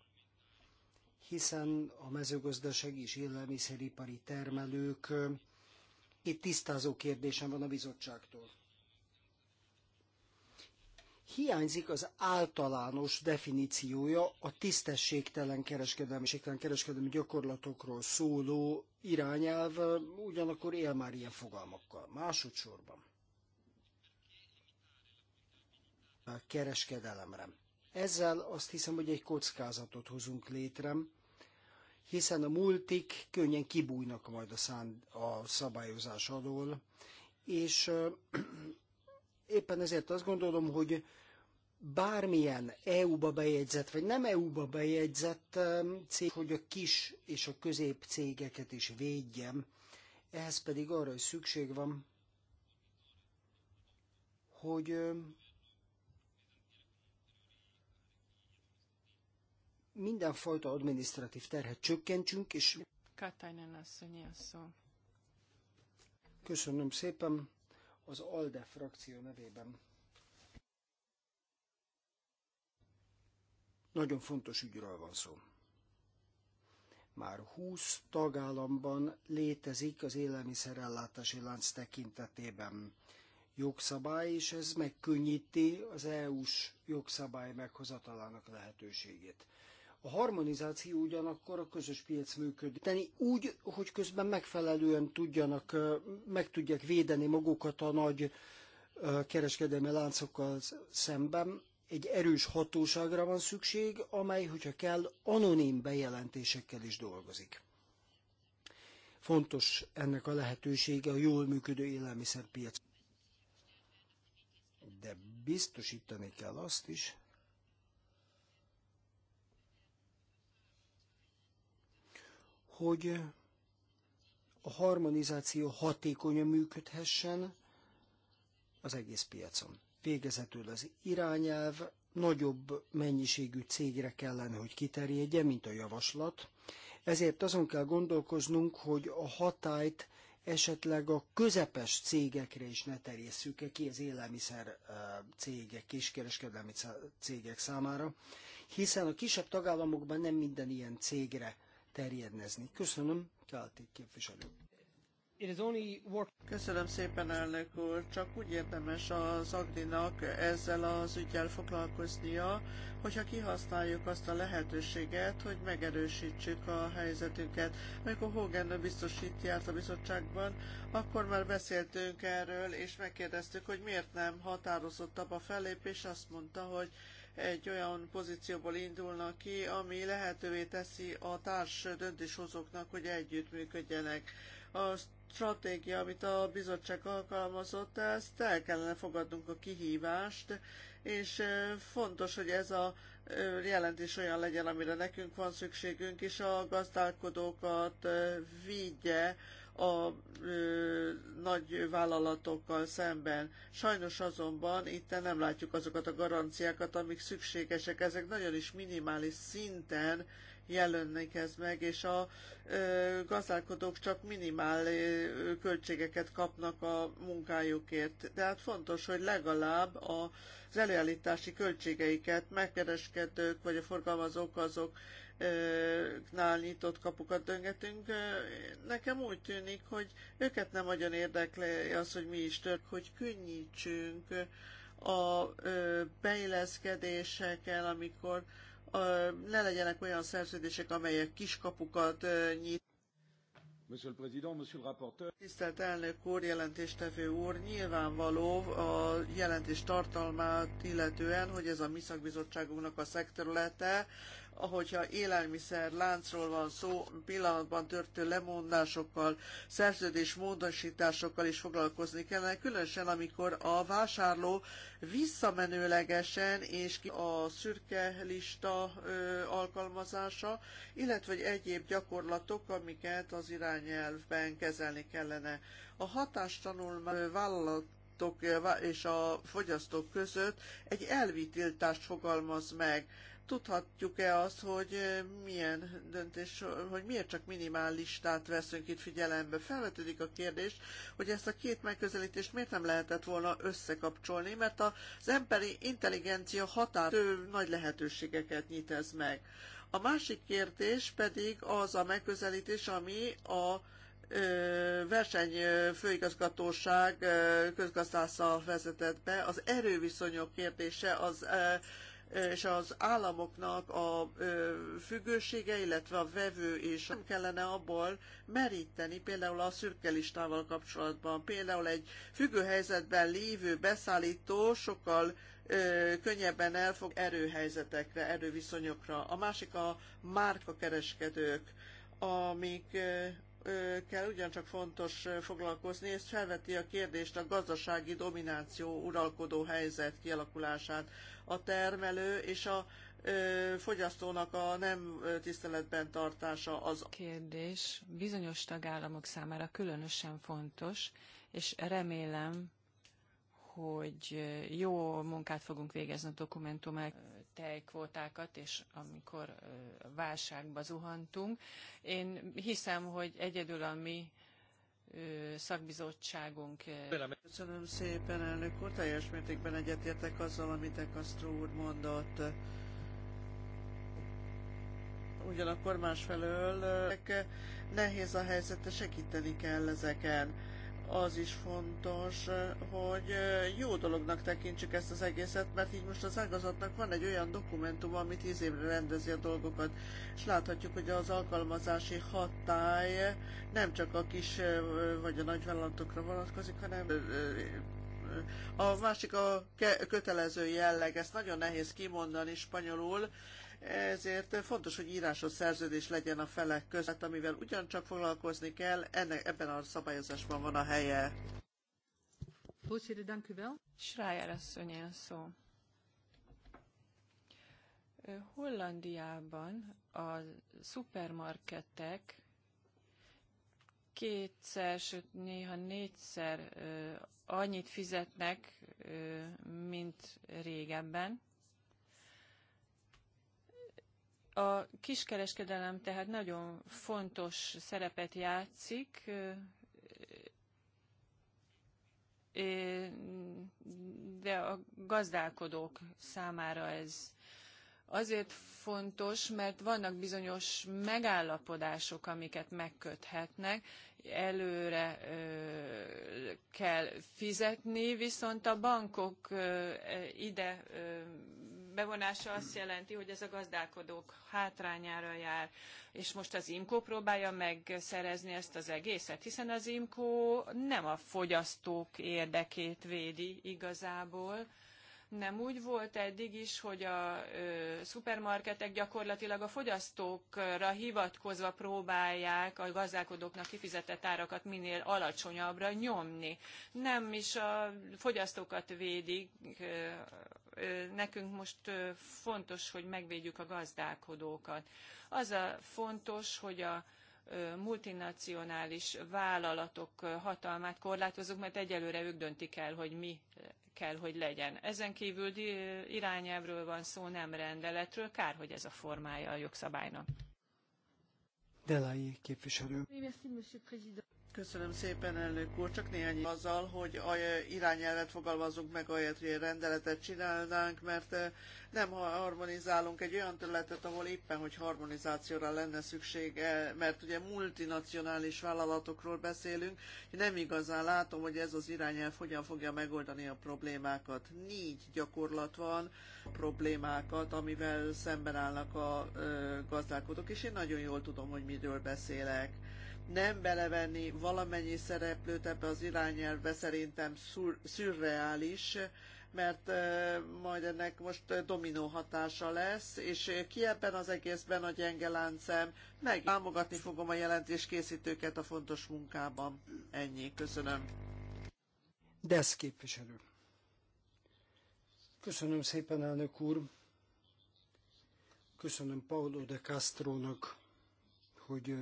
hiszen a mezőgazdaság és élelmiszeripari termelők itt tisztázó kérdésem van a bizottságtól hiányzik az általános definíciója a tisztességtelen kereskedelmi, kereskedelmi gyakorlatokról szóló irányelv, ugyanakkor él már ilyen fogalmakkal. Másodszorban a kereskedelemre. Ezzel azt hiszem, hogy egy kockázatot hozunk létre, hiszen a multik könnyen kibújnak majd a, szán, a szabályozás alól, és [CLEARS THROAT] éppen ezért azt gondolom, hogy bármilyen EU-ba bejegyzett, vagy nem EU-ba bejegyzett um, cég, hogy a kis és a közép cégeket is védjem. Ehhez pedig arra is szükség van, hogy um, mindenfajta adminisztratív terhet csökkentsünk, és... Katajnán asszony, szó. Köszönöm szépen az ALDE frakció nevében Nagyon fontos ügyről van szó. Már 20 tagállamban létezik az élelmiszerellátási lánc tekintetében jogszabály, és ez megkönnyíti az EU-s jogszabály meghozatalának lehetőségét. A harmonizáció ugyanakkor a közös piac működni úgy, hogy közben megfelelően tudjanak, meg tudják védeni magukat a nagy kereskedelmi láncokkal szemben, egy erős hatóságra van szükség, amely, hogyha kell, anonim bejelentésekkel is dolgozik. Fontos ennek a lehetősége a jól működő élelmiszerpiac. De biztosítani kell azt is, hogy a harmonizáció hatékonyan működhessen az egész piacon. Végezetül az irányelv nagyobb mennyiségű cégre kellene, hogy kiterjedje, mint a javaslat. Ezért azon kell gondolkoznunk, hogy a hatályt esetleg a közepes cégekre is ne terjesszük -e ki, az élelmiszer cégek, kiskereskedelmi cégek számára, hiszen a kisebb tagállamokban nem minden ilyen cégre terjednezni. Köszönöm, Kálték képviselő. Köszönöm szépen, elnök úr. Csak úgy érdemes az Agrinak ezzel az ügyel foglalkoznia, hogyha kihasználjuk azt a lehetőséget, hogy megerősítsük a helyzetünket. Amikor Hogan biztos itt járt a bizottságban, akkor már beszéltünk erről, és megkérdeztük, hogy miért nem határozottabb a fellépés, azt mondta, hogy egy olyan pozícióból indulnak ki, ami lehetővé teszi a társ döntéshozóknak, hogy együttműködjenek a stratégia, amit a bizottság alkalmazott, ezt el kellene fogadnunk a kihívást, és fontos, hogy ez a jelentés olyan legyen, amire nekünk van szükségünk, és a gazdálkodókat vigye a nagy vállalatokkal szemben. Sajnos azonban itt nem látjuk azokat a garanciákat, amik szükségesek. Ezek nagyon is minimális szinten jelennek ez meg, és a gazdálkodók csak minimál költségeket kapnak a munkájukért. Tehát fontos, hogy legalább az előállítási költségeiket megkereskedők vagy a forgalmazók azok nál nyitott kapukat döngetünk. Nekem úgy tűnik, hogy őket nem nagyon érdekli az, hogy mi is tört, hogy könnyítsünk a beilleszkedésekkel, amikor ne legyenek olyan szerződések, amelyek kiskapukat nyit. Monsieur le Président, Monsieur le Rapporteur. Tisztelt elnök úr, jelentéstevő úr, nyilvánvaló a jelentés tartalmát illetően, hogy ez a mi Bizottságunknak a szekterülete, ahogyha élelmiszer láncról van szó, pillanatban történő lemondásokkal, szerződés módosításokkal is foglalkozni kellene, különösen amikor a vásárló visszamenőlegesen és a szürke lista alkalmazása, illetve hogy egyéb gyakorlatok, amiket az irányelvben kezelni kellene. A hatástanulmány vállalat és a fogyasztók között egy elvitiltást fogalmaz meg tudhatjuk-e azt, hogy milyen döntés, hogy miért csak minimálistát veszünk itt figyelembe? Felvetődik a kérdés, hogy ezt a két megközelítést miért nem lehetett volna összekapcsolni, mert az emberi intelligencia határ nagy lehetőségeket nyit ez meg. A másik kérdés pedig az a megközelítés, ami a versenyfőigazgatóság közgazdásza vezetett be, az erőviszonyok kérdése az és az államoknak a függősége, illetve a vevő és nem kellene abból meríteni, például a szürke listával kapcsolatban. Például egy függő helyzetben lévő beszállító sokkal ö, könnyebben elfog erőhelyzetekre, erőviszonyokra. A másik a márkakereskedők, amik kell ugyancsak fontos foglalkozni, és felveti a kérdést a gazdasági domináció uralkodó helyzet kialakulását. A termelő és a fogyasztónak a nem tiszteletben tartása az. Kérdés bizonyos tagállamok számára különösen fontos, és remélem, hogy jó munkát fogunk végezni a dokumentum tejkvótákat, és amikor válságba zuhantunk. Én hiszem, hogy egyedül a mi szakbizottságunk. Köszönöm szépen, elnök úr, teljes mértékben egyetértek azzal, amit Ekasztró úr mondott. Ugyanakkor másfelől nehéz a helyzet, segíteni kell ezeken az is fontos, eh, hogy eh, jó dolognak tekintsük ezt az egészet, mert így most az ágazatnak van egy olyan dokumentum, ami tíz évre rendezi a dolgokat, és láthatjuk, hogy az alkalmazási hatály nem csak a kis eh, vagy a nagyvállalatokra vonatkozik, hanem a másik a kötelező jelleg, ezt nagyon nehéz kimondani spanyolul, ezért fontos, hogy írásos szerződés legyen a felek között, hát amivel ugyancsak foglalkozni kell, ennek, ebben a szabályozásban van a helye. Schreier asszony szó. Hollandiában a szupermarketek kétszer, sőt néha négyszer annyit fizetnek, mint régebben, a kiskereskedelem tehát nagyon fontos szerepet játszik, de a gazdálkodók számára ez azért fontos, mert vannak bizonyos megállapodások, amiket megköthetnek, előre kell fizetni, viszont a bankok ide bevonása azt jelenti, hogy ez a gazdálkodók hátrányára jár. És most az IMCO próbálja megszerezni ezt az egészet, hiszen az IMCO nem a fogyasztók érdekét védi igazából, nem úgy volt eddig is, hogy a ö, szupermarketek gyakorlatilag a fogyasztókra hivatkozva próbálják a gazdálkodóknak kifizetett árakat minél alacsonyabbra nyomni. Nem is a fogyasztókat védik, ö, nekünk most fontos, hogy megvédjük a gazdálkodókat. Az a fontos, hogy a multinacionális vállalatok hatalmát korlátozunk, mert egyelőre ők döntik el, hogy mi kell, hogy legyen. Ezen kívül irányelvről van szó, nem rendeletről. Kár, hogy ez a formája a jogszabálynak. Delai képviselő. Köszönöm szépen, elnök úr. Csak néhány azzal, hogy a irányelvet fogalmazunk meg, ahelyett, hogy rendeletet csinálnánk, mert nem harmonizálunk egy olyan területet, ahol éppen, hogy harmonizációra lenne szükség, mert ugye multinacionális vállalatokról beszélünk, én nem igazán látom, hogy ez az irányelv hogyan fogja megoldani a problémákat. Négy gyakorlat van problémákat, amivel szemben állnak a gazdálkodók, és én nagyon jól tudom, hogy miről beszélek nem belevenni valamennyi szereplőt ebbe az irányelvbe szerintem szur, szürreális, mert majd ennek most dominó hatása lesz, és ki ebben az egészben a gyenge láncem, meg támogatni fogom a jelentés készítőket a fontos munkában. Ennyi, köszönöm. Desz képviselő. Köszönöm szépen, elnök úr. Köszönöm Paulo de Castro-nak, hogy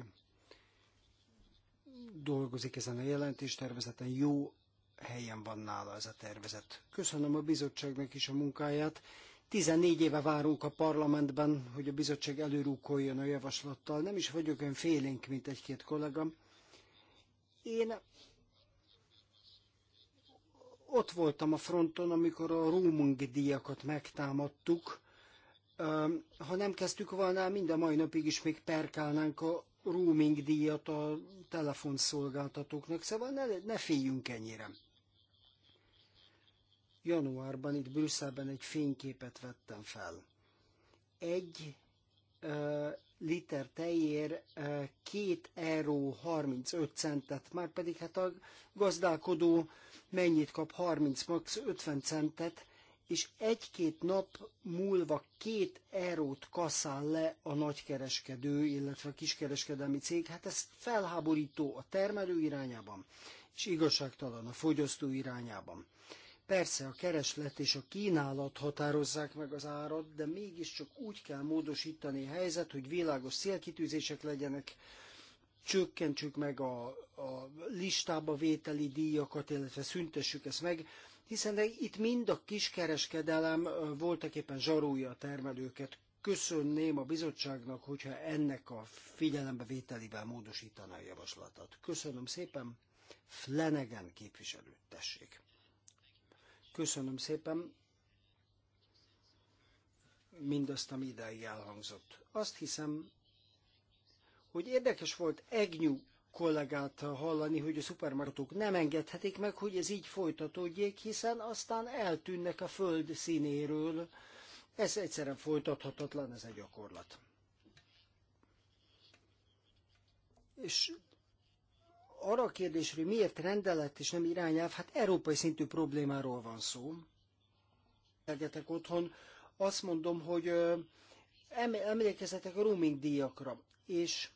dolgozik ezen a jelentéstervezeten, jó helyen van nála ez a tervezet. Köszönöm a bizottságnak is a munkáját. 14 éve várunk a parlamentben, hogy a bizottság előrúkoljon a javaslattal. Nem is vagyok olyan félénk, mint egy-két kollega. Én ott voltam a fronton, amikor a roaming díjakat megtámadtuk. Ha nem kezdtük volna, mind a mai napig is még perkálnánk a roaming díjat a telefonszolgáltatóknak, szóval ne, ne féljünk ennyire. Januárban itt Brüsszelben egy fényképet vettem fel. Egy uh, liter tejér 2 euró 35 centet, már pedig hát a gazdálkodó mennyit kap 30, max 50 centet, és egy-két nap múlva két erót kaszál le a nagykereskedő, illetve a kiskereskedelmi cég. Hát ez felháborító a termelő irányában, és igazságtalan a fogyasztó irányában. Persze a kereslet és a kínálat határozzák meg az árat, de mégiscsak úgy kell módosítani a helyzet, hogy világos célkitűzések legyenek, csökkentsük meg a, a listába vételi díjakat, illetve szüntessük ezt meg, hiszen itt mind a kiskereskedelem voltak éppen zsarolja a termelőket. Köszönném a bizottságnak, hogyha ennek a figyelembevételével módosítaná a javaslatát. Köszönöm szépen. Flanagan képviselő, tessék. Köszönöm szépen mindazt, ami idáig elhangzott. Azt hiszem, hogy érdekes volt Egnyú kollégát hallani, hogy a szupermarketok nem engedhetik meg, hogy ez így folytatódjék, hiszen aztán eltűnnek a föld színéről. Ez egyszerűen folytathatatlan, ez egy gyakorlat. És arra a kérdésre, hogy miért rendelet és nem irányelv, hát európai szintű problémáról van szó. Egyetek otthon, azt mondom, hogy emlékezzetek a roaming díjakra, és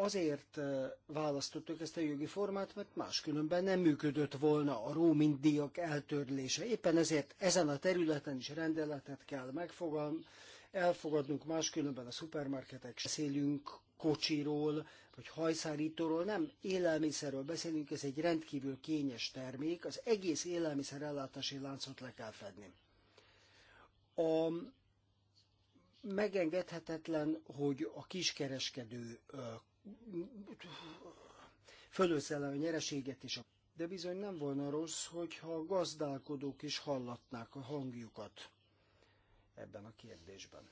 azért választottuk ezt a jogi formát, mert máskülönben nem működött volna a roaming díjak eltörlése. Éppen ezért ezen a területen is rendeletet kell megfogalmazni, elfogadnunk máskülönben a szupermarketek beszélünk kocsiról, vagy hajszárítóról, nem élelmiszerről beszélünk, ez egy rendkívül kényes termék, az egész élelmiszer ellátási láncot le kell fedni. A megengedhetetlen, hogy a kiskereskedő fölöszel a nyereséget is, a de bizony nem volna rossz, hogyha a gazdálkodók is hallatnák a hangjukat ebben a kérdésben.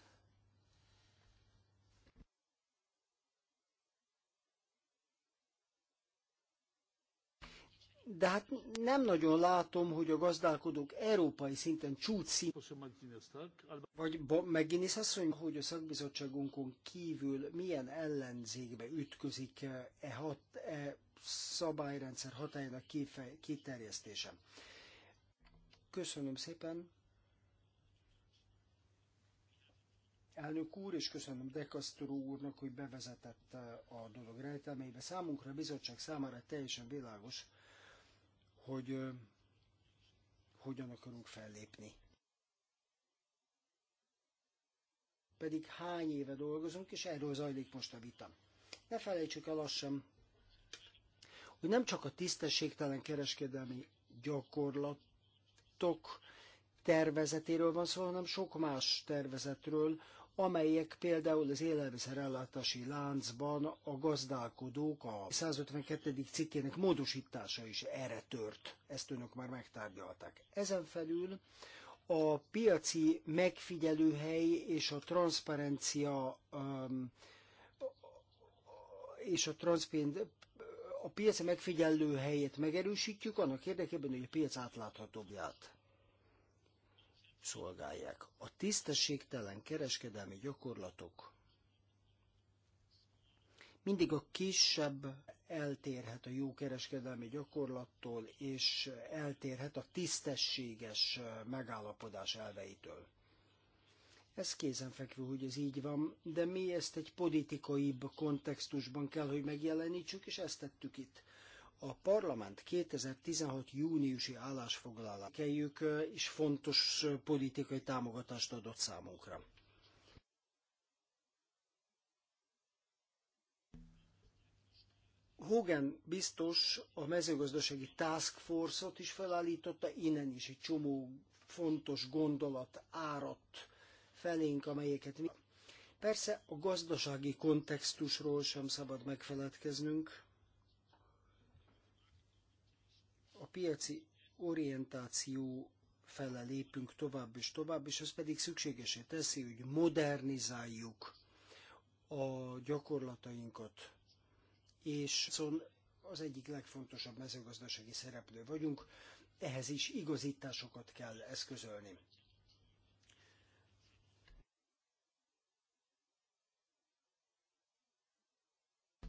de hát nem nagyon látom, hogy a gazdálkodók európai szinten csúcs szín... vagy azt mondja, hogy a szakbizottságunkon kívül milyen ellenzékbe ütközik eh, e, hat, e szabályrendszer hatájának kiterjesztése. Köszönöm szépen. Elnök úr, és köszönöm Dekasztoró úrnak, hogy bevezetett a dolog rejtelmeibe. Számunkra a bizottság számára teljesen világos, hogy hogyan akarunk fellépni. Pedig hány éve dolgozunk, és erről zajlik most a vita. Ne felejtsük el azt sem, hogy nem csak a tisztességtelen kereskedelmi gyakorlatok tervezetéről van szó, hanem sok más tervezetről, amelyek például az élelmiszerellátási láncban a gazdálkodók a 152. cikkének módosítása is erre tört. Ezt önök már megtárgyalták. Ezen felül a piaci megfigyelőhely és a transzparencia um, és a transzpénz a piaci megfigyelő helyét megerősítjük, annak érdekében, hogy a piac átláthatóbb legyen szolgálják. A tisztességtelen kereskedelmi gyakorlatok mindig a kisebb eltérhet a jó kereskedelmi gyakorlattól, és eltérhet a tisztességes megállapodás elveitől. Ez kézenfekvő, hogy ez így van, de mi ezt egy politikaibb kontextusban kell, hogy megjelenítsük, és ezt tettük itt a parlament 2016. júniusi állásfoglalását keljük, és fontos politikai támogatást adott számunkra. Hogan biztos a mezőgazdasági task force-ot is felállította, innen is egy csomó fontos gondolat áradt felénk, amelyeket mi... Persze a gazdasági kontextusról sem szabad megfeledkeznünk, a piaci orientáció fele lépünk tovább és tovább, és ez pedig szükségesé teszi, hogy modernizáljuk a gyakorlatainkat, és szóval az egyik legfontosabb mezőgazdasági szereplő vagyunk, ehhez is igazításokat kell eszközölni.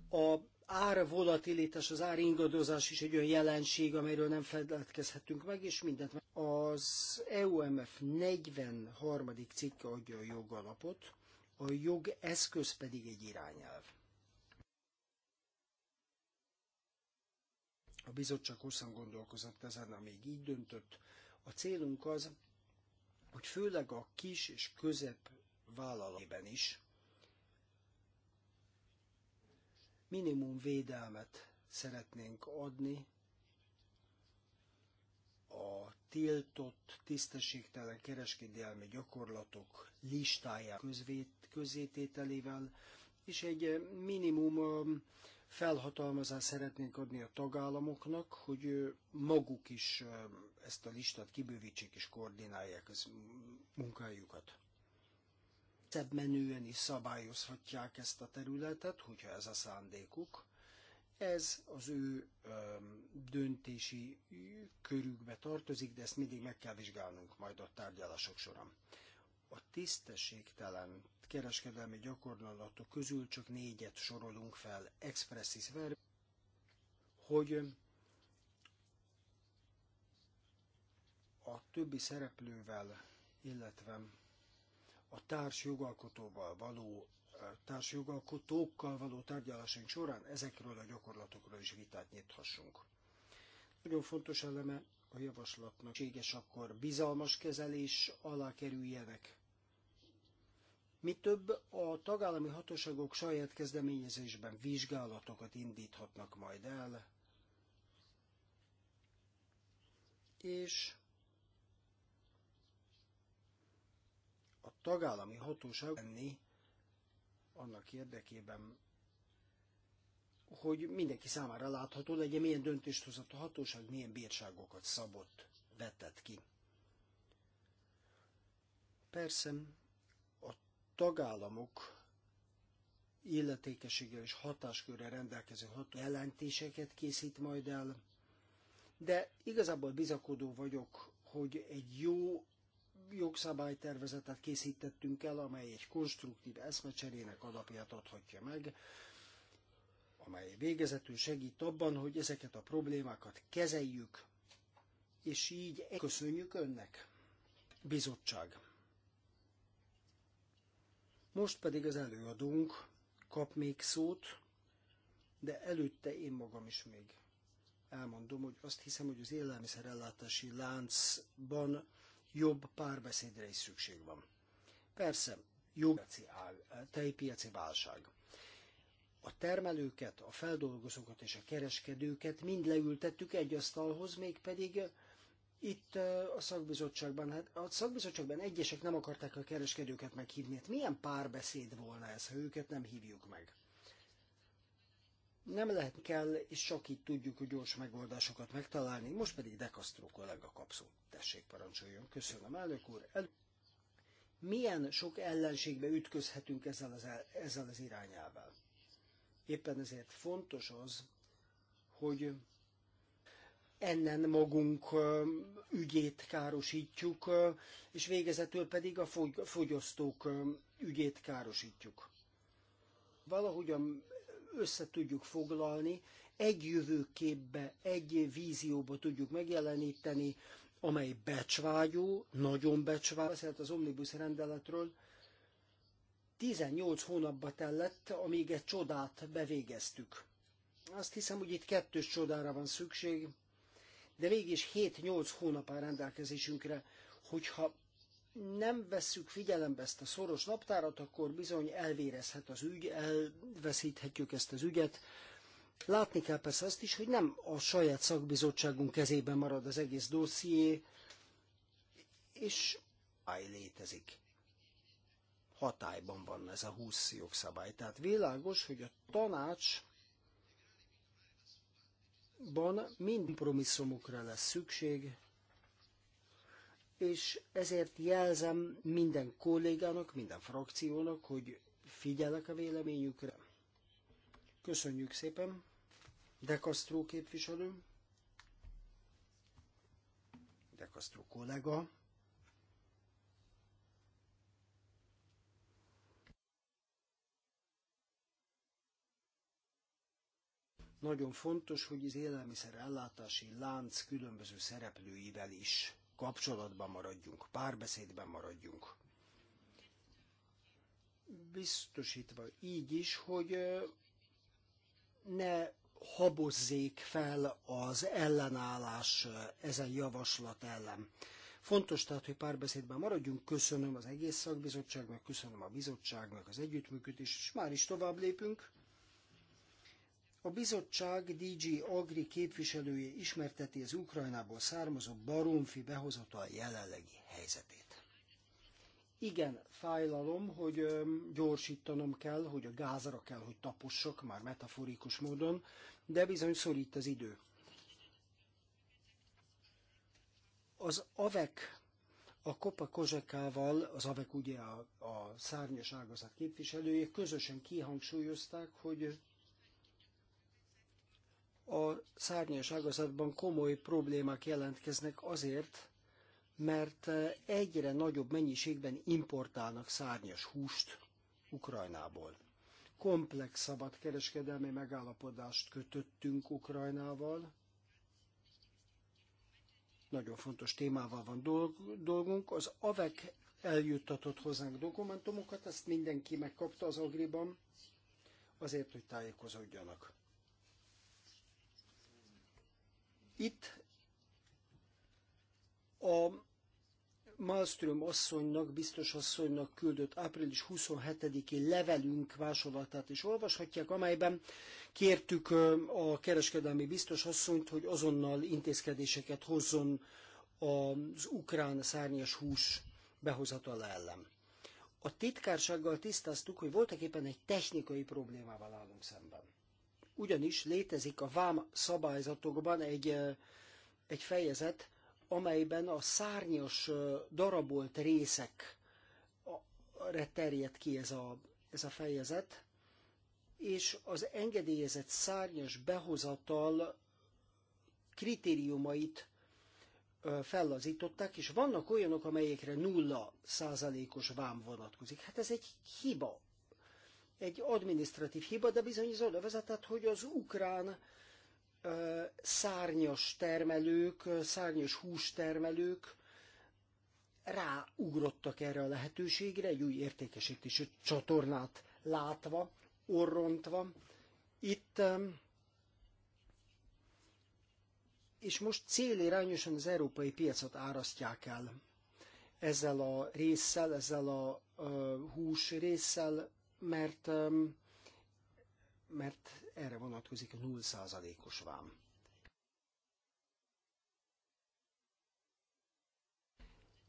A árvolatilitás, az áringadozás is egy olyan jelenség, amelyről nem feledkezhetünk meg, és mindent meg. Az EUMF 43. cikke adja a jogalapot, a jog eszköz pedig egy irányelv. A bizottság hosszan gondolkozott ezen, amíg így döntött. A célunk az, hogy főleg a kis és közep vállalatében is minimum védelmet szeretnénk adni a tiltott tisztességtelen kereskedelmi gyakorlatok listájá közétételével, és egy eh, minimum eh, felhatalmazást szeretnénk adni a tagállamoknak, hogy eh, maguk is ezt a listát kibővítsék és koordinálják az munkájukat szebb menően is szabályozhatják ezt a területet, hogyha ez a szándékuk. Ez az ő ö, döntési körükbe tartozik, de ezt mindig meg kell vizsgálnunk majd a tárgyalások során. A tisztességtelen kereskedelmi gyakorlatok közül csak négyet sorolunk fel expressis verbi, hogy a többi szereplővel, illetve a társjogalkotóval való eh, társjogalkotókkal való tárgyalásaink során ezekről a gyakorlatokról is vitát nyithassunk. Nagyon fontos eleme a javaslatnak séges akkor bizalmas kezelés alá kerüljenek. Mi több, a tagállami hatóságok saját kezdeményezésben vizsgálatokat indíthatnak majd el, és tagállami hatóság lenni annak érdekében, hogy mindenki számára látható legyen, milyen döntést hozott a hatóság, milyen bírságokat szabott, vetett ki. Persze a tagállamok illetékességgel és hatáskörre rendelkező ható jelentéseket készít majd el, de igazából bizakodó vagyok, hogy egy jó jogszabálytervezetet készítettünk el, amely egy konstruktív eszmecserének alapját adhatja meg, amely végezetül segít abban, hogy ezeket a problémákat kezeljük, és így köszönjük önnek, bizottság. Most pedig az előadónk kap még szót, de előtte én magam is még elmondom, hogy azt hiszem, hogy az élelmiszerellátási láncban jobb párbeszédre is szükség van. Persze, jobb tejpiaci válság. A termelőket, a feldolgozókat és a kereskedőket mind leültettük egy asztalhoz, mégpedig eh, itt eh, a szakbizottságban, hát a szakbizottságban egyesek nem akarták a kereskedőket meghívni. Hát milyen párbeszéd volna ez, ha őket nem hívjuk meg? nem lehet kell, és csak így tudjuk hogy gyors megoldásokat megtalálni. Most pedig Dekasztró kollega kapszó. Tessék, parancsoljon. Köszönöm, elnök úr. El... Milyen sok ellenségbe ütközhetünk ezzel az, ezzel az irányával? Éppen ezért fontos az, hogy ennen magunk ügyét károsítjuk, és végezetül pedig a fogyasztók ügyét károsítjuk. Valahogyan össze tudjuk foglalni, egy jövőképbe, egy vízióba tudjuk megjeleníteni, amely becsvágyó, nagyon becsvágyó, beszélt az Omnibus rendeletről, 18 hónapba tellett, amíg egy csodát bevégeztük. Azt hiszem, hogy itt kettős csodára van szükség, de végig is 7-8 hónap áll rendelkezésünkre, hogyha nem vesszük figyelembe ezt a szoros naptárat, akkor bizony elvérezhet az ügy, elveszíthetjük ezt az ügyet. Látni kell persze azt is, hogy nem a saját szakbizottságunk kezében marad az egész dosszié, és áj létezik. Hatályban van ez a 20 jogszabály. Tehát világos, hogy a tanács ban mind kompromisszumokra lesz szükség, és ezért jelzem minden kollégának, minden frakciónak, hogy figyelek a véleményükre. Köszönjük szépen, De Castro képviselő, De Castro kollega. Nagyon fontos, hogy az élelmiszer ellátási lánc különböző szereplőivel is kapcsolatban maradjunk, párbeszédben maradjunk. Biztosítva így is, hogy ne habozzék fel az ellenállás ezen javaslat ellen. Fontos tehát, hogy párbeszédben maradjunk. Köszönöm az egész szakbizottságnak, köszönöm a bizottságnak az együttműködést, és már is tovább lépünk. A bizottság DG Agri képviselője ismerteti az Ukrajnából származó baromfi behozatal jelenlegi helyzetét. Igen, fájlalom, hogy gyorsítanom kell, hogy a gázra kell, hogy tapossak, már metaforikus módon, de bizony szorít az idő. Az avek a Kopa Kozsekával, az AVEK ugye a, a szárnyas ágazat képviselője, közösen kihangsúlyozták, hogy a szárnyas ágazatban komoly problémák jelentkeznek azért, mert egyre nagyobb mennyiségben importálnak szárnyas húst Ukrajnából. Komplex kereskedelmi megállapodást kötöttünk Ukrajnával. Nagyon fontos témával van dolgunk. Az AVEK eljuttatott hozzánk dokumentumokat, ezt mindenki megkapta az Agriban, azért, hogy tájékozódjanak. Itt a Malmström asszonynak, biztos asszonynak küldött április 27-i levelünk másolatát is olvashatják, amelyben kértük a kereskedelmi biztos asszonyt, hogy azonnal intézkedéseket hozzon az ukrán szárnyas hús behozatala ellen. A titkársággal tisztáztuk, hogy voltak éppen egy technikai problémával állunk szemben. Ugyanis létezik a vám szabályzatokban egy, egy fejezet, amelyben a szárnyas darabolt részekre terjed ki ez a, ez a fejezet, és az engedélyezett szárnyas behozatal kritériumait fellazították, és vannak olyanok, amelyekre nulla százalékos vám vonatkozik. Hát ez egy hiba, egy administratív hiba, de bizony az oda vezetett, hogy az ukrán szárnyas termelők, szárnyas hústermelők ráugrottak erre a lehetőségre, egy új értékesítési csatornát látva, orrontva. Itt és most célirányosan az európai piacot árasztják el ezzel a résszel, ezzel a hús résszel, mert, mert erre vonatkozik a 0%-os vám.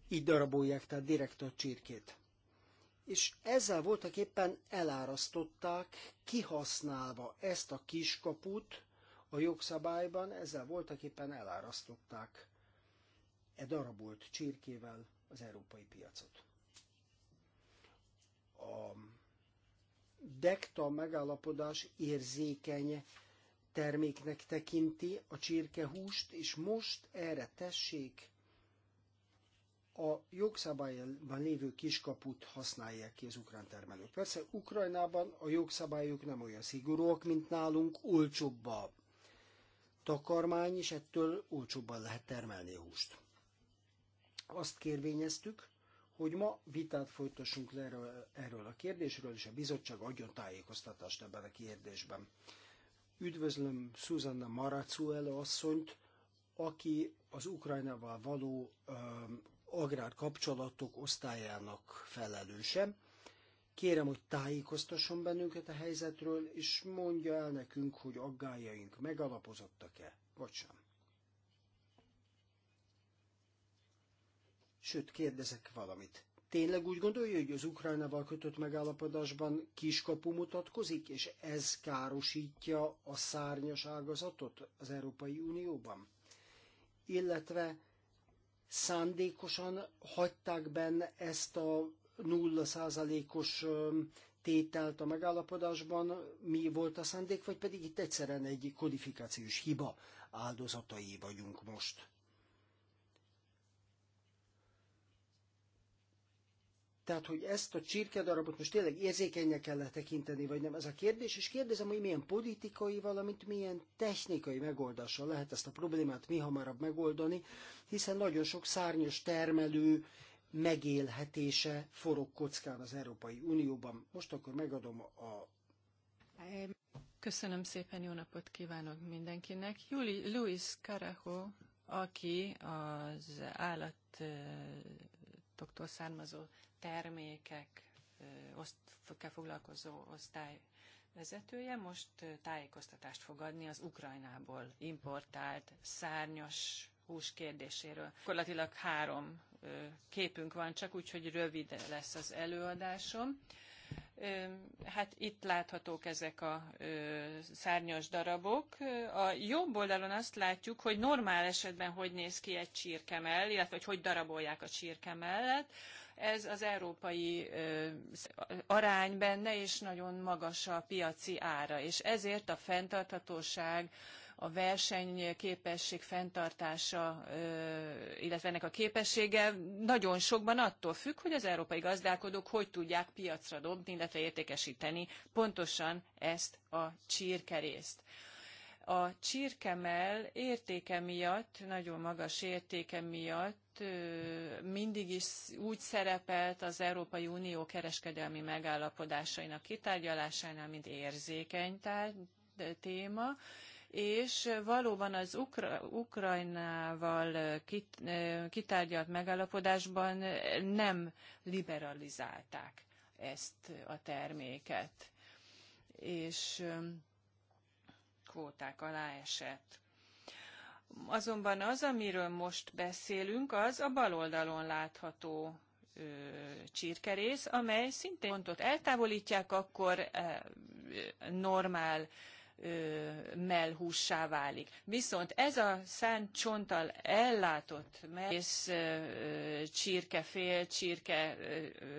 Így darabolják, tehát direkt a csirkét. És ezzel voltak éppen elárasztották, kihasználva ezt a kiskaput a jogszabályban, ezzel voltak éppen elárasztották e darabolt csirkével az európai piacot. A dekta megállapodás érzékeny terméknek tekinti a csirkehúst, és most erre tessék a jogszabályban lévő kiskaput használják ki az ukrán termelők. Persze Ukrajnában a jogszabályok nem olyan szigorúak, mint nálunk, olcsóbb a takarmány, és ettől olcsóbban lehet termelni a húst. Azt kérvényeztük, hogy ma vitát folytassunk le erről, erről a kérdésről, és a bizottság adjon tájékoztatást ebben a kérdésben. Üdvözlöm Susanna Maracuelo asszonyt, aki az Ukrajnával való agrárkapcsolatok osztályának felelőse. Kérem, hogy tájékoztasson bennünket a helyzetről, és mondja el nekünk, hogy aggájaink megalapozottak-e, vagy sem. Sőt, kérdezek valamit. Tényleg úgy gondolja, hogy az Ukrajnával kötött megállapodásban kiskapu mutatkozik, és ez károsítja a szárnyas ágazatot az Európai Unióban? Illetve szándékosan hagyták benne ezt a 0%-os tételt a megállapodásban, mi volt a szándék, vagy pedig itt egyszerűen egy kodifikációs hiba áldozatai vagyunk most. Tehát, hogy ezt a csirkedarabot most tényleg érzékenyen kell tekinteni, vagy nem, ez a kérdés, és kérdezem, hogy milyen politikai, valamint milyen technikai megoldással lehet ezt a problémát mi hamarabb megoldani, hiszen nagyon sok szárnyas termelő megélhetése forog kockán az Európai Unióban. Most akkor megadom a... Köszönöm szépen, jó napot kívánok mindenkinek. Juli, Luis Carajo, aki az állat származó termékek kell foglalkozó osztály vezetője most tájékoztatást fog adni az Ukrajnából importált szárnyas hús kérdéséről. Korlatilag három képünk van csak, úgyhogy rövid lesz az előadásom. Hát itt láthatók ezek a szárnyas darabok. A jobb oldalon azt látjuk, hogy normál esetben hogy néz ki egy csirkemell, illetve hogy hogy darabolják a csirkemellet. Ez az európai arány benne, és nagyon magas a piaci ára, és ezért a fenntarthatóság a versenyképesség fenntartása, illetve ennek a képessége nagyon sokban attól függ, hogy az európai gazdálkodók hogy tudják piacra dobni, illetve értékesíteni pontosan ezt a csirkerészt. A csirkemell értéke miatt, nagyon magas értéke miatt mindig is úgy szerepelt az Európai Unió kereskedelmi megállapodásainak kitárgyalásánál, mint érzékeny téma, és valóban az Ukra- Ukrajnával kit- kitárgyalt megállapodásban nem liberalizálták ezt a terméket. És kvóták alá esett. Azonban az, amiről most beszélünk, az a bal oldalon látható ö, csirkerész, amely szintén pontot eltávolítják, akkor normál mellhússá válik. Viszont ez a szent csonttal ellátott mell, és csirkefél, csirke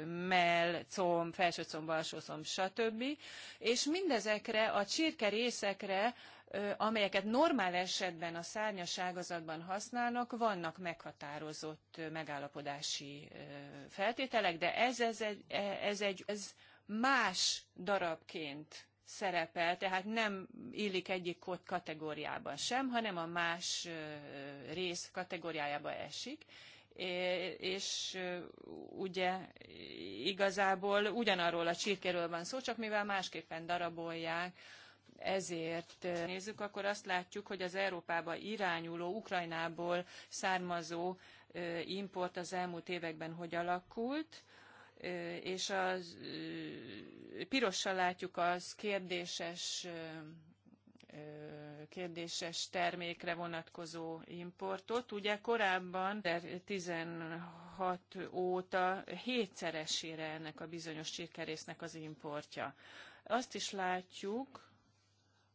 mell, comb, felső comb, alsó comb, stb. És mindezekre a csirke részekre amelyeket normál esetben a szárnyas ágazatban használnak, vannak meghatározott megállapodási feltételek, de ez, ez, egy, e, ez, egy, ez más darabként szerepel, tehát nem illik egyik kategóriában sem, hanem a más rész kategóriájába esik, és ugye igazából ugyanarról a csirkéről van szó, csak mivel másképpen darabolják, ezért nézzük, akkor azt látjuk, hogy az Európába irányuló, Ukrajnából származó import az elmúlt években hogy alakult és a pirossal látjuk az kérdéses kérdéses termékre vonatkozó importot. Ugye korábban 16 óta hétszeresére ennek a bizonyos csirkerésznek az importja. Azt is látjuk,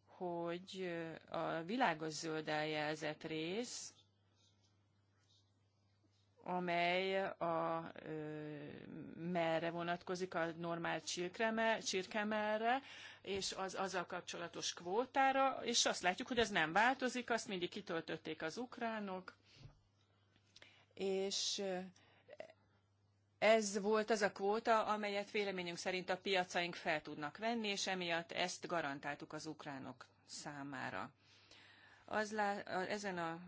hogy a világos zöld eljelzett rész amely a ö, merre vonatkozik, a normál csirkemelre, és az azzal kapcsolatos kvótára, és azt látjuk, hogy ez nem változik, azt mindig kitöltötték az ukránok, és ez volt az a kvóta, amelyet véleményünk szerint a piacaink fel tudnak venni, és emiatt ezt garantáltuk az ukránok számára. Az lá, ezen a,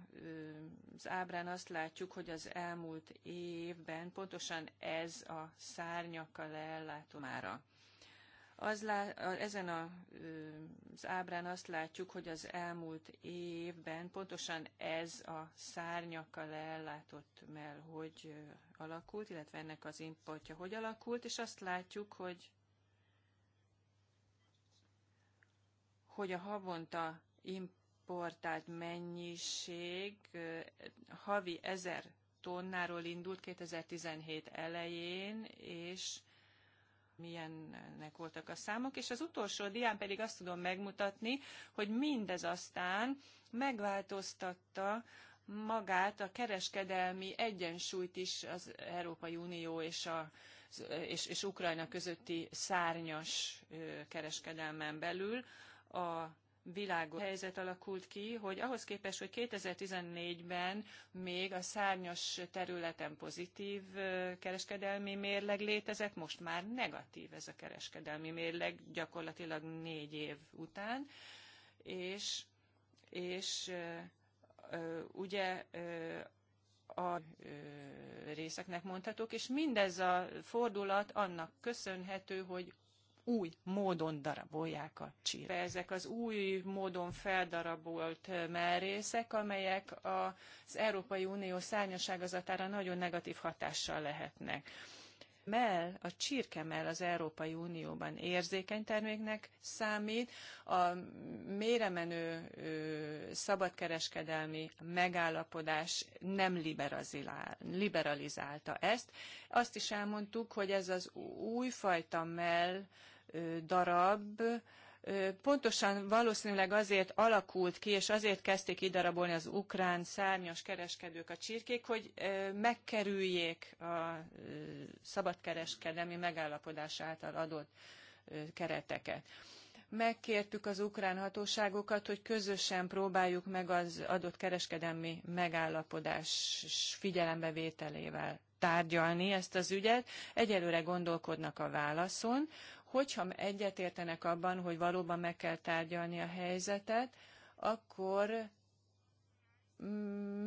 az ábrán azt látjuk, hogy az elmúlt évben pontosan ez a szárnyakkal ellátomára. Az lá, ezen a, az ábrán azt látjuk, hogy az elmúlt évben pontosan ez a szárnyakkal ellátott mell hogy alakult, illetve ennek az importja hogy alakult, és azt látjuk, hogy hogy a havonta imp exportált mennyiség havi ezer tonnáról indult 2017 elején, és milyennek voltak a számok, és az utolsó dián pedig azt tudom megmutatni, hogy mindez aztán megváltoztatta magát a kereskedelmi egyensúlyt is az Európai Unió és, a, és, és Ukrajna közötti szárnyas kereskedelmen belül. A világos helyzet alakult ki, hogy ahhoz képest, hogy 2014-ben még a szárnyas területen pozitív kereskedelmi mérleg létezett, most már negatív ez a kereskedelmi mérleg gyakorlatilag négy év után, és, és ugye a részeknek mondhatók, és mindez a fordulat annak köszönhető, hogy új módon darabolják a csirke. Ezek az új módon feldarabolt eh, merészek, amelyek az Európai Unió szárnyaságazatára nagyon negatív hatással lehetnek. Mell, a csirkemell az Európai Unióban érzékeny terméknek számít, a méremenő szabadkereskedelmi megállapodás nem liberalizálta ezt. Azt is elmondtuk, hogy ez az újfajta mell, darab, pontosan valószínűleg azért alakult ki, és azért kezdték idarabolni az ukrán szárnyas kereskedők a csirkék, hogy megkerüljék a szabadkereskedelmi megállapodás által adott kereteket. Megkértük az ukrán hatóságokat, hogy közösen próbáljuk meg az adott kereskedelmi megállapodás figyelembevételével tárgyalni ezt az ügyet. Egyelőre gondolkodnak a válaszon. Hogyha egyetértenek abban, hogy valóban meg kell tárgyalni a helyzetet, akkor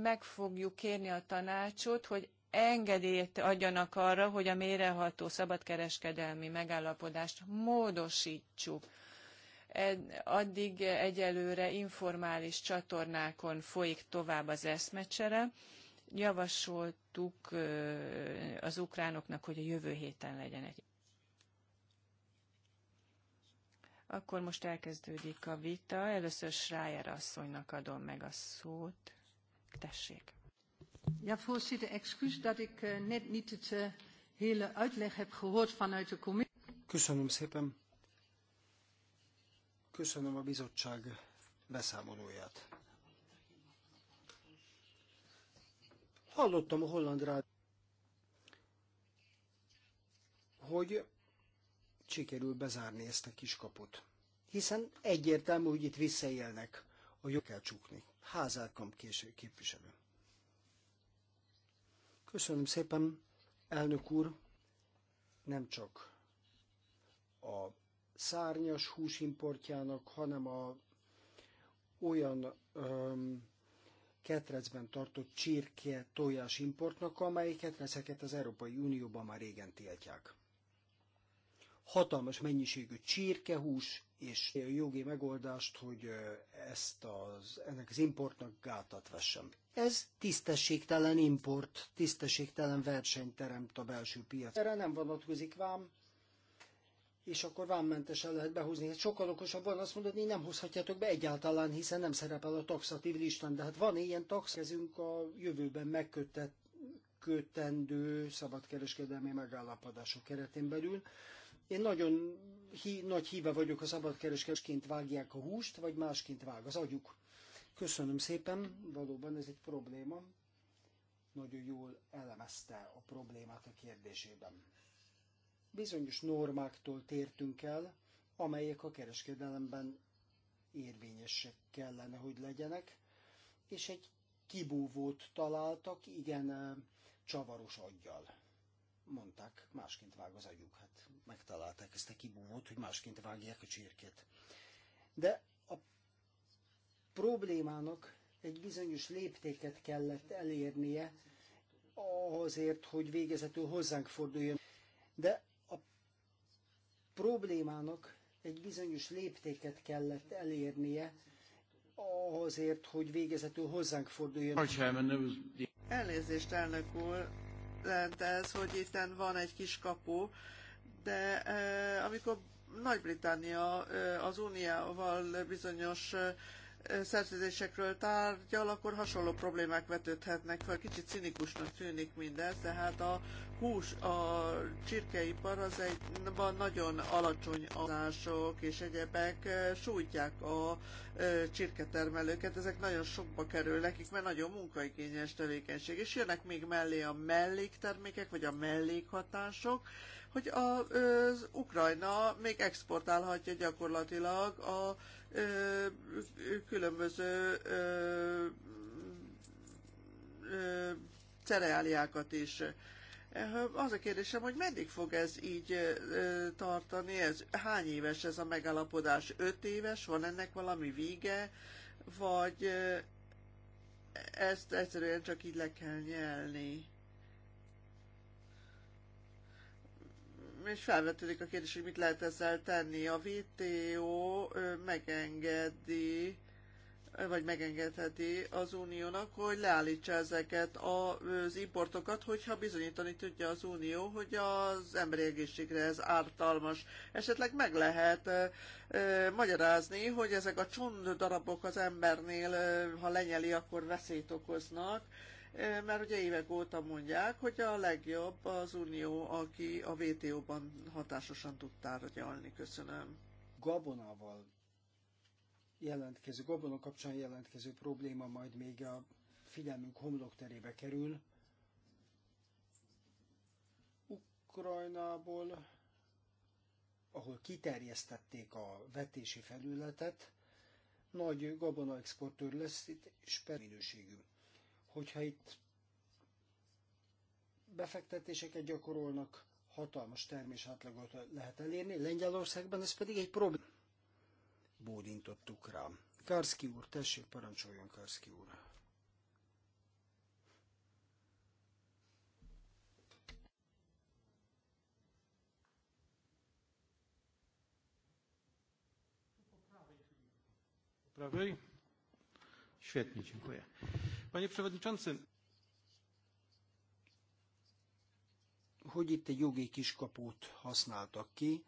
meg fogjuk kérni a tanácsot, hogy engedélyt adjanak arra, hogy a méreható szabadkereskedelmi megállapodást módosítsuk. Addig egyelőre informális csatornákon folyik tovább az eszmecsere. Javasoltuk az ukránoknak, hogy a jövő héten legyen egy Akkor most elkezdődik a vita. Először Schreier asszonynak adom meg a szót. Tessék. Ja, voorzitter, excuus dat ik eh, net niet het eh, hele uitleg heb gehoord vanuit de commissie. Köszönöm szépen. Köszönöm a bizottság beszámolóját. Hallottam a holland rád, hogy sikerül bezárni ezt a kiskaput. Hiszen egyértelmű, hogy itt visszaélnek, a jó kell csukni. Házálkam késő képviselő. Köszönöm szépen, elnök úr, nem csak a szárnyas húsimportjának, hanem a olyan öm, ketrecben tartott csirke tojás importnak, amely ketreceket az Európai Unióban már régen tiltják hatalmas mennyiségű csirkehús, és a jogi megoldást, hogy ezt az, ennek az importnak gátat vessem. Ez tisztességtelen import, tisztességtelen verseny teremt a belső piac. Erre nem vonatkozik vám, és akkor vámmentesen lehet behozni. Hát sokkal okosabb van azt mondani, hogy nem hozhatjátok be egyáltalán, hiszen nem szerepel a taxatív listán. De hát van ilyen taxkezünk a jövőben kötendő szabadkereskedelmi megállapodások keretén belül, én nagyon hí, nagy híve vagyok a szabadkereskedésként vágják a húst, vagy másként vág az agyuk. Köszönöm szépen, valóban ez egy probléma. Nagyon jól elemezte a problémát a kérdésében. Bizonyos normáktól tértünk el, amelyek a kereskedelemben érvényesek kellene, hogy legyenek, és egy kibúvót találtak, igen, csavaros aggyal. Mondták, másként vág az agyuk, hát megtalálták ezt a kibúvót, hogy másként vágják a csirkét. De a problémának egy bizonyos léptéket kellett elérnie azért, hogy végezetül hozzánk forduljon. De a problémának egy bizonyos léptéket kellett elérnie azért, hogy végezetül hozzánk forduljon. Elnézést, elnök úr, jelent ez, hogy itt van egy kis kapu, de amikor Nagy-Britannia az Uniával bizonyos szerződésekről tárgyal, akkor hasonló problémák vetődhetnek fel. Kicsit cinikusnak tűnik mindez, de hát a hús, a csirkeipar az egy van nagyon alacsony adások és egyebek sújtják a csirketermelőket. Ezek nagyon sokba kerülnek, nekik, mert nagyon munkaigényes tevékenység. És jönnek még mellé a melléktermékek, vagy a mellékhatások, hogy az Ukrajna még exportálhatja gyakorlatilag a különböző cereáliákat is. Az a kérdésem, hogy meddig fog ez így tartani, ez, hány éves ez a megállapodás? Öt éves? Van ennek valami vége? Vagy ezt egyszerűen csak így le kell nyelni? és felvetődik a kérdés, hogy mit lehet ezzel tenni. A VTO megengedi, vagy megengedheti az uniónak, hogy leállítsa ezeket az importokat, hogyha bizonyítani tudja az unió, hogy az emberi egészségre ez ártalmas. Esetleg meg lehet magyarázni, hogy ezek a csund darabok az embernél, ha lenyeli, akkor veszélyt okoznak, Eh, mert ugye évek óta mondják, hogy a legjobb az Unió, aki a WTO-ban hatásosan tud tárgyalni. Köszönöm. Gabonával jelentkező, gabona kapcsán jelentkező probléma majd még a figyelmünk homlokterébe kerül. Ukrajnából, ahol kiterjesztették a vetési felületet, nagy gabona exportőr lesz itt, és minőségű. Hogyha itt befektetéseket gyakorolnak, hatalmas átlagot lehet elérni, Lengyelországban ez pedig egy probléma. Bódintottuk rá. Karski úr, tessék, parancsoljon Karski úr. prawej. Świetnie, dziękuję. Panie Przewodniczący, hogy itt egy jogi kiskaput használtak ki,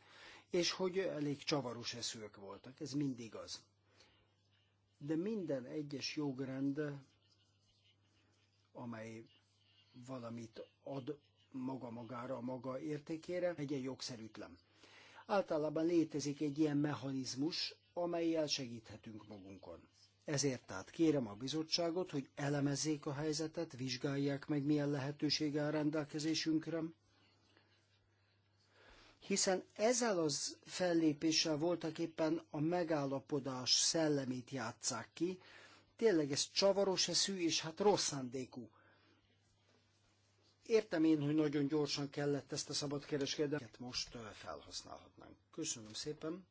és hogy elég csavaros eszők voltak. Ez mindig az. De minden egyes jogrend, amely valamit ad maga magára, a maga értékére, egy jogszerűtlen. Általában létezik egy ilyen mechanizmus, amelyel segíthetünk magunkon. Ezért tehát kérem a bizottságot, hogy elemezzék a helyzetet, vizsgálják meg, milyen lehetősége a rendelkezésünkre, hiszen ezzel az fellépéssel voltak éppen a megállapodás szellemét játszák ki. Tényleg ez csavaros eszű, és hát rossz szándékú. Értem én, hogy nagyon gyorsan kellett ezt a szabadkereskedelmet most felhasználhatnánk. Köszönöm szépen!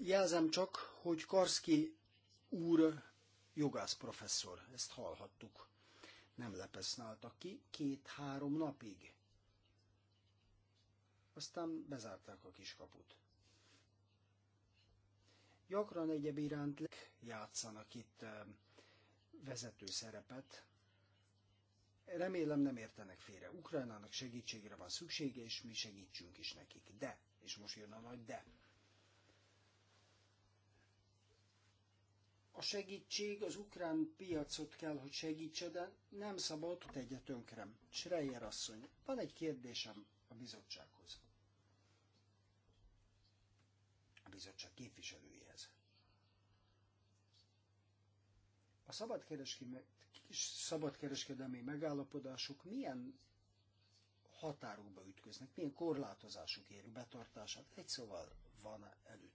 Jelzem csak, hogy Karski úr jogász professzor, ezt hallhattuk. Nem lepesználtak ki két-három napig. Aztán bezárták a kiskaput. Gyakran egyéb iránt játszanak itt vezető szerepet. Remélem nem értenek félre. Ukrajnának segítségre van szüksége, és mi segítsünk is nekik. De, és most jön a nagy de. a segítség az ukrán piacot kell, hogy segítse, de nem szabad tegye tönkrem. Schreier asszony, van egy kérdésem a bizottsághoz. A bizottság képviselőjéhez. A szabadkereskedelmi megállapodások milyen határokba ütköznek, milyen korlátozásuk érő betartását. Egy szóval van előttünk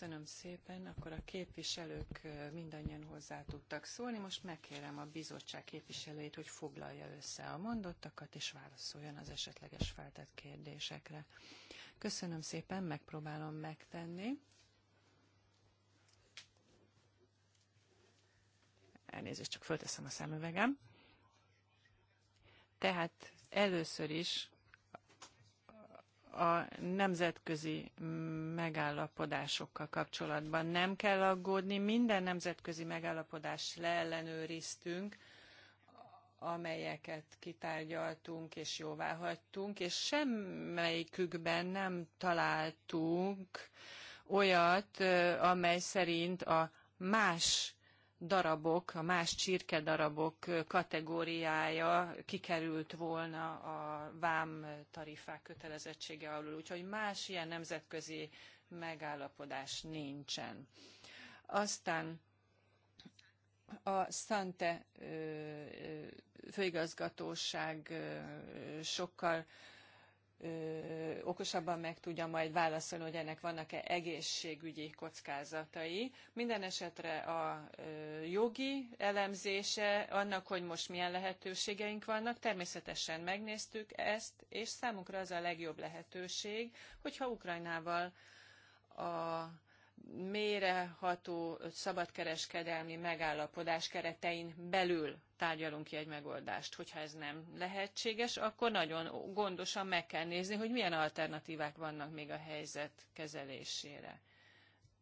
Köszönöm szépen. Akkor a képviselők mindannyian hozzá tudtak szólni. Most megkérem a bizottság képviselőjét, hogy foglalja össze a mondottakat, és válaszoljon az esetleges feltett kérdésekre. Köszönöm szépen, megpróbálom megtenni. Elnézést, csak fölteszem a szemüvegem. Tehát először is a nemzetközi megállapodásokkal kapcsolatban nem kell aggódni, minden nemzetközi megállapodás leellenőriztünk, amelyeket kitárgyaltunk és jóváhagytunk, és semmelyikükben nem találtunk olyat, amely szerint a más darabok, a más csirke darabok kategóriája kikerült volna a vám tarifák kötelezettsége alul, úgyhogy más ilyen nemzetközi megállapodás nincsen. Aztán a Szante főigazgatóság sokkal ö, okosabban meg tudja majd válaszolni, hogy ennek vannak-e egészségügyi kockázatai. Minden esetre a ö, jogi elemzése annak, hogy most milyen lehetőségeink vannak, természetesen megnéztük ezt, és számunkra az a legjobb lehetőség, hogyha Ukrajnával a méreható szabadkereskedelmi megállapodás keretein belül tárgyalunk ki egy megoldást. Hogyha ez nem lehetséges, akkor nagyon gondosan meg kell nézni, hogy milyen alternatívák vannak még a helyzet kezelésére.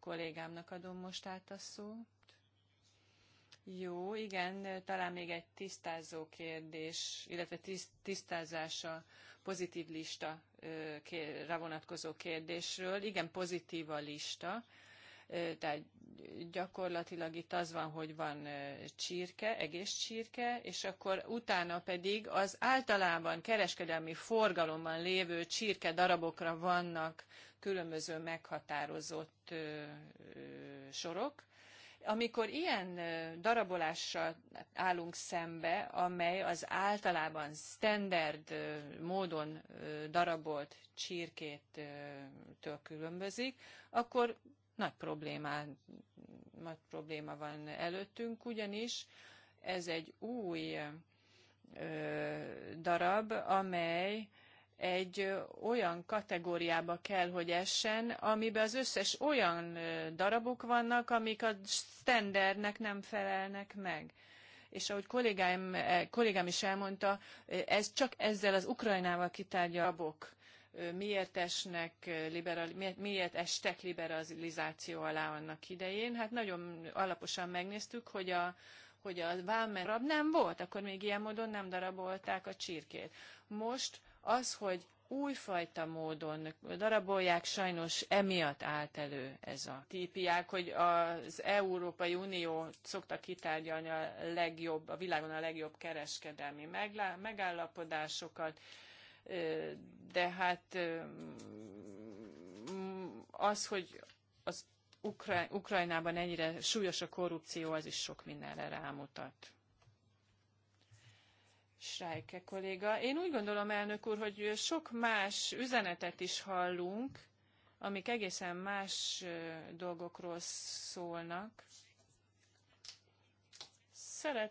Kollégámnak adom most át a szót. Jó, igen, talán még egy tisztázó kérdés, illetve tisztázása pozitív lista ra vonatkozó kérdésről. Igen, pozitív a lista tehát gyakorlatilag itt az van, hogy van csirke, egész csirke, és akkor utána pedig az általában kereskedelmi forgalomban lévő csirke darabokra vannak különböző meghatározott sorok, amikor ilyen darabolással állunk szembe, amely az általában standard módon darabolt csirkétől különbözik, akkor nagy, problémá, nagy probléma van előttünk, ugyanis ez egy új ö, darab, amely egy olyan kategóriába kell, hogy essen, amiben az összes olyan darabok vannak, amik a standardnek nem felelnek meg. És ahogy kollégám, eh, kollégám is elmondta, ez csak ezzel az Ukrajnával kitárgyalt miért esnek miért estek liberalizáció alá annak idején. Hát nagyon alaposan megnéztük, hogy a, hogy a vámdarab nem volt, akkor még ilyen módon nem darabolták a csirkét. Most az, hogy újfajta módon darabolják, sajnos emiatt állt elő ez a típiák, hogy az Európai Unió szokta kitárgyalni a legjobb, a világon a legjobb kereskedelmi megállapodásokat, de hát az, hogy az Ukrajnában ennyire súlyos a korrupció, az is sok mindenre rámutat. Srájke kolléga. Én úgy gondolom, elnök úr, hogy sok más üzenetet is hallunk, amik egészen más dolgokról szólnak. Szeret